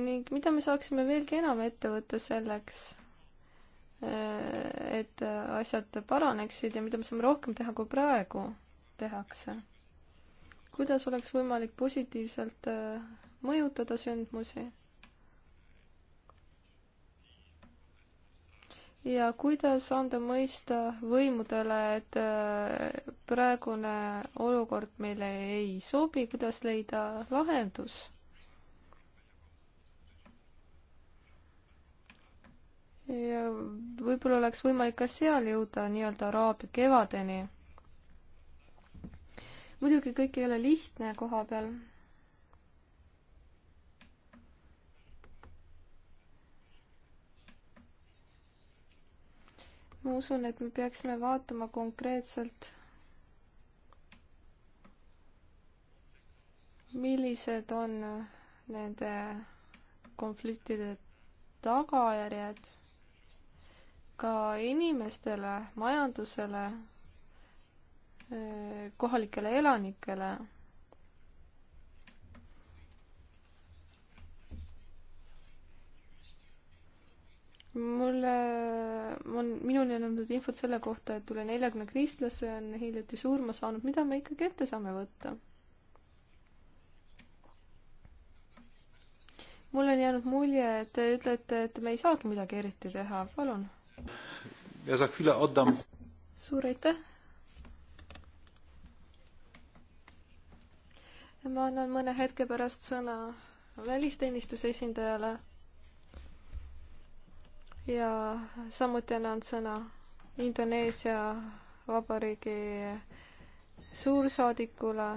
ning mida me saaksime veelgi enam ette võtta selleks, äh, et asjad paraneksid ja mida me saame rohkem teha, kui praegu tehakse? kuidas oleks võimalik positiivselt äh, mõjutada sündmusi? ja kuidas anda mõista võimudele, et äh, praegune olukord meile ei sobi, kuidas leida lahendus? ja võib-olla oleks võimalik ka seal jõuda nii-öelda araabia kevadeni. muidugi kõik ei ole lihtne koha peal ma usun, et me peaksime vaatama konkreetselt, millised on nende konfliktide tagajärjed ka inimestele, majandusele, kohalikele elanikele mulle on, minuni on antud infot selle kohta, et üle neljakümne kristlase on hiljuti surma saanud, mida me ikkagi ette saame võtta? mul on jäänud mulje, et te ütlete, et me ei saagi midagi eriti teha, palun. suur aitäh. ma annan mõne hetke pärast sõna välisteenistuse esindajale ja samuti annan sõna Indoneesia Vabariigi suursaadikule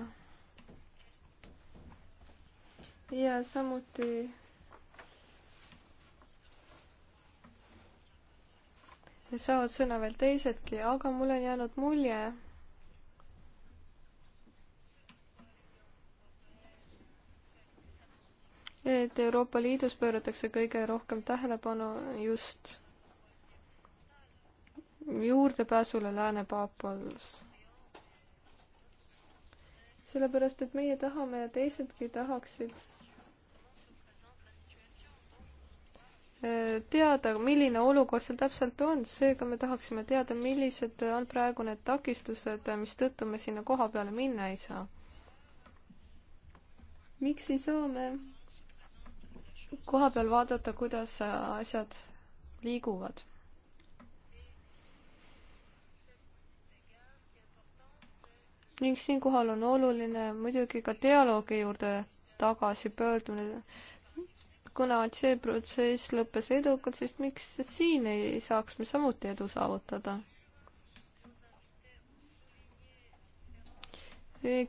ja samuti saavad sõna veel teisedki, aga mul on jäänud mulje, et Euroopa Liidus pööratakse kõige rohkem tähelepanu just juurdepääsule Lääne-Paapuas. sellepärast, et meie tahame ja teisedki tahaksid äh, teada, milline olukord seal täpselt on, seega me tahaksime teada, millised on praegu need takistused, mistõttu me sinna koha peale minna ei saa. miks ei saa me koha peal vaadata, kuidas asjad liiguvad. ning siinkohal on oluline muidugi ka dialoogi juurde tagasi pöördumine. kuna see protsess lõppes edukalt, siis miks siin ei saaks me samuti edu saavutada?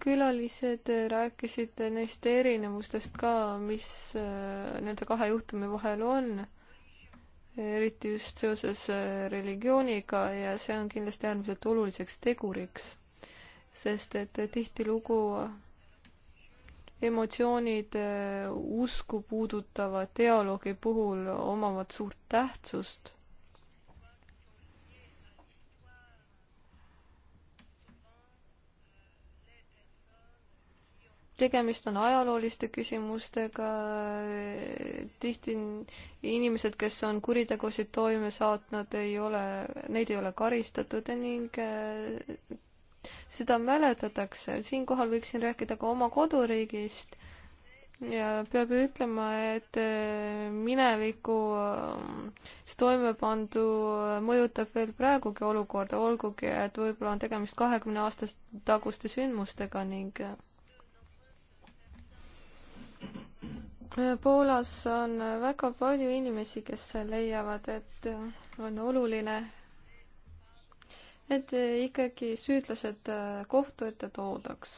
külalised rääkisid neist erinevustest ka, mis äh, nende kahe juhtumi vahel on, eriti just seoses äh, religiooniga ja see on kindlasti äärmiselt oluliseks teguriks, sest et tihtilugu emotsioonid äh, usku puudutava dialoogi puhul omavad suurt tähtsust tegemist on ajalooliste küsimustega, tihti inimesed, kes on kuritegusid toime saatnud, ei ole, neid ei ole karistatud ning eh, seda mäletatakse, siinkohal võiksin rääkida ka oma koduriigist ja peab ütlema, et eh, minevikus eh, toime pandu mõjutab veel praegugi olukorda, olgugi et võib-olla on tegemist kahekümne aasta taguste sündmustega ning Poolas on väga palju inimesi, kes leiavad, et on oluline, et ikkagi süüdlased kohtu ette toodaks.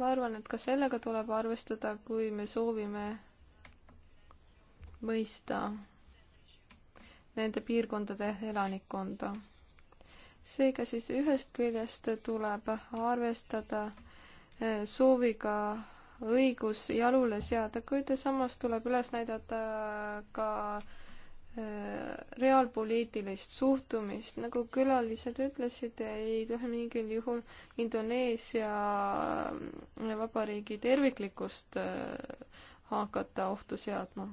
ma arvan, et ka sellega tuleb arvestada, kui me soovime mõista nende piirkondade elanikkonda. seega siis ühest küljest tuleb arvestada sooviga õigus jalule seada, kuid samas tuleb üles näidata ka äh, reaalpoliitilist suhtumist, nagu külalised ütlesid, ei tohi mingil juhul Indoneesia vabariigi terviklikkust äh, hakata ohtu seadma.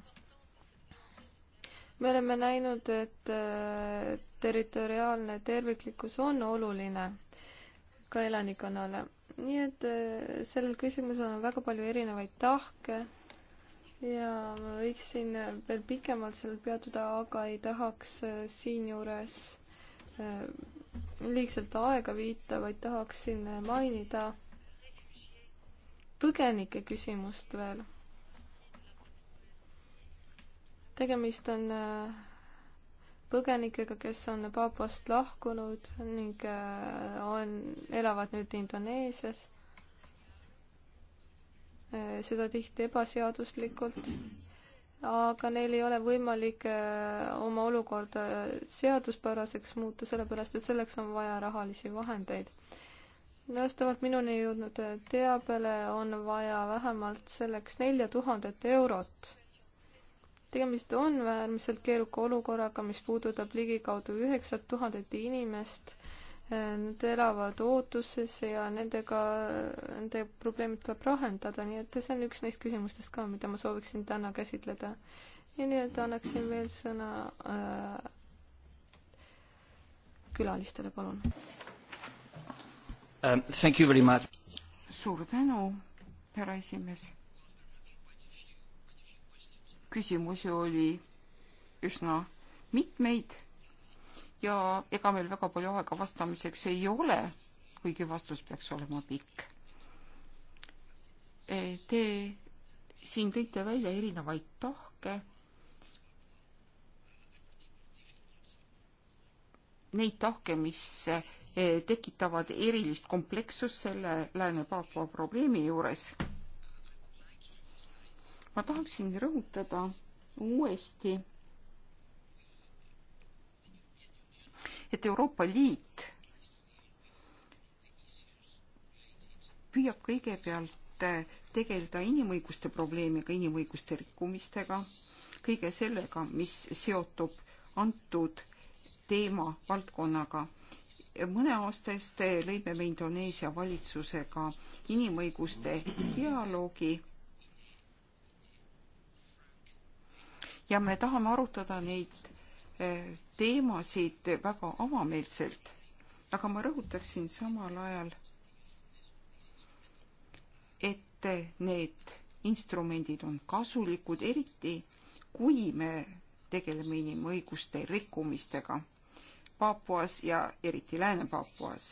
me oleme näinud, et äh, territoriaalne terviklikkus on oluline ka elanikkonnale nii et äh, sellel küsimusel on väga palju erinevaid tahke ja ma võiksin äh, veel pikemalt sellel peatuda, aga ei tahaks äh, siinjuures liigselt aega viita, vaid tahaksin mainida põgenike küsimust veel. tegemist on äh, põgenikega, kes on Paapast lahkunud ning äh, on, elavad nüüd Indoneesias. Äh, seda tihti ebaseaduslikult, aga neil ei ole võimalik äh, oma olukorda seaduspäraseks muuta, sellepärast et selleks on vaja rahalisi vahendeid. vastavalt minuni jõudnud teabele on vaja vähemalt selleks nelja tuhandet eurot tegemist on äärmiselt keeruka olukorraga, mis puudutab ligikaudu üheksat tuhandet inimest. Nad elavad ootuses ja nendega, nende probleemid tuleb lahendada, nii et see on üks neist küsimustest ka, mida ma sooviksin täna käsitleda. ja nii-öelda annaksin veel sõna äh, külalistele, palun um,. suur tänu, härra esimees küsimusi oli üsna mitmeid ja ega meil väga palju aega vastamiseks ei ole, kuigi vastus peaks olema pikk. E, te siin tõite välja erinevaid tahke. Neid tahke, mis e, tekitavad erilist komplekssust selle Lääne-Paapua probleemi juures ma tahaksin rõhutada uuesti, et Euroopa Liit püüab kõigepealt tegeleda inimõiguste probleemiga, inimõiguste rikkumistega, kõige sellega, mis seotub antud teema valdkonnaga. mõne aasta eest lõime me Indoneesia valitsusega inimõiguste dialoogi ja me tahame arutada neid eh, teemasid väga avameelselt. aga ma rõhutaksin samal ajal, et need instrumendid on kasulikud, eriti kui me tegeleme inimõiguste rikkumistega Paapuas ja eriti Lääne-Paapuas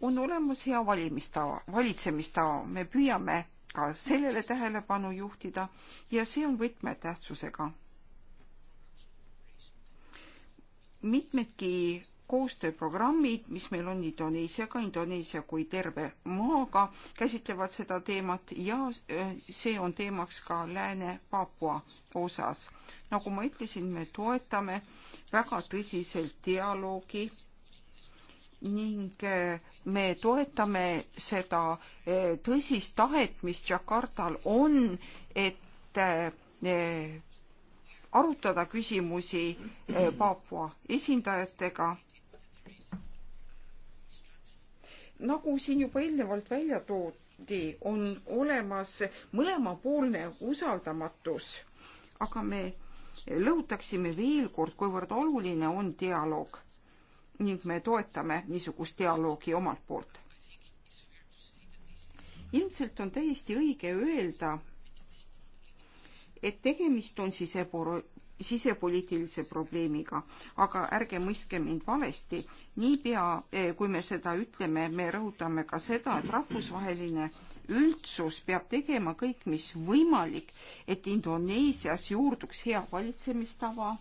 on olemas hea valimistava, valitsemistava, me püüame ka sellele tähelepanu juhtida ja see on võtmetähtsusega. mitmedki koostööprogrammid, mis meil on Indoneesiaga, Indoneesia kui terve maaga, käsitlevad seda teemat ja äh, see on teemaks ka Lääne-Papua osas. nagu ma ütlesin, me toetame väga tõsiselt dialoogi ning eh, me toetame seda eh, tõsist tahet, mis Jakartal on, et eh, arutada küsimusi Paapua esindajatega. nagu siin juba eelnevalt välja toodi, on olemas mõlemapoolne usaldamatus, aga me lõhutaksime veel kord, kuivõrd oluline on dialoog ning me toetame niisugust dialoogi omalt poolt. ilmselt on täiesti õige öelda, et tegemist on siseporo-, sisepoliitilise probleemiga, aga ärge mõistke mind valesti, niipea eh, kui me seda ütleme, me rõhutame ka seda, et rahvusvaheline üldsus peab tegema kõik, mis võimalik, et Indoneesias juurduks hea valitsemistava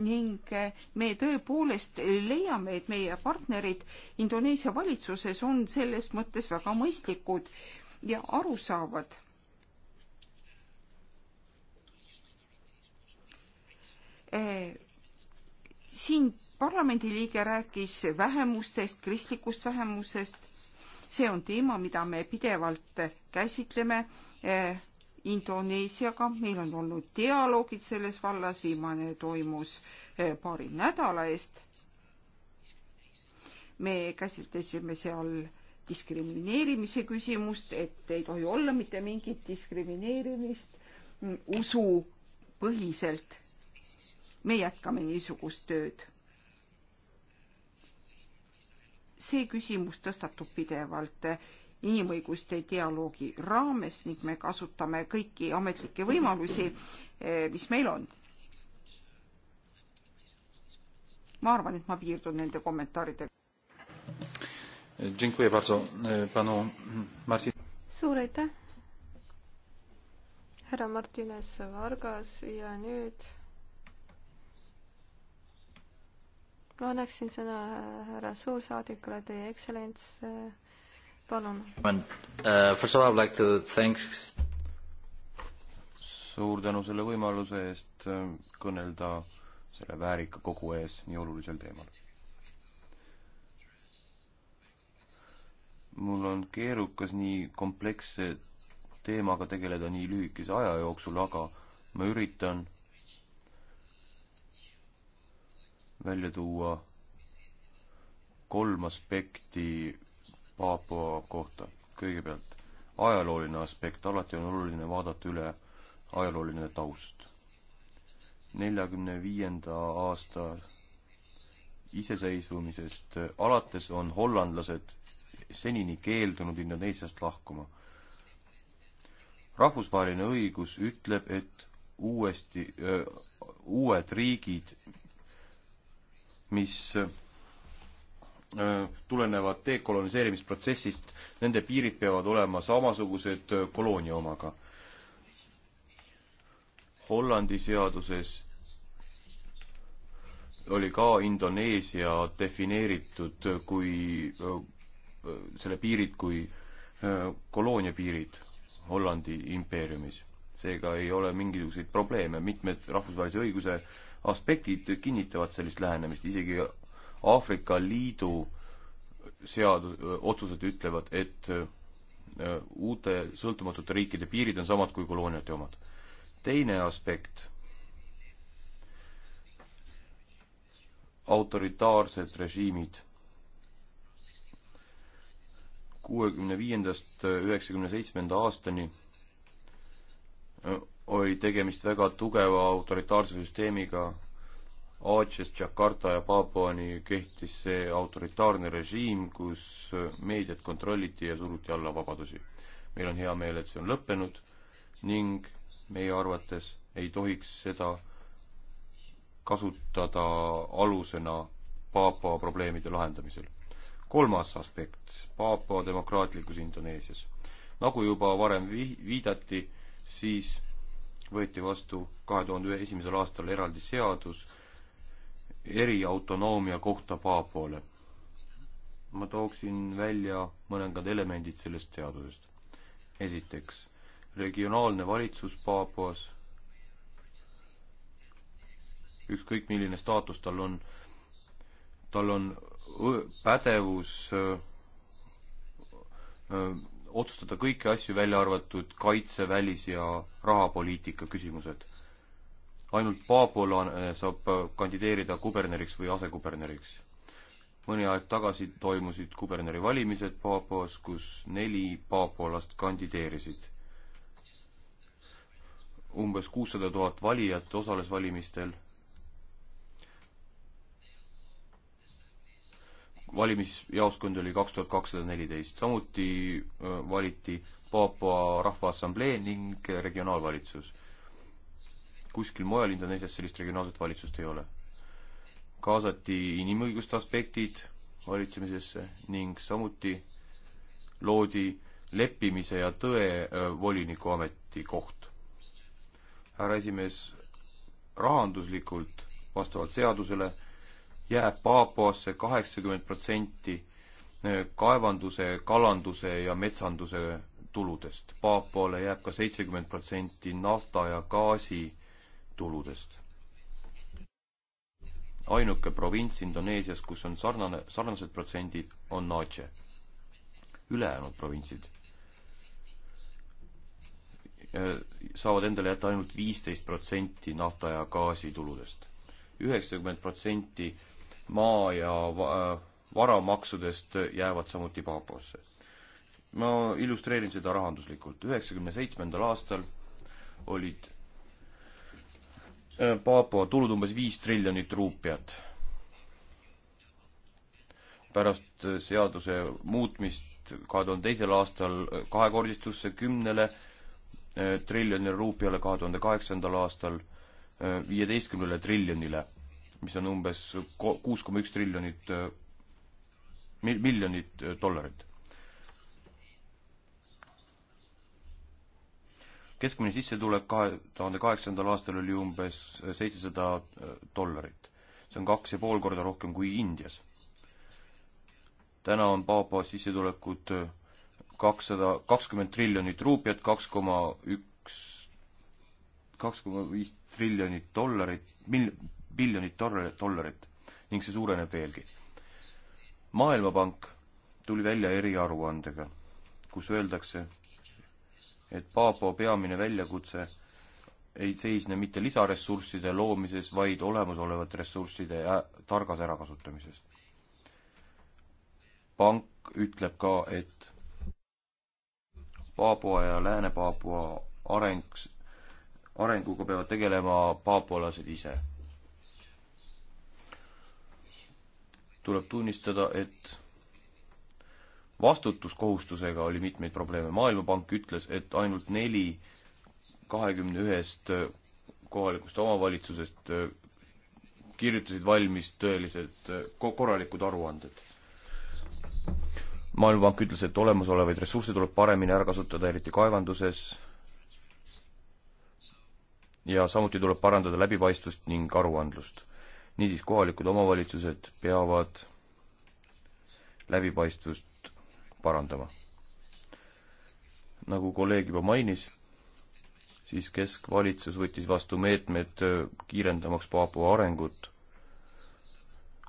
ning eh, me tõepoolest leiame, et meie partnerid Indoneesia valitsuses on selles mõttes väga mõistlikud ja aru saavad. Eh, siin parlamendiliige rääkis vähemustest, kristlikust vähemusest. see on teema, mida me pidevalt käsitleme eh, Indoneesiaga, meil on olnud dialoogid selles vallas, viimane toimus eh, paari nädala eest. me käsitlesime seal diskrimineerimise küsimust, et ei tohi olla mitte mingit diskrimineerimist mm, usupõhiselt. me jätkame niisugust tööd. see küsimus tõstatub pidevalt inimõiguste dialoogi raames ning me kasutame kõiki ametlikke võimalusi, eh, mis meil on. ma arvan, et ma piirdun nende kommentaaridega. Eh, suur aitäh, härra Martines Vargas ja nüüd ma annaksin sõna härra suursaadikule, teie ekstsellents eh, palun. Uh, suur tänu selle võimaluse eest ähm, kõnelda selle väärika kogu ees nii olulisel teemal. mul on keerukas nii kompleksse teemaga tegeleda nii lühikese aja jooksul, aga ma üritan välja tuua kolm aspekti Paapua kohta. kõigepealt ajalooline aspekt, alati on oluline vaadata üle ajalooline taust. neljakümne viienda aasta iseseisvumisest alates on hollandlased senini keeldunud Indoneesiast lahkuma. rahvusvaheline õigus ütleb, et uuesti, uued riigid, mis Äh, tulenevad dekoloniseerimisprotsessist, nende piirid peavad olema samasugused äh, koloonia omaga. Hollandi seaduses oli ka Indoneesia defineeritud kui, äh, selle piirid kui koloonia piirid Hollandi impeeriumis. seega ei ole mingisuguseid probleeme, mitmed rahvusvahelise õiguse aspektid kinnitavad sellist lähenemist, isegi Aafrika Liidu seadus, otsused ütlevad, et äh, uute sõltumatute riikide piirid on samad kui kolooniate omad. teine aspekt, autoritaarsed režiimid kuuekümne viiendast äh, üheksakümne seitsmenda aastani äh, oli tegemist väga tugeva autoritaarse süsteemiga, Aatsiast, Jakarta ja Paapuani kehtis see autoritaarne režiim, kus meediat kontrolliti ja suruti alla vabadusi. meil on hea meel, et see on lõppenud ning meie arvates ei tohiks seda kasutada alusena Paapua probleemide lahendamisel. kolmas aspekt, Paapua demokraatlikus Indoneesias. nagu juba varem vi-, viidati, siis võeti vastu kahe tuhande ühe esimesel aastal eraldi seadus, eriautonoomia kohta Paapuale. ma tooksin välja mõningad elemendid sellest seadusest. esiteks, regionaalne valitsus Paapuas, ükskõik milline staatus tal on, tal on pädevus öö, öö, otsustada kõiki asju, välja arvatud kaitse, välis- ja rahapoliitika küsimused ainult Paapolane eh, saab eh, kandideerida kuberneriks või asekuberneriks. mõni aeg tagasi toimusid kuberneri valimised Paapuas, kus neli paapolast kandideerisid. umbes kuussada tuhat valijat osales valimistel. valimisjaoskond oli kaks tuhat kakssada neliteist, samuti eh, valiti Paapua Rahvaassamblee ning regionaalvalitsus kuskil mujal Indoneesias sellist regionaalset valitsust ei ole. kaasati inimõiguste aspektid valitsemisesse ning samuti loodi leppimise ja tõe äh, voliniku ametikoht. härra esimees, rahanduslikult vastavalt seadusele jääb Paapuasse kaheksakümmend protsenti äh, kaevanduse, kalanduse ja metsanduse tuludest. Paapuale jääb ka seitsekümmend protsenti nafta ja gaasi tuludest. ainuke provints Indoneesias, kus on sarnane, sarnased protsendid, on Aceh. ülejäänud provintsid saavad endale jätta ainult viisteist protsenti nafta ja gaasi tuludest. üheksakümmend protsenti maa ja va varamaksudest jäävad samuti Paaposse. ma illustreerin seda rahanduslikult. üheksakümne seitsmendal aastal olid Äh, Paapua tulud umbes viis triljonit ruupiat. pärast äh, seaduse muutmist kahe tuhande teisel aastal äh, kahekordistus see kümnele triljonile ruupiale kahe tuhande kaheksandal aastal viieteistkümnele triljonile, mis on umbes kuus koma üks triljonit mil-, miljonit dollarit keskmine sissetulek kahe tuhande kaheksandal aastal oli umbes seitsesada äh, dollarit. see on kaks ja pool korda rohkem kui Indias. täna on Paapuas sissetulekud äh, kakssada kakskümmend triljonit ruupiat, kaks koma üks, kaks koma viis triljonit dollarit, mil-, biljonit dollarit, dollarit ning see suureneb veelgi. maailmapank tuli välja eriaruandega, kus öeldakse, et Paapo peamine väljakutse ei seisne mitte lisaressursside loomises, vaid olemasolevate ressursside targas ärakasutamises. pank ütleb ka, et Paapua ja Lääne-Paapua areng, arenguga peavad tegelema paapualased ise tuleb tunnistada, et vastutuskohustusega oli mitmeid probleeme, Maailmapank ütles, et ainult neli kahekümne ühest kohalikust omavalitsusest äh, kirjutasid valmis tõelised äh, korralikud aruanded. maailmapank ütles, et olemasolevaid ressursse tuleb paremini ära kasutada, eriti kaevanduses, ja samuti tuleb parandada läbipaistvust ning aruandlust. niisiis, kohalikud omavalitsused peavad läbipaistvust parandama. nagu kolleeg juba mainis, siis keskvalitsus võttis vastu meetmed äh, kiirendamaks Paapua arengut.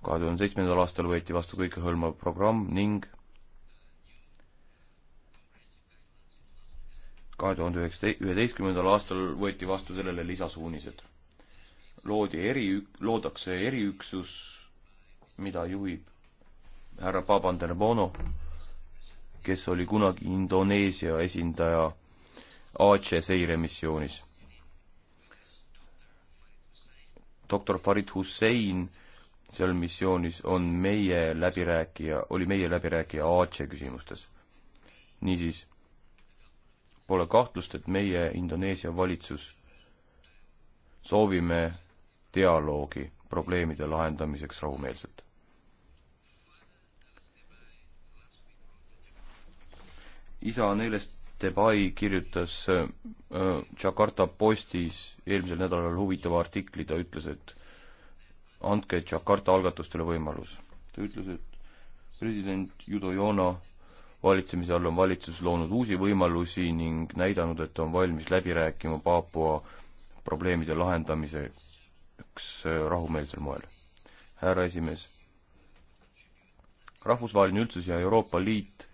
kahe tuhande seitsmendal aastal võeti vastu kõikehõlmav programm ning kahe tuhande üheksa, üheteistkümnendal aastal võeti vastu sellele lisasuunised. loodi eri, loodakse eriüksus, mida juhib härra Pabanderbono kes oli kunagi Indoneesia esindaja Aasia seiremissioonis. doktor Farid Hussein seal missioonis on meie läbirääkija, oli meie läbirääkija Aasia küsimustes. niisiis, pole kahtlust, et meie Indoneesia valitsus soovime dialoogi probleemide lahendamiseks rahumeelselt. isa Neeles Debye kirjutas äh, Jakarta Postis eelmisel nädalal huvitava artikli, ta ütles, et andke Jakarta algatustele võimalus. ta ütles, et president Judo Joona valitsemise all on valitsus loonud uusi võimalusi ning näidanud, et on valmis läbi rääkima Paapua probleemide lahendamiseks äh, rahumeelsel moel. härra esimees, rahvusvaheline üldsus ja Euroopa Liit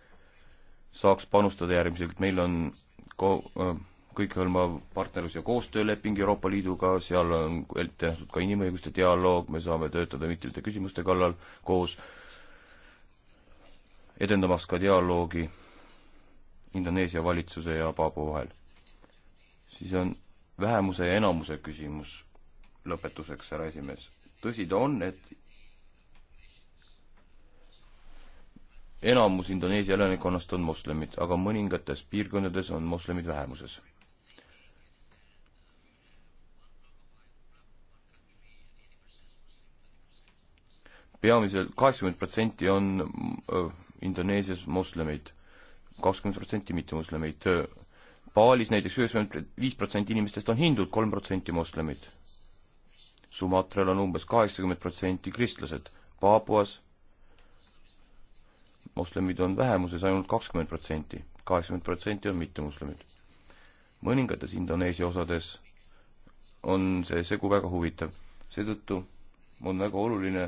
saaks panustada järgmiselt, meil on ko-, kõikehõlmav partnerlus- ja koostööleping Euroopa Liiduga, seal on ette nähtud ka inimõiguste dialoog, me saame töötada mitmete küsimuste kallal koos, edendamaks ka dialoogi Indoneesia valitsuse ja Paapua vahel. siis on vähemuse ja enamuse küsimus lõpetuseks, härra esimees. tõsi ta on, et enamus Indoneesia elanikkonnast on moslemid, aga mõningates piirkondades on moslemid vähemuses. peamiselt kaheksakümmend protsenti on Indoneesias moslemeid, kakskümmend protsenti mittemoslemeid. Baalis näiteks üheksakümmend viis protsenti inimestest on hindud, kolm protsenti moslemid. Sumatral on umbes kaheksakümmend protsenti kristlased, Paapuas moslemid on vähemuses ainult kakskümmend protsenti, kaheksakümmend protsenti on mittemuslemid. mõningates Indoneesia osades on see segu väga huvitav, seetõttu on väga oluline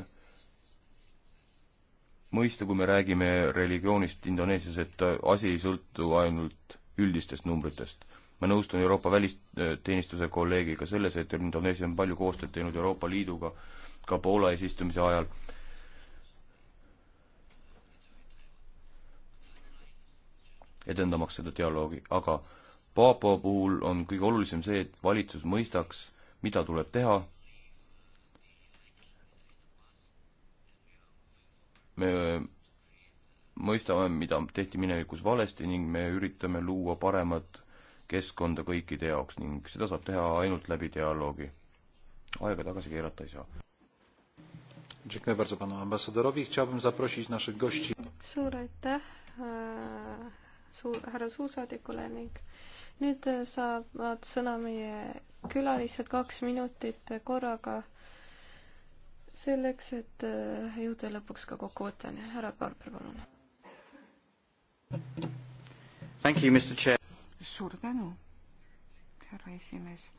mõista, kui me räägime religioonist Indoneesias, et asi ei sõltu ainult üldistest numbritest. ma nõustun Euroopa välisteenistuse kolleegiga selles, et Indoneesia on palju koostööd teinud Euroopa Liiduga ka Poola eesistumise ajal edendamaks seda dialoogi, aga Paapua puhul on kõige olulisem see, et valitsus mõistaks, mida tuleb teha. me mõistame, mida tehti minevikus valesti ning me üritame luua paremat keskkonda kõikide jaoks ning seda saab teha ainult läbi dialoogi. aega tagasi keerata ei saa. Dziękuję bardzo panu ambasadorowi. Chciałbym zaprosić naszych gości. Suur aitäh äh, suu-, härra suursaadikule ning nüüd äh, saavad sõna meie külalised kaks minutit korraga selleks, et äh, jõuda lõpuks ka kokkuvõtteni. härra Barber, palun. suur tänu, härra esimees.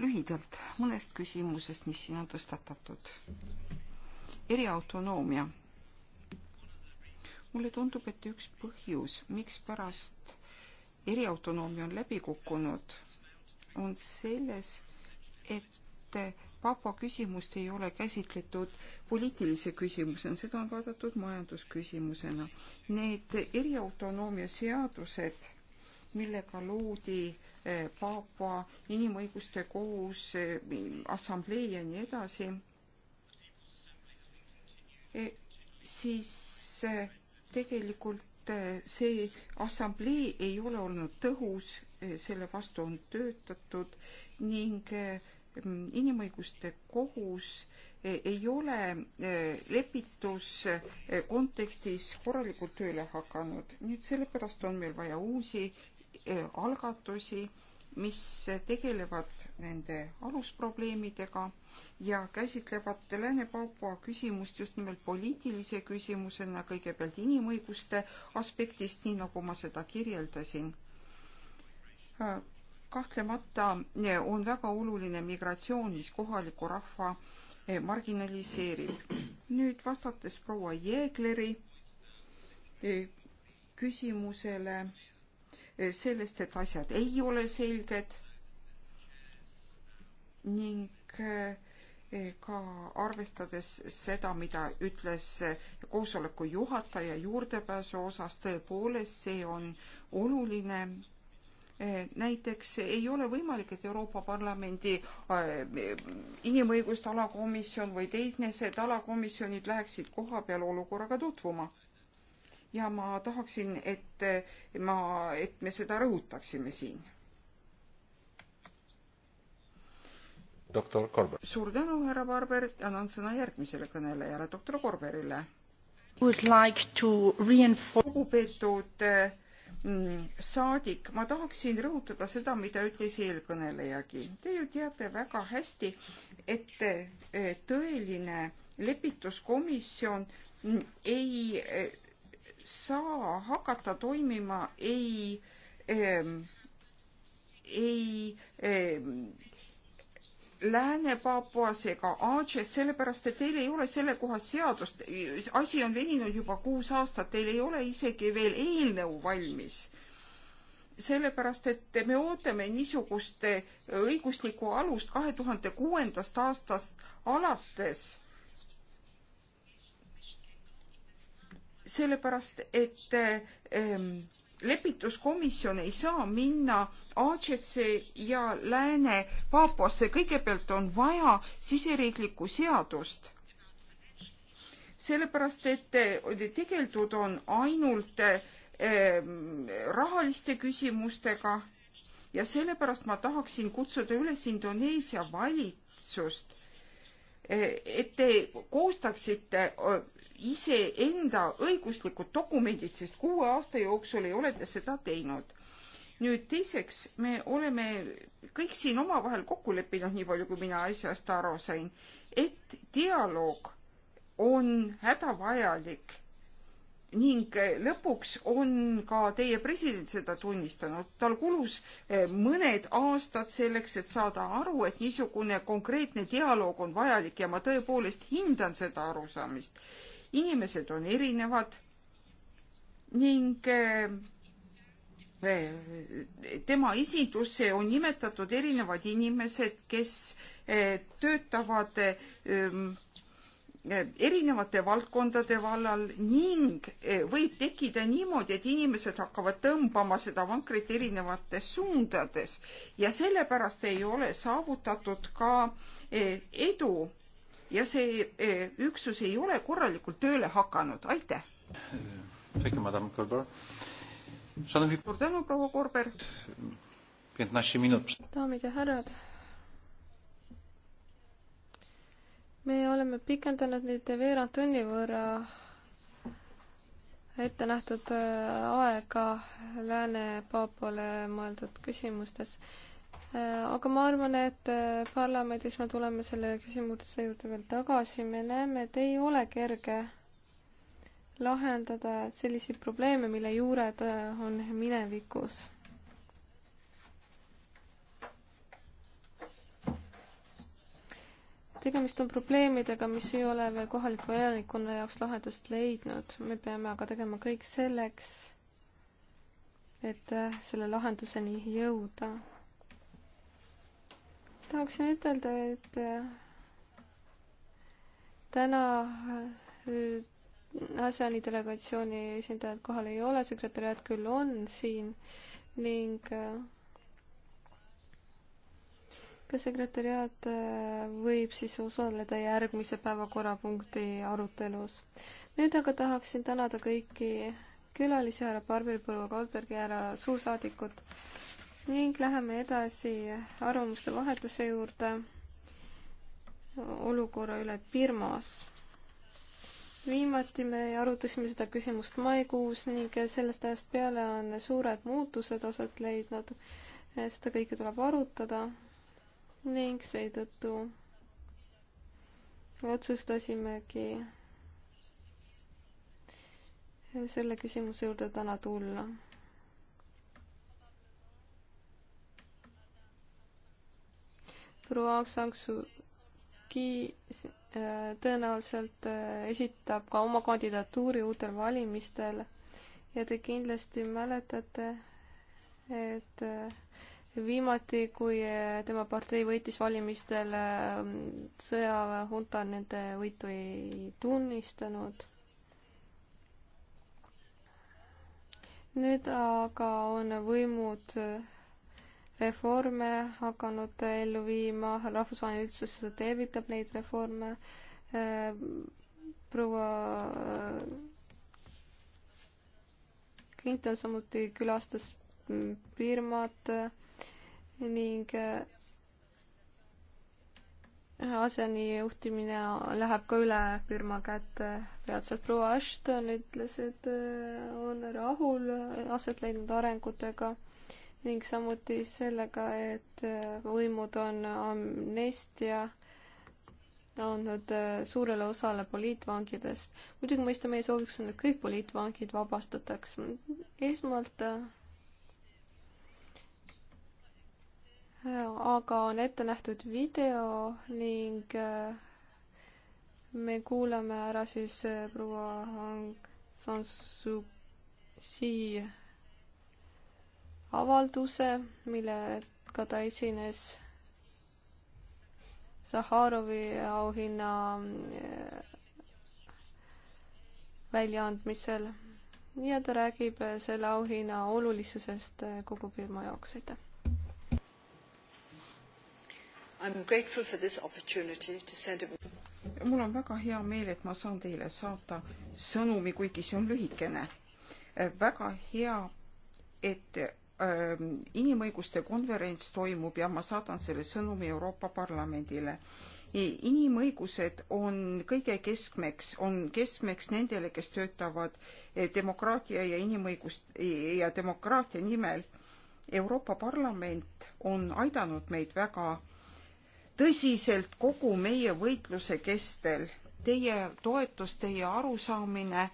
lühidalt mõnest küsimusest, mis siin on tõstatatud. eriautonoomia mulle tundub, et üks põhjus, mikspärast eriautonoomia on läbi kukkunud, on selles, et Papa küsimust ei ole käsitletud poliitilise küsimusena, seda on vaadatud majandusküsimusena. Need eriautonoomia seadused, millega loodi eh, Papa inimõiguste kohus, eh, assamblee ja nii edasi, eh, siis tegelikult eh, see assamblee ei ole olnud tõhus, eh, selle vastu on töötatud ning eh, inimõiguste kohus ei ole lepituskontekstis korralikult tööle hakanud, nii et sellepärast on meil vaja uusi algatusi mis tegelevad nende alusprobleemidega ja käsitlevad Lääne-Paapua küsimust just nimelt poliitilise küsimusena, kõigepealt inimõiguste aspektist, nii nagu ma seda kirjeldasin. kahtlemata on väga oluline migratsioon, mis kohaliku rahva marginaliseerib. nüüd vastates proua Jeegleri küsimusele sellest, et asjad ei ole selged ning eh, ka arvestades seda, mida ütles koosoleku juhataja juurdepääsu osas, tõepoolest see on oluline eh, näiteks ei ole võimalik, et Euroopa Parlamendi eh, inimõiguste alakomisjon või teised alakomisjonid läheksid koha peal olukorraga tutvuma ja ma tahaksin, et eh, ma, et me seda rõhutaksime siin. doktor Korber. suur tänu, härra Barber, annan sõna järgmisele kõnelejale, doktor Korberile. lugupeetud eh, mm, saadik, ma tahaksin rõhutada seda, mida ütles eelkõnelejagi. Te ju teate väga hästi, et eh, tõeline lepituskomisjon mm, ei saa hakata toimima ei ähm, ei ähm, Lääne-Paapuas ega Aadžes, sellepärast et teil ei ole sellekohast seadust. asi on veninud juba kuus aastat, teil ei ole isegi veel eelnõu valmis. sellepärast, et me ootame niisugust õiguslikku alust kahe tuhande kuuendast aastast alates sellepärast et ähm, lepituskomisjon ei saa minna Aadžesse ja Lääne-Paapuasse, kõigepealt on vaja siseriiklikku seadust. sellepärast, et eh, tegeldud on ainult ähm, rahaliste küsimustega ja sellepärast ma tahaksin kutsuda üles Indoneesia valitsust et te koostaksite äh, iseenda õiguslikud dokumendid, sest kuue aasta jooksul ei ole te seda teinud. nüüd teiseks, me oleme kõik siin omavahel kokku leppinud, nii palju kui mina asjast aru sain, et dialoog on hädavajalik ning eh, lõpuks on ka teie president seda tunnistanud. tal kulus eh, mõned aastad selleks, et saada aru, et niisugune konkreetne dialoog on vajalik ja ma tõepoolest hindan seda arusaamist. inimesed on erinevad ning eh, tema esindusse on nimetatud erinevad inimesed, kes töötavad erinevate valdkondade vallal ning eh, võib tekkida niimoodi, et inimesed hakkavad tõmbama seda vankrit erinevates suundades ja sellepärast ei ole saavutatud ka eh, edu ja see eh, üksus ei ole korralikult tööle hakanud, aitäh. suur tänu, proua Korber. daamid ja härrad me oleme pikendanud nüüd veerand tunni võrra ette nähtud äh, aega Lääne-Paapole mõeldud küsimustes. Äh, aga ma arvan, et äh, parlamendis me tuleme selle küsimuse juurde veel tagasi, me näeme, et ei ole kerge lahendada selliseid probleeme, mille juured on minevikus tegemist on probleemidega, mis ei ole veel kohaliku elanikkonna jaoks lahendust leidnud, me peame aga tegema kõik selleks, et äh, selle lahenduseni jõuda. tahaksin ütelda, et äh, täna äh, ASEAN-i delegatsiooni esindajad kohal ei ole, sekretäriat küll on siin ning kas sekretäriaat äh, võib siis osaleda järgmise päevakorrapunkti arutelus? nüüd aga tahaksin tänada kõiki külalisi, härra Barberi Põlva Goldbergi, härra suursaadikut ning läheme edasi arvamuste vahetuse juurde olukorra üle Birmas. viimati me arutasime seda küsimust maikuus ning sellest ajast peale on suured muutused aset leidnud. seda kõike tuleb arutada ning seetõttu otsustasimegi selle küsimuse juurde täna tulla. proua Aksangsuki äh, tõenäoliselt äh, esitab ka oma kandidatuuri uutel valimistel ja te kindlasti mäletate, et äh, viimati, kui eh, tema partei võitis valimistel, eh, sõjaväehunta nende võitu ei tunnistanud. nüüd aga on võimud eh, reforme hakanud ellu viima, rahvusvaheline üldsus tervitab neid reforme. proua Clinton samuti külastas Birmat mm, ning äh, ASEAN-i juhtimine läheb ka üle Birma kätte peatselt. proua Ashton ütles, et äh, on rahul äh, aset leidnud arengutega ning samuti sellega, et võimud on amnestia andnud suurele osale poliitvangidest. muidugi mõista meie sooviks on, et kõik poliitvangid vabastataks. esmalt aga on ette nähtud video ning äh, me kuulame ära siis äh, proua Hang Sansuksi avalduse, millega ta esines Saharovi auhinna äh, väljaandmisel ja ta räägib selle auhinna olulisusest kogu firma jaoks, aitäh! I'm grateful for this opportunity to send a mul on väga hea meel, et ma saan teile saata sõnumi, kuigi see on lühikene. Äh, väga hea, et ähm, inimõiguste konverents toimub ja ma saadan selle sõnumi Euroopa Parlamendile. inimõigused on kõige keskmeks, on keskmeks nendele, kes töötavad eh, demokraatia ja inimõigust ja demokraatia nimel. Euroopa Parlament on aidanud meid väga tõsiselt kogu meie võitluse kestel. Teie toetus, teie arusaamine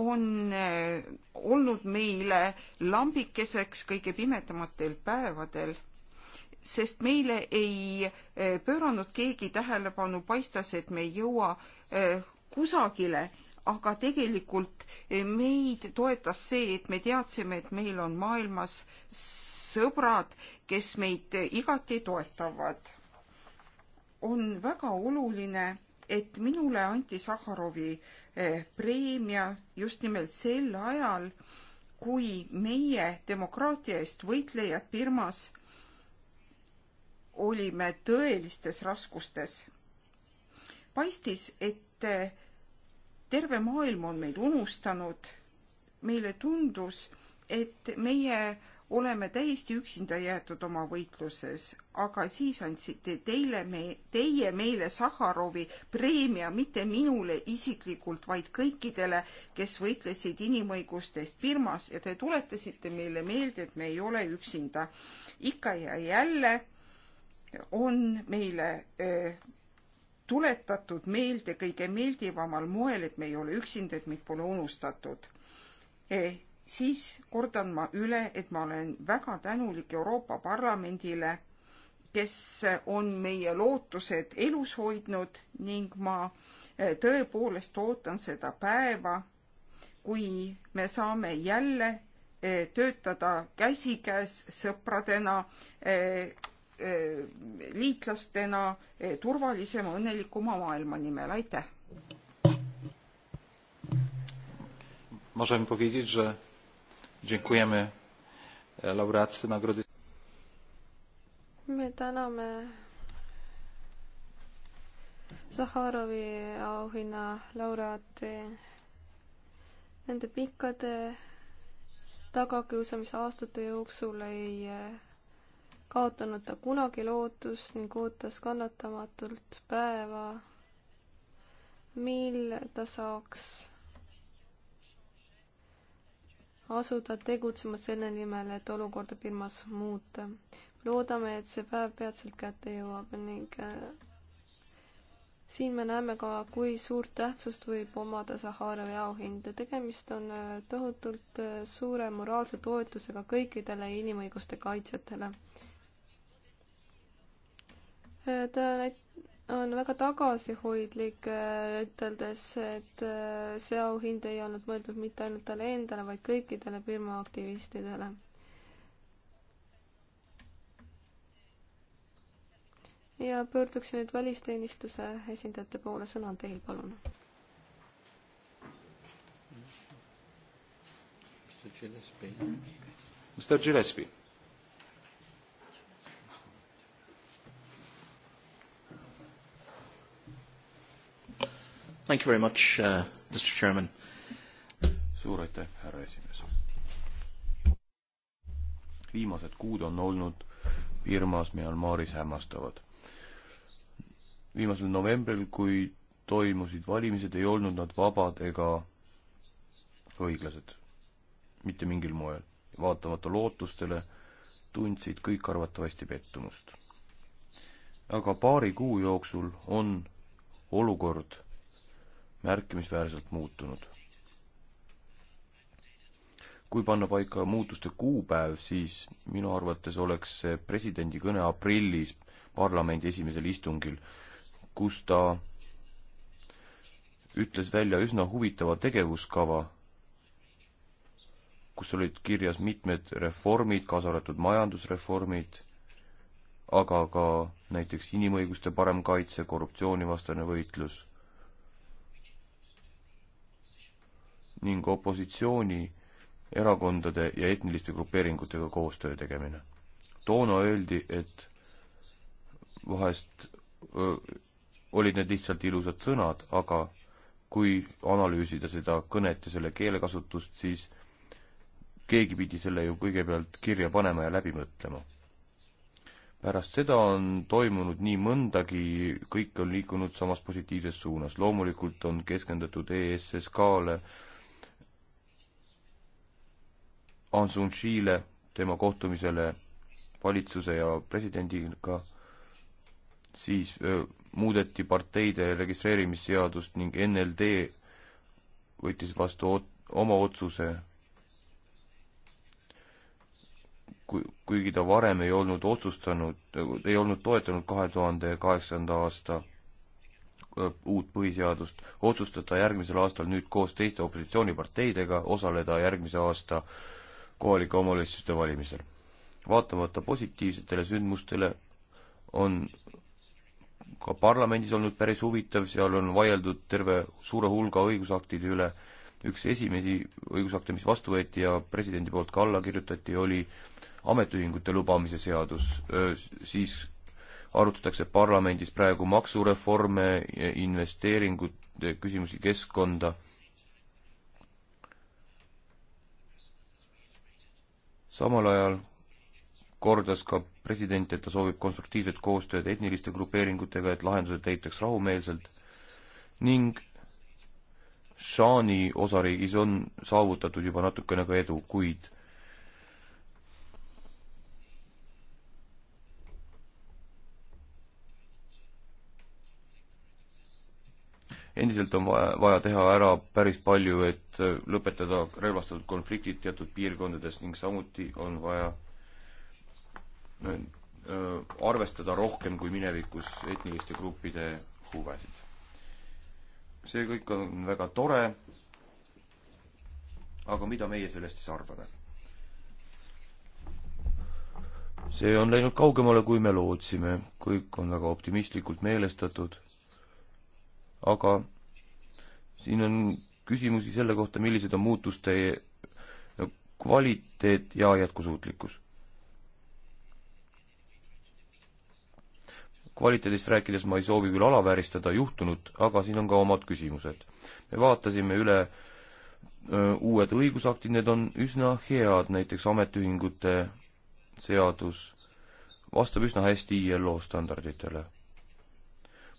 on eh, olnud meile lambikeseks kõige pimedamatel päevadel, sest meile ei eh, pööranud keegi tähelepanu, paistas, et me ei jõua eh, kusagile, aga tegelikult meid toetas see, et me teadsime, et meil on maailmas sõbrad, kes meid igati toetavad on väga oluline, et minule anti Sahharovi eh, preemia just nimelt sel ajal, kui meie demokraatia eest võitlejad Birmas olime tõelistes raskustes. paistis, et eh, terve maailm on meid unustanud. meile tundus, et meie oleme täiesti üksinda jäetud oma võitluses, aga siis andsite teile me, teie meile Saharovi preemia mitte minule isiklikult, vaid kõikidele, kes võitlesid inimõigustest Birmas ja te tuletasite meile meelde, et me ei ole üksinda. ikka ja jälle on meile öö, eh, tuletatud meelde kõige meeldivamal moel, et me ei ole üksinda, et meid pole unustatud e siis kordan ma üle, et ma olen väga tänulik Euroopa Parlamendile, kes on meie lootused elus hoidnud ning ma eh, tõepoolest ootan seda päeva, kui me saame jälle eh, töötada käsikäes sõpradena, eh, liitlastena turvalisema, õnnelikuma maailma nimel, aitäh! Możemy powiedzieć, że Dziękujemy e, laureatce nagrody. me täname Zahharovi auhinna laureaati nende pikkade tagakiusamise aastate jooksul ei e, kaotanud ta kunagi lootust ning ootas kannatamatult päeva, mil ta saaks asuda tegutsema selle nimel, et olukorda Birmas muuta. loodame, et see päev peatselt kätte jõuab ning äh, siin me näeme ka, kui suurt tähtsust võib omada Saharovi auhind. tegemist on äh, tohutult äh, suure moraalse toetusega kõikidele inimõiguste kaitsjatele. ta näit-, on väga tagasihoidlik, äh, üteldes, et äh, see auhind ei olnud mõeldud mitte ainult talle endale, vaid kõikidele Birma aktivistidele. ja pöörduksin nüüd välisteenistuse esindajate poole, sõna on teil, palun. Mr Gillespie. Thank you very much uh,, Mr Chairman. suur aitäh, härra esimees. viimased kuud on olnud Birmas, Myanmaris hämmastavad. viimasel novembril, kui toimusid valimised, ei olnud nad vabad ega õiglased. mitte mingil moel. vaatamata lootustele tundsid kõik arvatavasti pettumust. aga paari kuu jooksul on olukord märkimisväärselt muutunud. kui panna paika muutuste kuupäev, siis minu arvates oleks see presidendi kõne aprillis parlamendi esimesel istungil, kus ta ütles välja üsna huvitava tegevuskava, kus olid kirjas mitmed reformid, kaasa arvatud majandusreformid, aga ka näiteks inimõiguste parem kaitse, korruptsioonivastane võitlus ning opositsiooni erakondade ja etniliste grupeeringutega koostöö tegemine. toona öeldi, et vahest öö, olid need lihtsalt ilusad sõnad, aga kui analüüsida seda kõnet ja selle keelekasutust, siis keegi pidi selle ju kõigepealt kirja panema ja läbi mõtlema. pärast seda on toimunud nii mõndagi, kõik on liikunud samas positiivses suunas. loomulikult on keskendutud ESSK-le, Aung San Suu'le tema kohtumisele valitsuse ja presidendiga, siis öö, muudeti parteide registreerimisseadust ning NLD võttis vastu ot-, oma otsuse, kui, kuigi ta varem ei olnud otsustanud, ei olnud toetanud kahe tuhande kaheksanda aasta öö, uut põhiseadust, otsustada järgmisel aastal nüüd koos teiste opositsiooniparteidega osaleda järgmise aasta öö, kohalike omavalitsuste valimisel. vaatamata positiivsetele sündmustele on ka parlamendis olnud päris huvitav, seal on vaieldud terve suure hulga õigusaktide üle, üks esimesi õigusakte, mis vastu võeti ja presidendi poolt ka alla kirjutati, oli ametiühingute lubamise seadus, siis arutatakse parlamendis praegu maksureforme, investeeringute küsimusi keskkonda samal ajal kordas ka president, et ta soovib konstruktiivset koostööd etniliste grupeeringutega, et lahendused leitaks rahumeelselt ning Shani osariigis on saavutatud juba natukene ka edu, kuid endiselt on vaja, vaja teha ära päris palju, et lõpetada relvastatud konfliktid teatud piirkondades ning samuti on vaja äh, arvestada rohkem kui minevikus etniliste gruppide huvesid. see kõik on väga tore, aga mida meie sellest siis arvame? see on läinud kaugemale, kui me lootsime, kõik on väga optimistlikult meelestatud aga siin on küsimusi selle kohta, millised on muutuste kvaliteet ja jätkusuutlikkus. kvaliteedist rääkides ma ei soovi küll alavääristada juhtunut, aga siin on ka omad küsimused. me vaatasime üle öö, uued õigusaktid, need on üsna head, näiteks ametiühingute seadus vastab üsna hästi ILO standarditele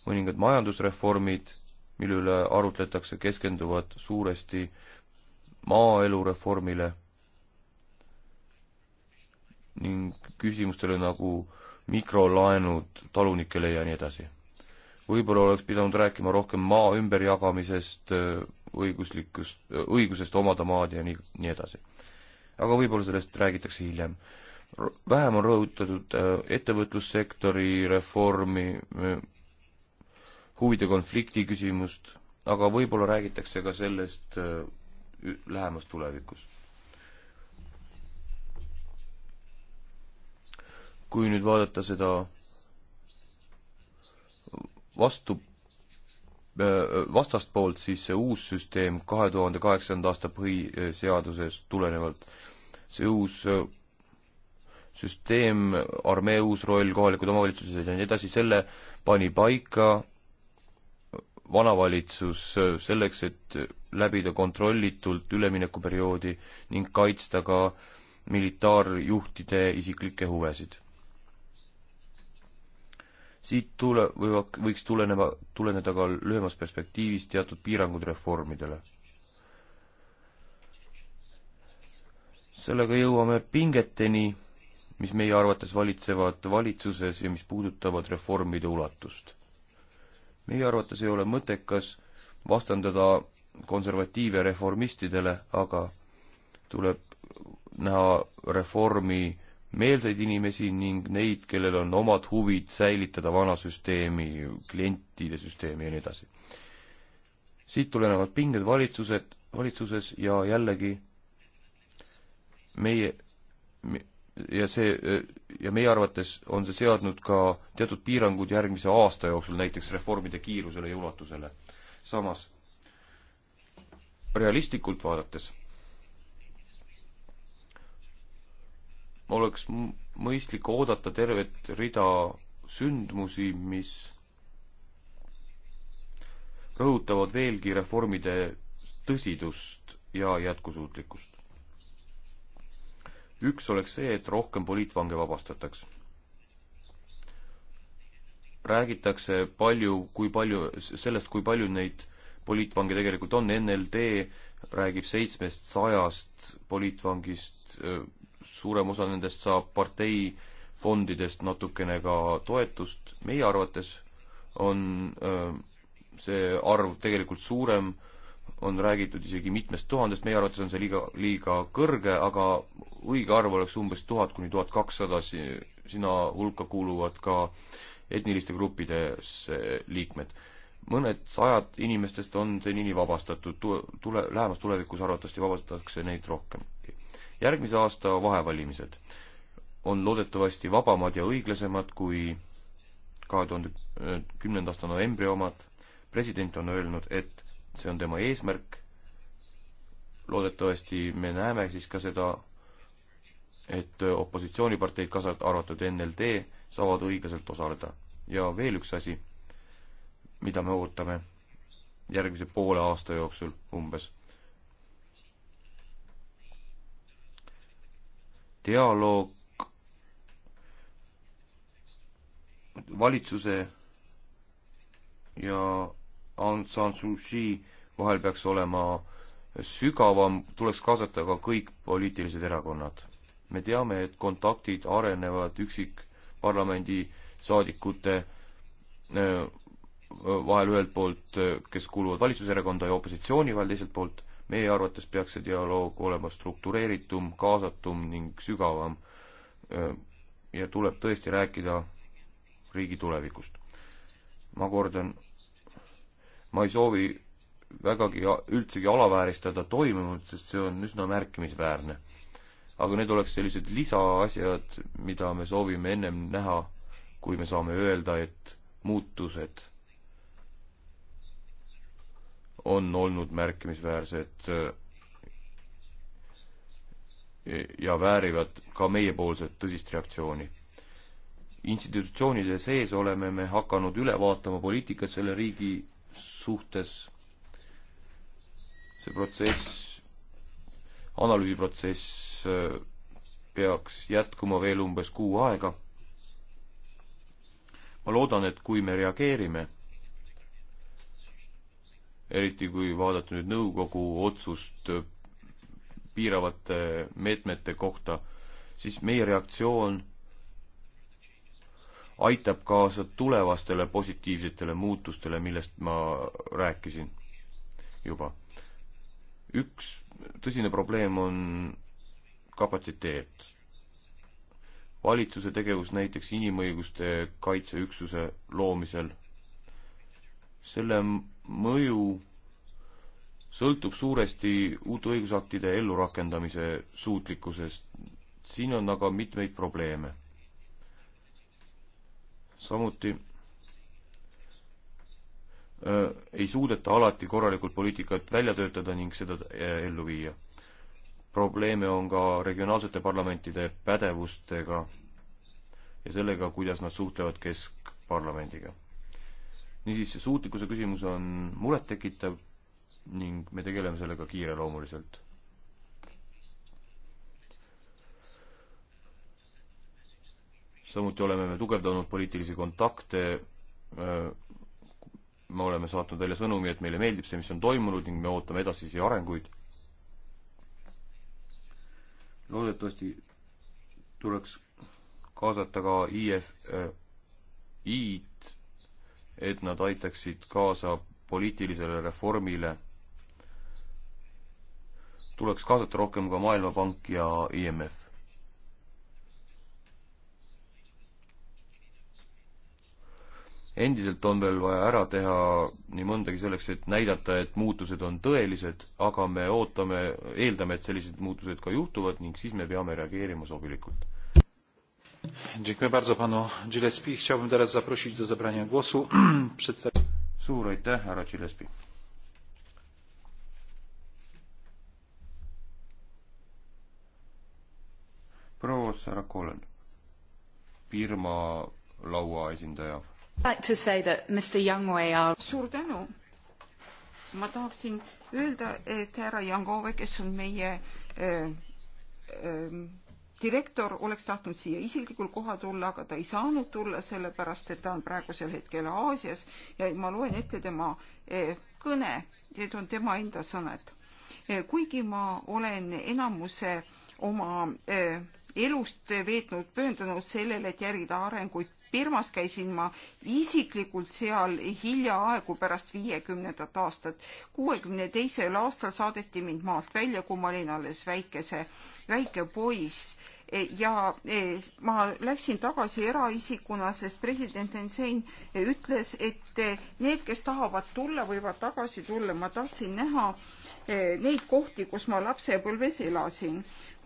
mõningad majandusreformid, mille üle arutletakse, keskenduvad suuresti maaelu reformile ning küsimustele nagu mikrolaenud talunikele ja nii edasi. võib-olla oleks pidanud rääkima rohkem maa ümberjagamisest, õiguslikust, õigusest omada maad ja nii, nii edasi. aga võib-olla sellest räägitakse hiljem. vähem on rõhutatud äh, ettevõtlussektori reformi, huvide konflikti küsimust, aga võib-olla räägitakse ka sellest äh, lähemas tulevikus. kui nüüd vaadata seda vastu, äh, vastaspoolt, siis see uus süsteem kahe tuhande kaheksanda aasta põhiseadusest tulenevalt, see uus äh, süsteem, armee uus roll, kohalikud omavalitsused ja nii edasi, selle pani paika vanavalitsus selleks, et läbida kontrollitult üleminekuperioodi ning kaitsta ka militaarjuhtide isiklikke huvesid. siit tule-, võivad, võiks tuleneva, tuleneda ka lühemas perspektiivis teatud piirangud reformidele. sellega jõuame pingeteni, mis meie arvates valitsevad valitsuses ja mis puudutavad reformide ulatust meie arvates ei ole mõttekas vastandada konservatiive reformistidele, aga tuleb näha reformi meelseid inimesi ning neid, kellel on omad huvid säilitada vana süsteemi, klientide süsteemi ja nii edasi. siit tulenevad pinged valitsused, valitsuses ja jällegi meie me, ja see, ja meie arvates on see seadnud ka teatud piirangud järgmise aasta jooksul, näiteks reformide kiirusele ja ulatusele. samas realistlikult vaadates oleks mõistlik oodata tervet rida sündmusi, mis rõhutavad veelgi reformide tõsidust ja jätkusuutlikkust üks oleks see, et rohkem poliitvange vabastataks. räägitakse palju, kui palju, sellest, kui palju neid poliitvange tegelikult on, NLD räägib seitsmest sajast poliitvangist, suurem osa nendest saab partei fondidest natukene ka toetust, meie arvates on see arv tegelikult suurem, on räägitud isegi mitmest tuhandest, meie arvates on see liiga, liiga kõrge, aga õige arv oleks umbes tuhat kuni tuhat kakssada, sinna hulka kuuluvad ka etniliste gruppidesse liikmed. mõned sajad inimestest on senini vabastatud, tule, lähemas tulevikus arvatavasti vabastatakse neid rohkem. järgmise aasta vahevalimised on loodetavasti vabamad ja õiglasemad kui kahe tuhande kümnenda aasta novembri omad. president on öelnud, et see on tema eesmärk. loodetavasti me näeme siis ka seda, et opositsiooniparteid, kaasa arvatud NLD, saavad õiglaselt osaleda. ja veel üks asi, mida me ootame järgmise poole aasta jooksul umbes. dialoog valitsuse ja Aung San Suu Kyi vahel peaks olema sügavam, tuleks kaasata ka kõik poliitilised erakonnad. me teame, et kontaktid arenevad üksikparlamendi saadikute äh, vahel ühelt poolt, äh, kes kuuluvad valitsuserakonda ja opositsiooni vahel teiselt poolt, meie arvates peaks see dialoog olema struktureeritum, kaasatum ning sügavam. Äh, ja tuleb tõesti rääkida riigi tulevikust. ma kordan, ma ei soovi vägagi üldsegi alavääristada toimunut, sest see on üsna märkimisväärne. aga need oleks sellised lisaasjad, mida me soovime ennem näha, kui me saame öelda, et muutused on olnud märkimisväärsed e, ja väärivad ka meiepoolset tõsist reaktsiooni. institutsioonide sees oleme me hakanud üle vaatama poliitikat selle riigi suhtes. see protsess, analüüsiprotsess äh, peaks jätkuma veel umbes kuu aega. ma loodan, et kui me reageerime, eriti kui vaadata nüüd nõukogu otsust äh, piiravate meetmete kohta, siis meie reaktsioon aitab kaasa tulevastele positiivsetele muutustele, millest ma rääkisin juba. üks tõsine probleem on kapatsiteet. valitsuse tegevus näiteks inimõiguste kaitseüksuse loomisel, selle mõju sõltub suuresti uute õigusaktide ellurakendamise suutlikkusest. siin on aga mitmeid probleeme samuti äh, ei suudeta alati korralikult poliitikat välja töötada ning seda äh, ellu viia. probleeme on ka regionaalsete parlamentide pädevustega ja sellega, kuidas nad suhtlevad keskparlamendiga. niisiis, see suutlikkuse küsimus on murettekitav ning me tegeleme sellega kiireloomuliselt samuti oleme me tugevdanud poliitilisi kontakte, äh, me oleme saatnud välja sõnumi, et meile meeldib see, mis on toimunud ning me ootame edasisi arenguid. loodetavasti tuleks kaasata ka IFI-d, et nad aitaksid kaasa poliitilisele reformile. tuleks kaasata rohkem ka Maailmapank ja IMF. endiselt on veel vaja ära teha nii mõndagi selleks, et näidata, et muutused on tõelised, aga me ootame, eeldame, et sellised muutused ka juhtuvad ning siis me peame reageerima sobilikult. suur aitäh, härra Gillespie! proua Sarah Collen, Birma laua esindaja suur tänu. ma tahaksin öelda, et härra Yangove, kes on meie äh, äh, direktor oleks tahtnud siia isiklikul kohal tulla, aga ta ei saanud tulla, sellepärast et ta on praegusel hetkel Aasias ja ma loen ette tema äh, kõne, need on tema enda sõnad. Äh, kuigi ma olen enamuse oma äh, elust veetnud, pöördunud sellele, et järgida arenguid Birmas käisin ma isiklikult seal hiljaaegu pärast viiekümnendat aastat. kuuekümne teisel aastal saadeti mind maalt välja, kui ma olin alles väikese, väike poiss ja e, ma läksin tagasi eraisikuna, sest president Hussein ütles, et e, need, kes tahavad tulla, võivad tagasi tulla. ma tahtsin näha Eh, neid kohti, kus ma lapsepõlves elasin.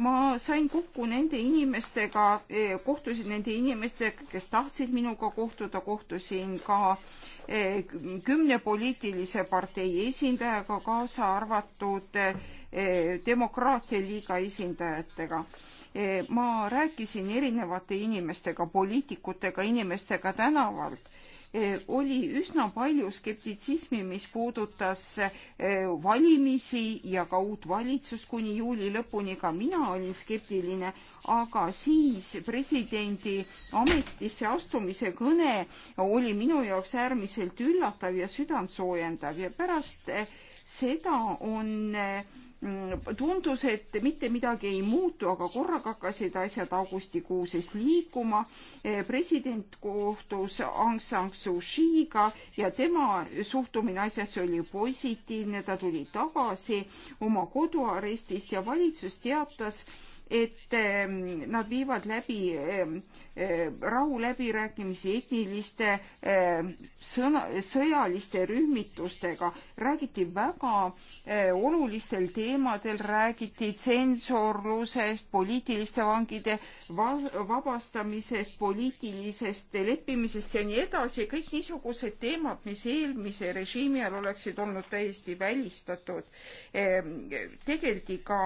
ma sain kokku nende inimestega, eh, kohtusin nende inimestega, kes tahtsid minuga kohtuda, kohtusin ka eh, kümne poliitilise partei esindajaga, kaasa arvatud demokraatia liiga esindajatega ma rääkisin erinevate inimestega, poliitikutega, inimestega tänavalt Eh, oli üsna palju skeptitsismi, mis puudutas eh, valimisi ja ka uut valitsust kuni juuli lõpuni, ka mina olin skeptiline, aga siis presidendi ametisse astumise kõne oli minu jaoks äärmiselt üllatav ja südantsoojendav ja pärast eh, seda on Mm, tundus, et mitte midagi ei muutu, aga korraga hakkasid asjad augustikuu seest liikuma. Eh, president kohtus Aung San Suu Kyi'ga ja tema suhtumine asjasse oli positiivne, ta tuli tagasi oma koduarestist ja valitsus teatas, et ehm, nad viivad läbi ehm, ehm, rahuläbirääkimisi etniliste sõna, sõjaliste rühmitustega, räägiti väga eh, olulistel teemadel, räägiti tsensorlusest, poliitiliste vangide vabastamisest, poliitilisest leppimisest ja nii edasi, kõik niisugused teemad, mis eelmise režiimi ajal oleksid olnud täiesti välistatud, tegeldi ka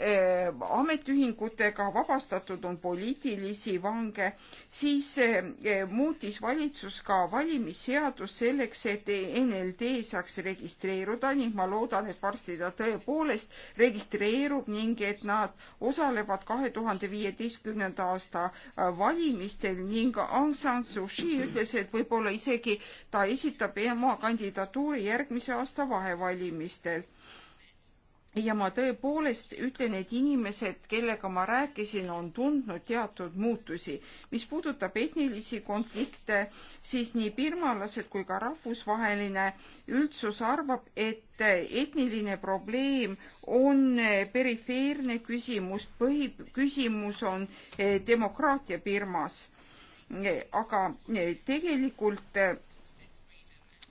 Äh, ametiühingutega, vabastatud on poliitilisi vange, siis äh, äh, muutis valitsus ka valimisseadust selleks, et NLD saaks registreeruda ning ma loodan, et varsti ta tõepoolest registreerub ning et nad osalevad kahe tuhande viieteistkümnenda aasta valimistel ning Aung San Suu Kyi ütles, et võib-olla isegi ta esitab oma kandidatuuri järgmise aasta vahevalimistel ja ma tõepoolest ütlen, et inimesed, kellega ma rääkisin, on tundnud teatud muutusi. mis puudutab etnilisi konflikte, siis nii birmalased kui ka rahvusvaheline üldsus arvab, et etniline probleem on perifeerne küsimus, põhiküsimus on eh, demokraatia Birmas. aga eh, tegelikult eh,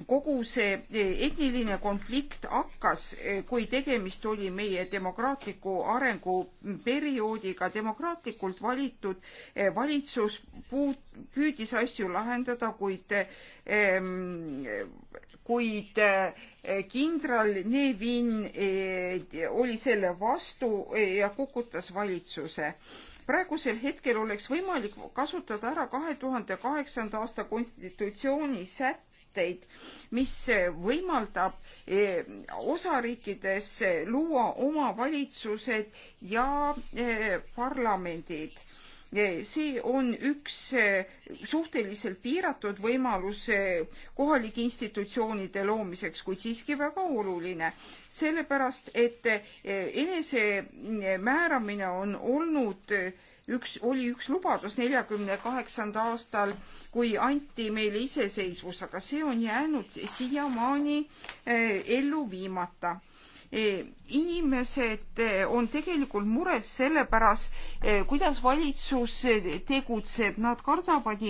kogu see eh, etniline konflikt hakkas, eh, kui tegemist oli meie demokraatliku arenguperioodiga, demokraatlikult valitud eh, valitsus puut-, püüdis asju lahendada, kuid, ehm, kuid kindral Nevin oli selle vastu ja kukutas valitsuse praegusel hetkel oleks võimalik kasutada ära kahe tuhande kaheksanda aasta konstitutsiooni sätet, sätteid, mis võimaldab eh, osariikides luua omavalitsused ja eh, parlamendid eh, see on üks suhteliselt piiratud võimalus kohalike institutsioonide loomiseks, kuid siiski väga oluline, sellepärast et enesemääramine mm, on olnud üks, oli üks lubadus neljakümne kaheksanda aastal, kui anti meile iseseisvus, aga see on jäänud siiamaani eh, ellu viimata eh, inimesed eh, on tegelikult mures selle pärast, kuidas valitsus tegutseb, nad kardavad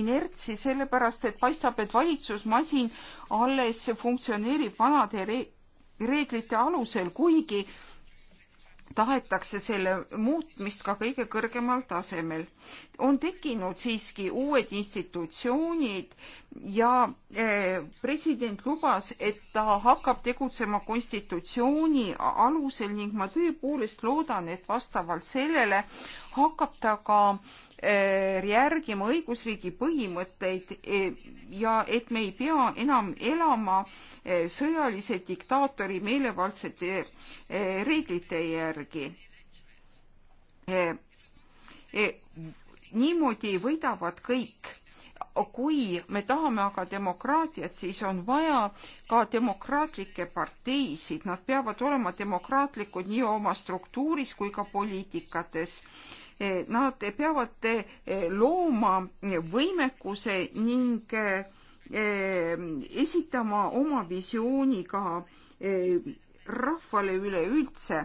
inertsi sellepärast, et paistab, et valitsusmasin alles funktsioneerib vanade reeglite alusel, kuigi tahetakse selle muutmist ka kõige kõrgemal tasemel. on tekkinud siiski uued institutsioonid ja eh, president lubas, et ta hakkab tegutsema konstitutsiooni alusel ning ma tõepoolest loodan, et vastavalt sellele hakkab ta ka eh, järgima õigusriigi põhimõtteid eh, ja et me ei pea enam elama eh, sõjalise diktaatori meelevaldsete reeglite järgi. niimoodi võidavad kõik kui me tahame aga demokraatiat, siis on vaja ka demokraatlikke parteisid, nad peavad olema demokraatlikud nii oma struktuuris kui ka poliitikates. E, nad peavad e, looma võimekuse ning e, esitama oma visiooni ka rahvale üleüldse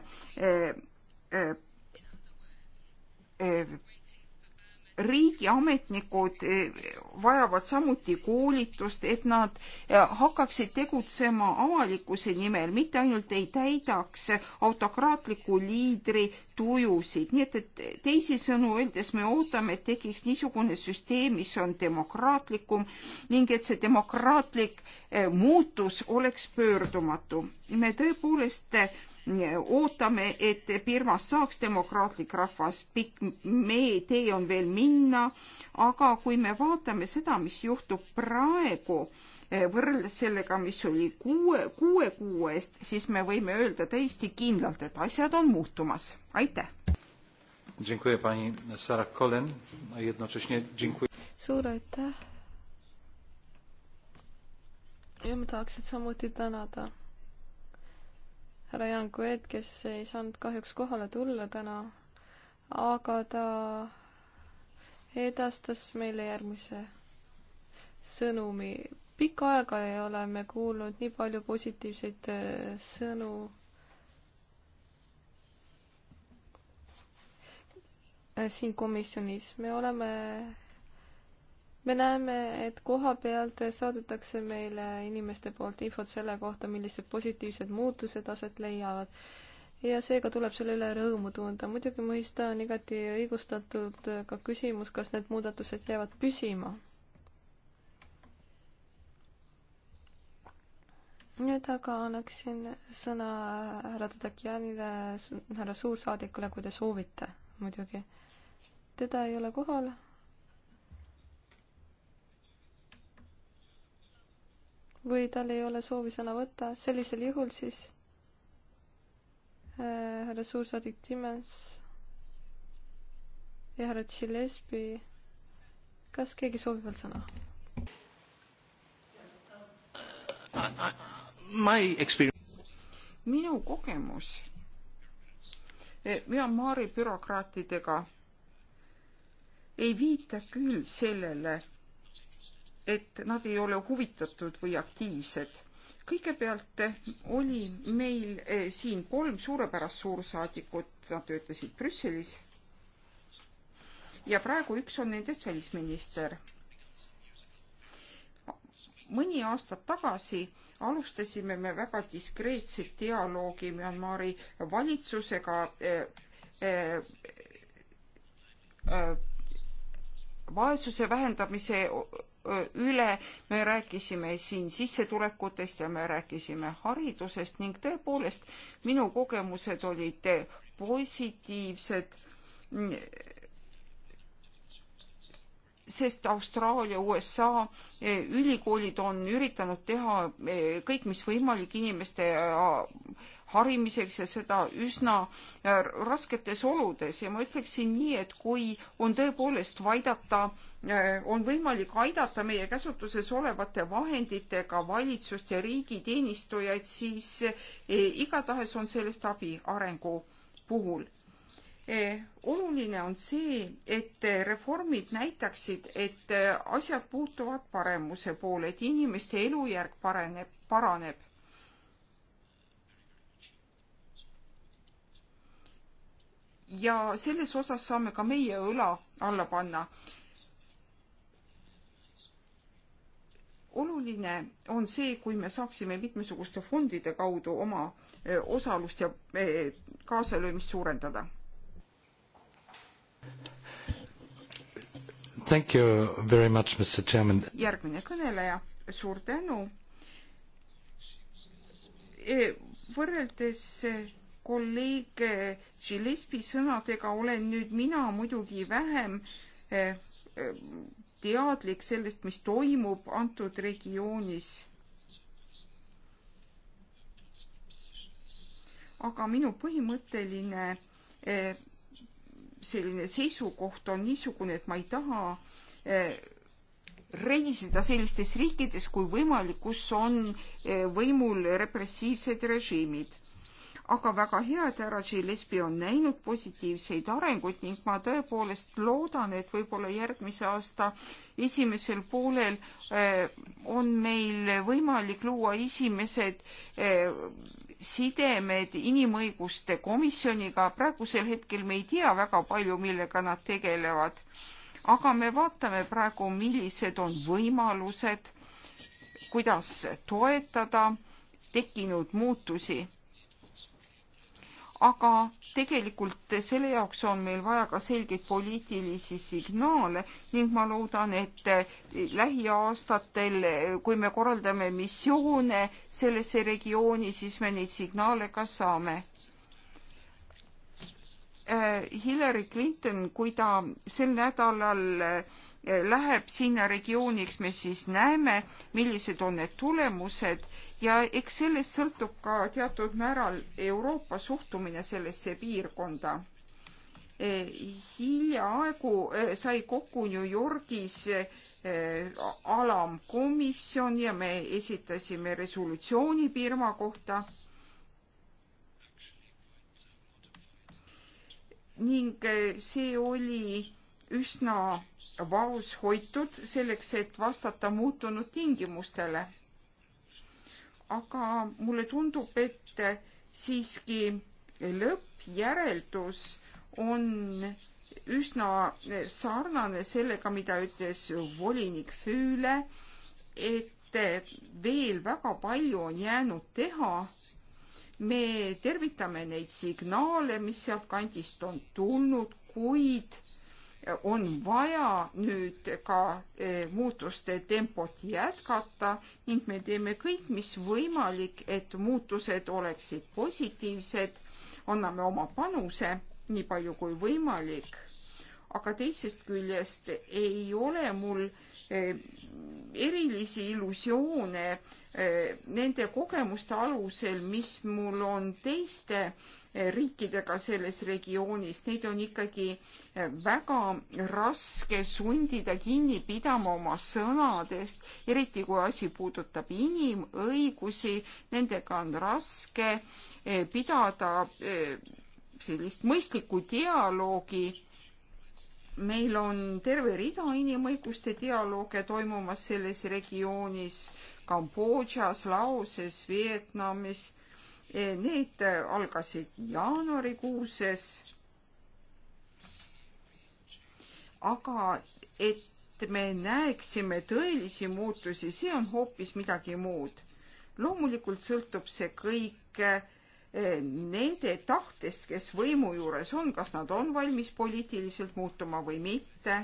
riigiametnikud eh, vajavad samuti koolitust, et nad eh, hakkaksid tegutsema avalikkuse nimel, mitte ainult ei täidaks autokraatliku liidri tujusid. nii et, et teisisõnu öeldes me ootame, et tekiks niisugune süsteem, mis on demokraatlikum ning et see demokraatlik eh, muutus oleks pöördumatu. me tõepoolest ootame, et Birmas saaks demokraatlik rahvas, pikk meie tee on veel minna, aga kui me vaatame seda, mis juhtub praegu, eh, võrreldes sellega, mis oli kuue, kuue kuu eest, siis me võime öelda täiesti kindlalt, et asjad on muutumas. aitäh! suur aitäh! ja ma tahaksin samuti tänada härra Jan Kuet, kes ei saanud kahjuks kohale tulla täna, aga ta edastas meile järgmise sõnumi. pikka aega ei ole me kuulnud nii palju positiivseid äh, sõnu. Äh, siin komisjonis me oleme me näeme, et koha pealt saadetakse meile inimeste poolt infot selle kohta, millised positiivsed muutused aset leiavad ja seega tuleb selle üle rõõmu tunda. muidugi mõista on igati õigustatud ka küsimus, kas need muudatused jäävad püsima. nüüd aga annaksin sõna härra Tadakjanile, härra suursaadikule, kui te soovite muidugi. teda ei ole kohal või tal ei ole soovi sõna võtta, sellisel juhul siis äh, härra äh, suursaadik Timmens ja härra Gillespie, kas keegi soovib veel sõna? minu kogemus e, Myanmari bürokraatidega ei viita küll sellele, et nad ei ole huvitatud või aktiivsed. kõigepealt oli meil eh, siin kolm suurepärast suursaadikut, nad töötasid Brüsselis. ja praegu üks on nendest välisminister. mõni aasta tagasi alustasime me väga diskreetset dialoogi Myanmari valitsusega äh, äh, vaesuse vähendamise üle, me rääkisime siin sissetulekutest ja me rääkisime haridusest ning tõepoolest minu kogemused olid positiivsed sest Austraalia, USA ülikoolid on üritanud teha kõik, mis võimalik inimeste harimiseks ja seda üsna äh, rasketes oludes ja ma ütleksin nii, et kui on tõepoolest vaidata, äh, on võimalik aidata meie käsutuses olevate vahenditega valitsust ja riigiteenistujaid, siis äh, igatahes on sellest abi arengu puhul oluline on see, et reformid näitaksid, et asjad puutuvad paremuse poole, et inimeste elujärg pareneb, paraneb. ja selles osas saame ka meie õla alla panna. oluline on see, kui me saaksime mitmesuguste fondide kaudu oma eh, osalust ja eh, kaasalöömist suurendada. Thank you very much, Mr Chairman. järgmine kõneleja, suur tänu. Eh, võrreldes kolleeg Gillespi sõnadega olen nüüd mina muidugi vähem eh, eh, teadlik sellest, mis toimub antud regioonis. aga minu põhimõtteline eh, selline seisukoht on niisugune, et ma ei taha reisida sellistes riikides kui võimalik, kus on võimul repressiivsed režiimid aga väga hea, et härra Gillespie on näinud positiivseid arenguid ning ma tõepoolest loodan, et võib-olla järgmise aasta esimesel poolel eh, on meil võimalik luua esimesed eh, sidemed inimõiguste komisjoniga, praegusel hetkel me ei tea väga palju, millega nad tegelevad. aga me vaatame praegu, millised on võimalused, kuidas toetada tekkinud muutusi aga tegelikult selle jaoks on meil vaja ka selgeid poliitilisi signaale ning ma loodan, et lähiaastatel, kui me korraldame missioone sellesse regiooni, siis me neid signaale ka saame. Äh, Hillary Clinton, kui ta sel nädalal äh, läheb sinna regiooniks, me siis näeme, millised on need tulemused ja eks sellest sõltub ka teatud määral Euroopa suhtumine sellesse piirkonda. E, hiljaaegu e, sai kokku New Yorgis e, alamkomisjon ja me esitasime resolutsiooni Birma kohta ning see oli üsna vaoshoitud selleks, et vastata muutunud tingimustele aga mulle tundub, et siiski lõppjäreldus on üsna sarnane sellega, mida ütles volinik Füüle, et veel väga palju on jäänud teha. me tervitame neid signaale, mis sealt kandist on tulnud, kuid on vaja nüüd ka e, muutuste tempot jätkata ning me teeme kõik, mis võimalik, et muutused oleksid positiivsed, anname oma panuse nii palju kui võimalik. aga teisest küljest ei ole mul e, erilisi illusioone eh, nende kogemuste alusel, mis mul on teiste eh, riikidega selles regioonis, neid on ikkagi eh, väga raske sundida kinni pidama oma sõnadest, eriti kui asi puudutab inimõigusi, nendega on raske pidada sellist mõistlikku dialoogi meil on terve rida inimõiguste dialoogi toimumas selles regioonis, Kambodžas, Laoses, Vietnamis. E, need algasid jaanuarikuuses. aga et me näeksime tõelisi muutusi, see on hoopis midagi muud. loomulikult sõltub see kõik Eh, nende tahtest, kes võimu juures on, kas nad on valmis poliitiliselt muutuma või mitte.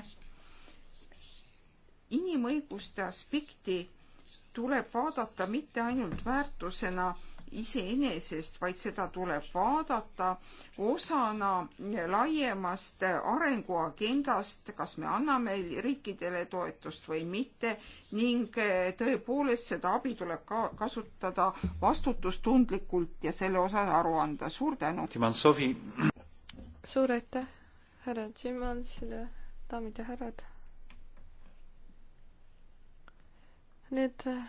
inimõiguste aspekti tuleb vaadata mitte ainult väärtusena iseenesest, vaid seda tuleb vaadata osana laiemast arenguagendast, kas me anname riikidele toetust või mitte ning eh, tõepoolest seda abi tuleb ka kasutada vastutustundlikult ja selle osas aru anda. suur tänu! suur aitäh, härra Tšimansile, daamid ja härrad! nüüd eh,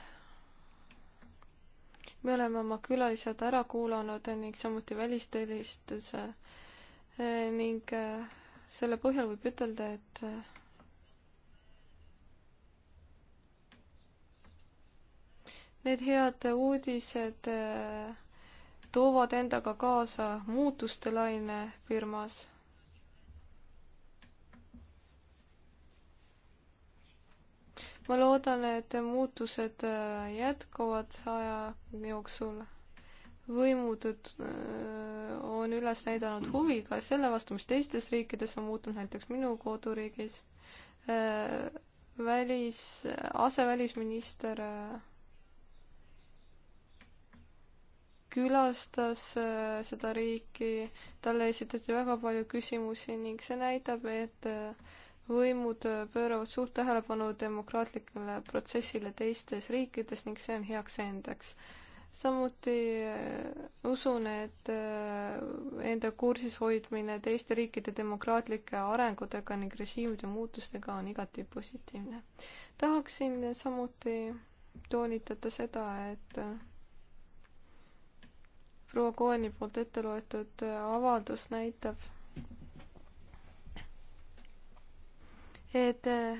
me oleme oma külalised ära kuulanud ning samuti välisteenistuse e, ning e, selle põhjal võib ütelda, et e, need head uudised toovad endaga kaasa muutuste laine firmas ma loodan, et muutused äh, jätkuvad aja jooksul. võimud äh, on üles näidanud huvi ka selle vastu, mis teistes riikides on muutunud, näiteks minu koduriigis. Äh, välis, asevälisminister külastas seda riiki, talle esitati väga palju küsimusi ning see näitab, et võimud pööravad suurt tähelepanu demokraatlikule protsessile teistes riikides ning see on heaks endaks. samuti äh, usun, et äh, enda kursis hoidmine teiste riikide demokraatlike arengutega ning režiimide muutustega on igati positiivne. tahaksin samuti toonitada seda, et äh, proua Koeni poolt ette loetud avaldus näitab, et äh,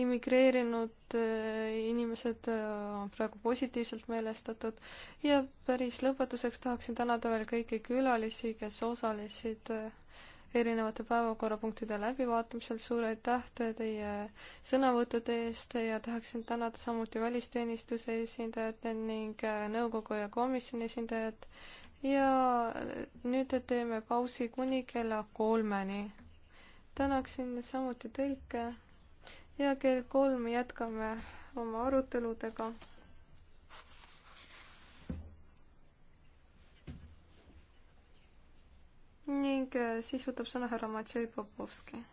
immigreerinud äh, inimesed äh, on praegu positiivselt meelestatud ja päris lõpetuseks tahaksin tänada veel kõiki külalisi, kes osalesid erinevate päevakorrapunktide läbivaatamisel, suur aitäh teie sõnavõttude eest ja tahaksin tänada samuti välisteenistuse esindajat ning nõukogu ja komisjoni esindajat ja nüüd teeme pausi kuni kella kolmeni. tänaksin samuti tõlke ja kell kolm jätkame oma aruteludega. ning äh, siis võtab sõna härra Matšei Popovski